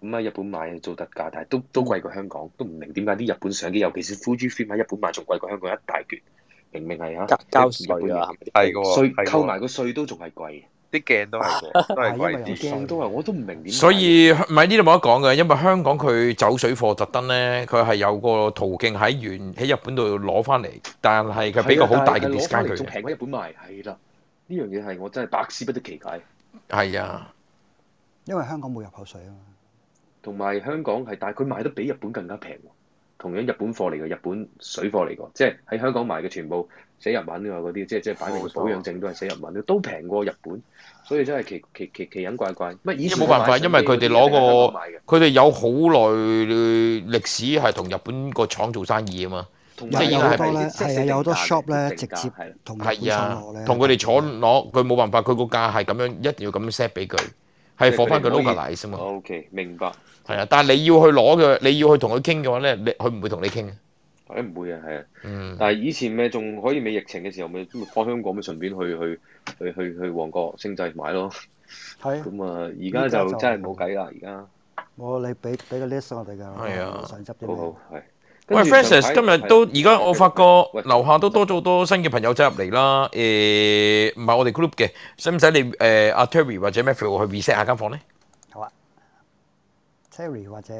咁喺日本買做特價，但係都都貴過香港，都唔明點解啲日本相機，尤其是 Fujifilm 喺日本賣仲貴過香港一大段，明明係啊，交稅啊，係嘅喎，扣埋個稅都仲係貴，啲鏡都係都係貴啲。鏡都係，我都唔明點解。所以，唔係呢度冇得講嘅，因為香港佢走水貨特登咧，佢係有個途徑喺原喺日本度攞翻嚟，但係佢畀個好大嘅 discount。仲平過日本賣，係啦，呢樣嘢係我真係百思不得其解。係啊，因為香港冇入口稅啊嘛。同埋香港係，但係佢賣得比日本更加平。同樣日本貨嚟嘅，日本水貨嚟嘅，即係喺香港賣嘅全部寫日文嘅，嗰啲即係即係擺嚟嘅保養證都係寫日文，都平過日本。所以真係奇奇奇奇隱怪怪。乜以前冇辦法，因為佢哋攞個佢哋有好耐歷史係同日本個廠做生意啊嘛。有好多咧，係啊！有好多 shop 咧，直接同佢哋坐攞，佢冇辦法，佢個價係咁樣，一定要咁樣 set 俾佢。係放翻佢 logo 先嘛。O K 明白。係啊，的但係你要去攞嘅，你要去同佢傾嘅話咧，你佢唔會同你傾。誒唔會啊，係啊。嗯。但係以前咪仲可以未疫情嘅時候咪放香港咪順便去去去去去旺角星際買咯。係的。咁啊，而家就真係冇計啦，而家。你我你俾俾個 list 我哋㗎。係啊。想執嘅。好係。喂，Frances，今日都而家我發覺樓下都多咗好多新嘅朋友走入嚟啦。誒，唔係我哋 group 嘅，使唔使你誒阿 Terry 或者 Matthew 去 reset 下間房咧？好啊，Terry 或者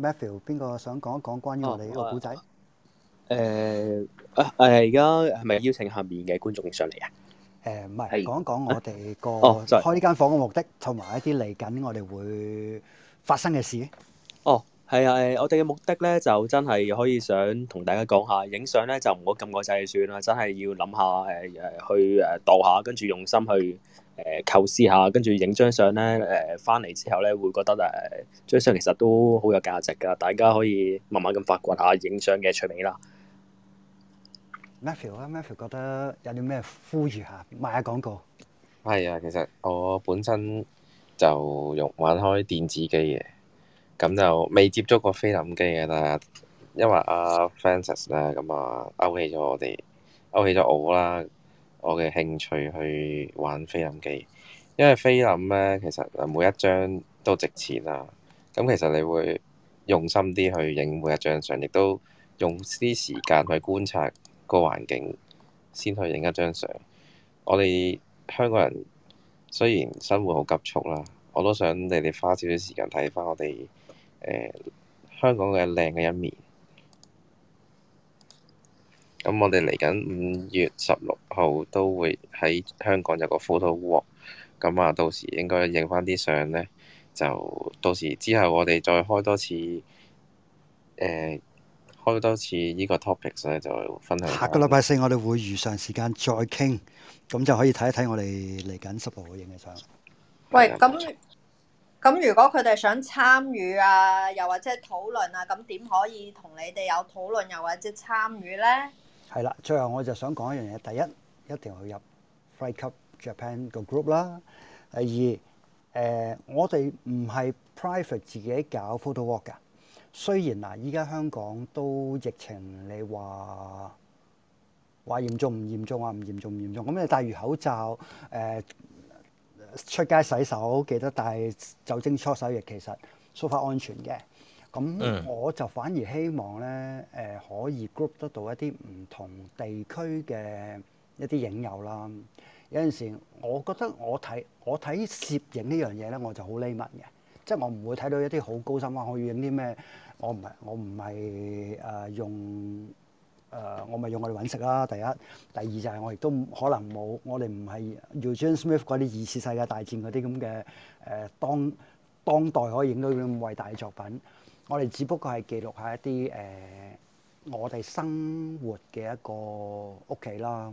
Matthew，邊個想講一講關於我哋呢個古仔？誒，誒，而家係咪邀請下面嘅觀眾上嚟啊？誒，唔係，係講一講我哋個開呢間房嘅目的，同埋一啲嚟緊我哋會發生嘅事。哦。係啊，我哋嘅目的咧就真係可以想同大家講下，影相咧就唔好咁快制算啦，真係要諗下誒誒、呃、去誒度下，跟住用心去誒、呃、構思下，跟住影張相咧誒翻嚟之後咧會覺得誒張相其實都好有價值噶，大家可以慢慢咁發掘下影相嘅趣味啦。Matthew 啊 Matthew 覺得有啲咩呼籲下賣下廣告？係啊，其實我本身就用玩開電子機嘅。咁就未接觸過菲林機嘅啦，因為阿 Francis 咧，咁啊勾起咗我哋，勾起咗我啦，我嘅興趣去玩菲林機。因為菲林咧，其實每一張都值錢啦。咁其實你會用心啲去影每一張相，亦都用啲時間去觀察個環境，先去影一張相。我哋香港人雖然生活好急促啦，我都想你哋花少少時間睇返我哋。誒，香港嘅靚嘅一面，咁我哋嚟緊五月十六號都會喺香港有個 photo walk，咁啊到時應該影翻啲相咧，就到時之後我哋再開多次，誒、欸、開多次呢個 topic 咧就分享下。下個禮拜四我哋會如常時間再傾，咁就可以睇一睇我哋嚟緊十六號會影嘅相。喂，咁。咁如果佢哋想參與啊，又或者討論啊，咁點可以同你哋有討論，又或者參與呢？係啦，最後我就想講一樣嘢。第一，一定要入 Frycup Japan 個 group 啦。第二，誒，我哋唔係 private 自己搞 photo walk 㗎。雖然嗱，依家香港都疫情，你話話嚴重唔嚴重啊？唔嚴重，唔嚴重咁，你戴住口罩誒。出街洗手，記得帶酒精搓手液，其實疏忽安全嘅。咁我就反而希望咧，誒、呃、可以 group 得到一啲唔同地區嘅一啲影友啦。有陣時，我覺得我睇我睇攝影呢樣嘢咧，我就好 limit 嘅，即係我唔會睇到一啲好高深啊，我可以影啲咩？我唔係我唔係誒用。誒、呃，我咪用我哋揾食啦！第一，第二就係、是、我亦都可能冇，我哋唔係 Eugene Smith 嗰啲二次世界大戰嗰啲咁嘅誒當當代可以影到咁偉大嘅作品，我哋只不過係記錄一下一啲誒、呃、我哋生活嘅一個屋企啦。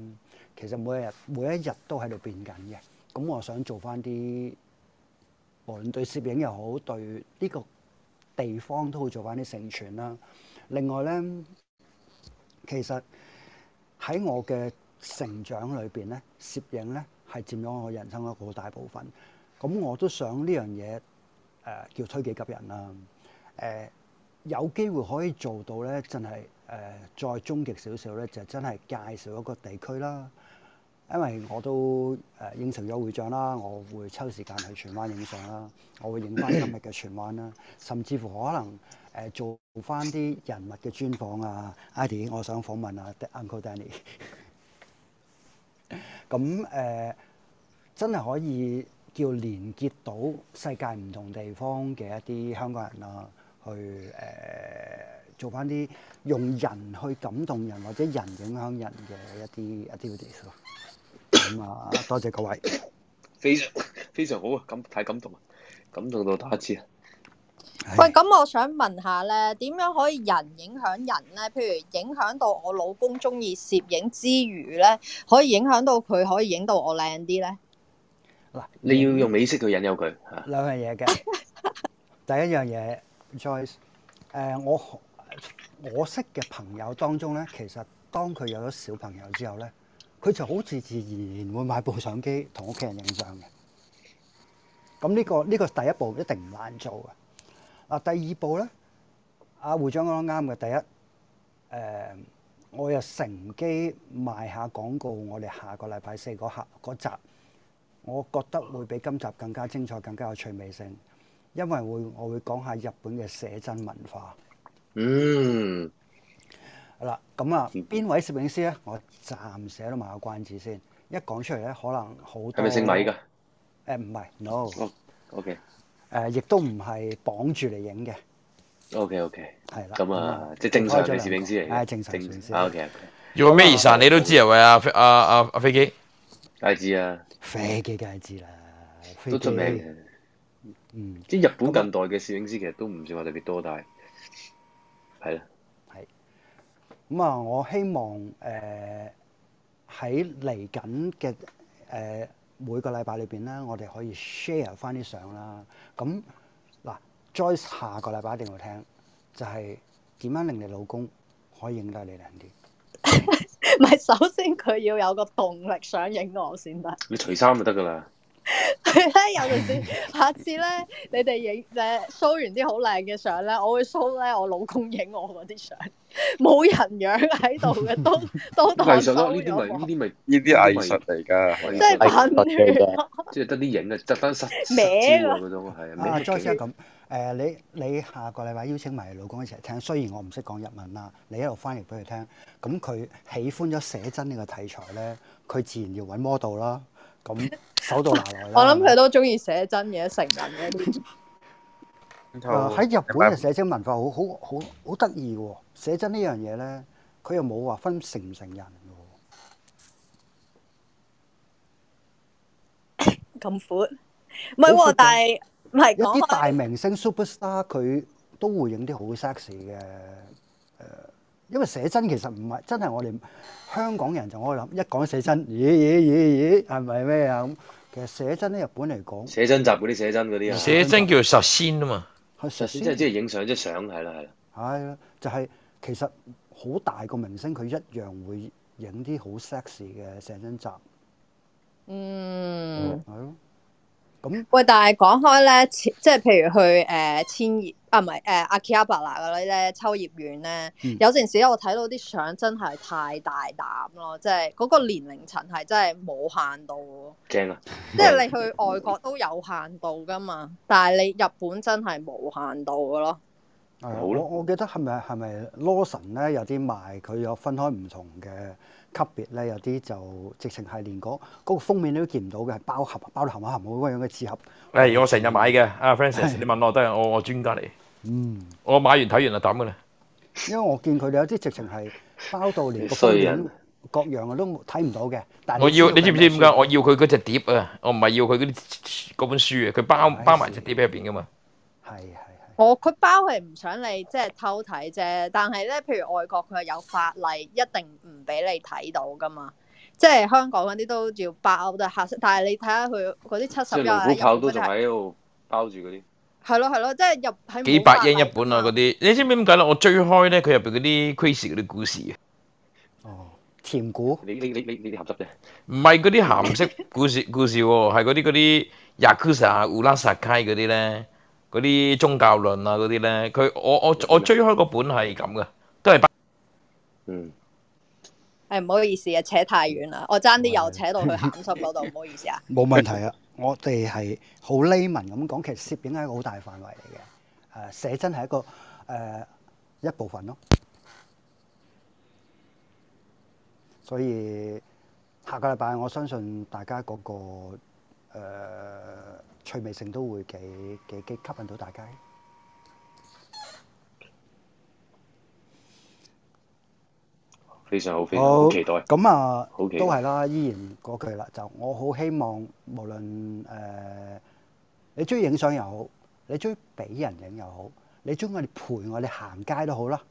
其實每一日每一日都喺度變緊嘅，咁、嗯、我想做翻啲無論對攝影又好對呢個地方都會做翻啲承傳啦。另外咧。其實喺我嘅成長裏邊咧，攝影咧係佔咗我人生一個好大部分。咁我都想呢樣嘢誒叫推己及人啦、啊。誒、呃、有機會可以做到咧，真係誒、呃、再終極少少咧，就真係介紹一個地區啦。因為我都誒應承咗會長啦，我會抽時間去荃灣影相啦，我會影返今日嘅荃灣啦， 甚至乎可能。誒做翻啲人物嘅專訪啊，Ivy，我想訪問啊 Uncle Danny。咁誒真係可以叫連結到世界唔同地方嘅一啲香港人啦，去誒做翻啲用人去感動人或者人影響人嘅一啲一啲嘅嘢咯。咁啊，多謝各位，非常非常好啊，感太感動啊，感動到打字啊！喂，咁我想問下咧，點樣可以人影響人咧？譬如影響到我老公中意攝影之餘咧，可以影響到佢可以影到我靚啲咧？嗱，你要用美色去引誘佢吓，兩樣嘢嘅。第一樣嘢，Joyce，誒，我我識嘅朋友當中咧，其實當佢有咗小朋友之後咧，佢就好自自然然會買部相機同屋企人影相嘅。咁呢個呢個第一步一定唔難做嘅。啊，第二步咧，阿、啊、會長講得啱嘅。第一，誒、呃，我又乘機賣下廣告。我哋下個禮拜四嗰集，我覺得會比今集更加精彩，更加有趣味性，因為會我會講下日本嘅寫真文化。嗯。嗱，咁啊，邊位攝影師咧？我暫時都賣個關子先。一講出嚟咧，可能好多。係咪姓米㗎？誒，唔係，no。哦，OK。誒，亦都唔係綁住嚟影嘅。O K O K，係啦。咁啊，即係正常嘅攝影師嚟。係正常。O K O K。u m a i 你都知啊？喂，阿阿阿飛機，梗係知啊。飛機梗係知啦，都出名嘅。嗯，即係日本近代嘅攝影師其實都唔算話特別多，但係係啦。係。咁啊，我希望誒喺嚟緊嘅誒。每個禮拜裏邊咧，我哋可以 share 翻啲相啦。咁，嗱，啊，Joyce 下個禮拜一定要聽，就係點樣令你老公可以影得你靚啲？唔係， 首先佢要有個動力想影我先得。你除衫就得㗎喇。係咧，尤其係，下次咧，你哋影誒，show、呃、完啲好靚嘅相咧，我會 show 咧我老公影我嗰啲相，冇人樣喺度嘅都都。藝術咯，呢啲咪呢啲咪呢啲藝術嚟噶，即係扮女，即係得啲影啊，特登實實招嗰係啊。咁，誒的、ah, 呃，你你下個禮拜邀請埋老公一齊聽，雖然我唔識講日文啦，你一路翻譯俾佢聽。咁佢喜歡咗寫真呢個題材咧，佢自然要搵 model 啦。咁手到拿來咧，我諗佢都中意寫真嘢，成人嘅。喺、 呃、日本嘅寫真文化好好好好得意嘅，寫、哦、真呢樣嘢咧，佢又冇話分成唔成人嘅。咁闊唔係，啊、但係唔係講。有啲大明星 superstar 佢都會影啲好 sexy 嘅誒。呃因為寫真其實唔係真係，我哋香港人就我諗一講寫真，咦咦咦咦，係咪咩啊？咁其實寫真喺日本嚟講，寫真集嗰啲寫真嗰啲啊，寫真叫做實仙啊嘛，實仙先即係即係影相，即係相係啦係啦。係啦，就係其實好大個明星，佢一樣會影啲好 sexy 嘅寫真集。嗯，係咯。喂，但係講開咧，即係譬如去誒、啊、千葉啊，唔係誒阿基亞伯拿嗰啲咧，啊、秋葉原咧，嗯、有陣時我睇到啲相真係太大膽咯，即係嗰個年齡層係真係冇限度。驚啊了！即係你去外國都有限度噶嘛，嗯、但係你日本真係冇限度噶咯。好咯、嗯，我記得係咪係咪 Lawson 咧有啲賣，佢有分開唔同嘅。級別咧，有啲就直情係連嗰嗰個封面你都見唔到嘅，係包盒包到盒冇盒冇嗰樣嘅紙盒。係我成日買嘅，阿 Francis，你問我都係我專家嚟。嗯，我買完睇完就抌嘅啦。因為我見佢哋有啲直情係包到連個封面各樣我都睇唔到嘅。但我要你知唔知點解？我要佢嗰隻碟啊，我唔係要佢嗰啲嗰本書啊，佢包包埋隻碟喺入邊噶嘛。係係。我佢、哦、包係唔想你即係偷睇啫，但係咧，譬如外國佢有法例，一定唔俾你睇到㗎嘛。即係香港嗰啲都要包嘅黑色，但係你睇下佢嗰啲七十。1，即係老虎都仲喺度包住嗰啲。係咯係咯，即係入喺。幾百英一本啊！嗰啲你知唔知點解咧？我追開咧，佢入邊嗰啲 crazy 嗰啲故事哦，甜股。你你你你你啲鹹濕啫，唔係嗰啲鹹色故事 故事，啊，係嗰啲嗰啲雅庫薩烏拉薩基嗰啲咧。嗰啲宗教論啊，嗰啲咧，佢我我我追開個本係咁噶，都係，嗯，係唔好意思啊，扯太遠啦，我爭啲又扯到去咸濕佬度，唔好意思啊，冇問題啊，我哋係好 layman 咁講，其實攝影係一個好大範圍嚟嘅，誒，寫真係一個誒一部分咯，所以下個禮拜我相信大家嗰個。誒趣味性都會幾幾激吸引到大家，非常好，非常好，期待。咁啊，都係啦，依然嗰句啦，就我好希望，無論誒你中意影相又好，你中意俾人影又好，你中意我哋陪我哋行街都好啦，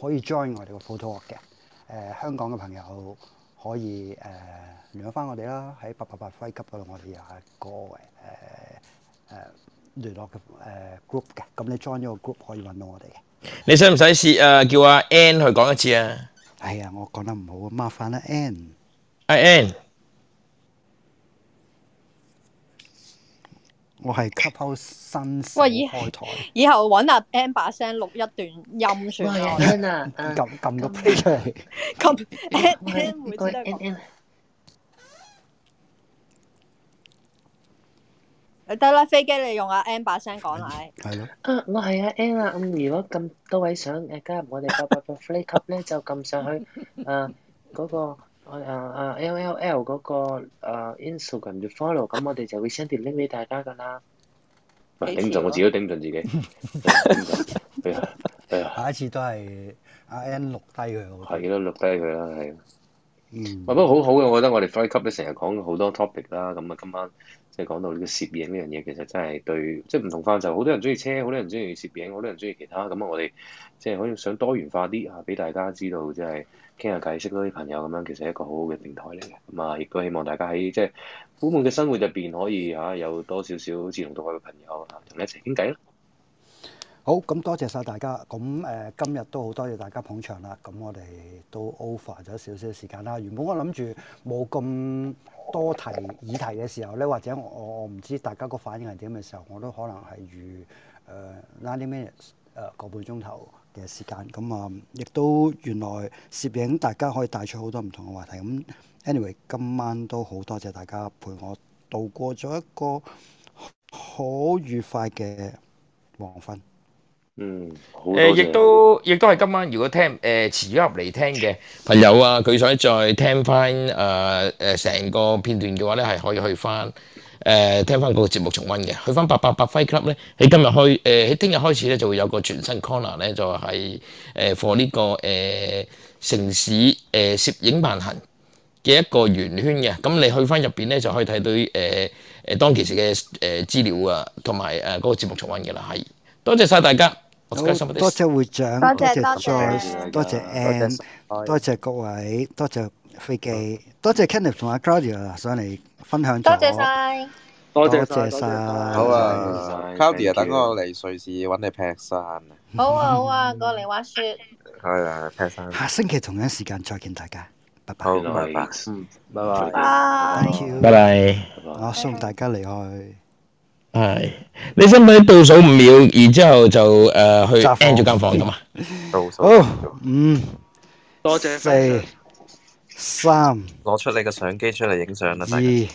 可以 join 我哋個 photowalk 嘅誒香港嘅朋友。可以誒聯絡翻我哋啦，喺八八八輝級嗰度，我哋有個誒誒聯絡嘅誒 group 嘅，咁你 join 咗個 group 可以揾到我哋嘅。你想唔使試誒？叫阿 N 去講一次啊。哎呀，我講得唔好，麻煩啦，N。阿 N。我係 cut 開新視開台。以後揾阿 M 把聲錄一段音算啦。撳撳個 play 出嚟。得啦，飛機你用阿 M 把聲講啦。係咯。啊，我係阿 M 啊。咁如果咁多位想誒加入我哋個個個 free cup 咧，就撳上去啊嗰個。我啊啊 L L L 嗰，那個啊、uh, Instagram 要 follow，咁我哋就會 send 啲 link 俾大家噶啦。唔、啊、頂住，我自己都頂唔順自己。下一次都係阿 N 錄低佢好。係咯，錄 低佢啦，係。唔、嗯不，啊、不過好好嘅，我覺得我哋 five 級咧成日講好多 topic 啦，咁啊今晚即係講到呢個攝影呢樣嘢，其實真係對即係唔同範疇，好多人中意車，好多人中意攝影，好多人中意其他，咁啊我哋即係可以想多元化啲啊，俾大家知道即係。傾下偈，識多啲朋友咁樣，其實係一個好好嘅平台嚟嘅。咁啊，亦都希望大家喺即係苦悶嘅生活入邊，可以嚇、啊、有多少少志同道合嘅朋友同你、啊、一齊傾偈咯。好，咁多謝晒大家。咁誒、呃，今日都好多謝大家捧場啦。咁我哋都 over 咗少少時間啦。原本我諗住冇咁多提議題嘅時候咧，或者我我唔知大家個反應係點嘅時候，我都可能係預誒 ninety minutes 誒、呃、個半鐘頭。嘅時間咁啊，亦都原來攝影大家可以帶出好多唔同嘅話題咁。Anyway，今晚都好多謝大家陪我度過咗一個好愉快嘅黃昏。嗯，誒，亦都亦都係今晚。如果聽誒遲咗入嚟聽嘅朋友啊，佢想再聽翻誒誒成個片段嘅話咧，係可以去翻。誒聽翻嗰個節目重溫嘅，去翻八八八輝 club 咧，喺今日開，誒喺聽日開始咧就會有個全新 corner 咧，就係誒 for 呢個誒城市誒攝影漫行嘅一個圓圈嘅。咁你去翻入邊咧就可以睇到誒誒當其時嘅誒資料啊，同埋誒嗰個節目重溫嘅啦。係，多謝曬大家，多謝會長，多謝多謝，多謝誒，多謝各位，多謝。飛機多謝 Kenneth 同阿 Claudia 上嚟分享，多謝曬，多謝曬，好啊 Claudia 等我嚟瑞士揾你劈山，好啊，好啊，過嚟滑雪，係啊，劈山。下星期同一時間再見大家，拜拜。好，拜拜，拜拜，拜拜，我送大家離開。係，你使唔使倒數五秒，然之後就誒去 end 住間房噶嘛？倒數，嗯，多謝飛。三，攞出你嘅相機出嚟影相啦，大家。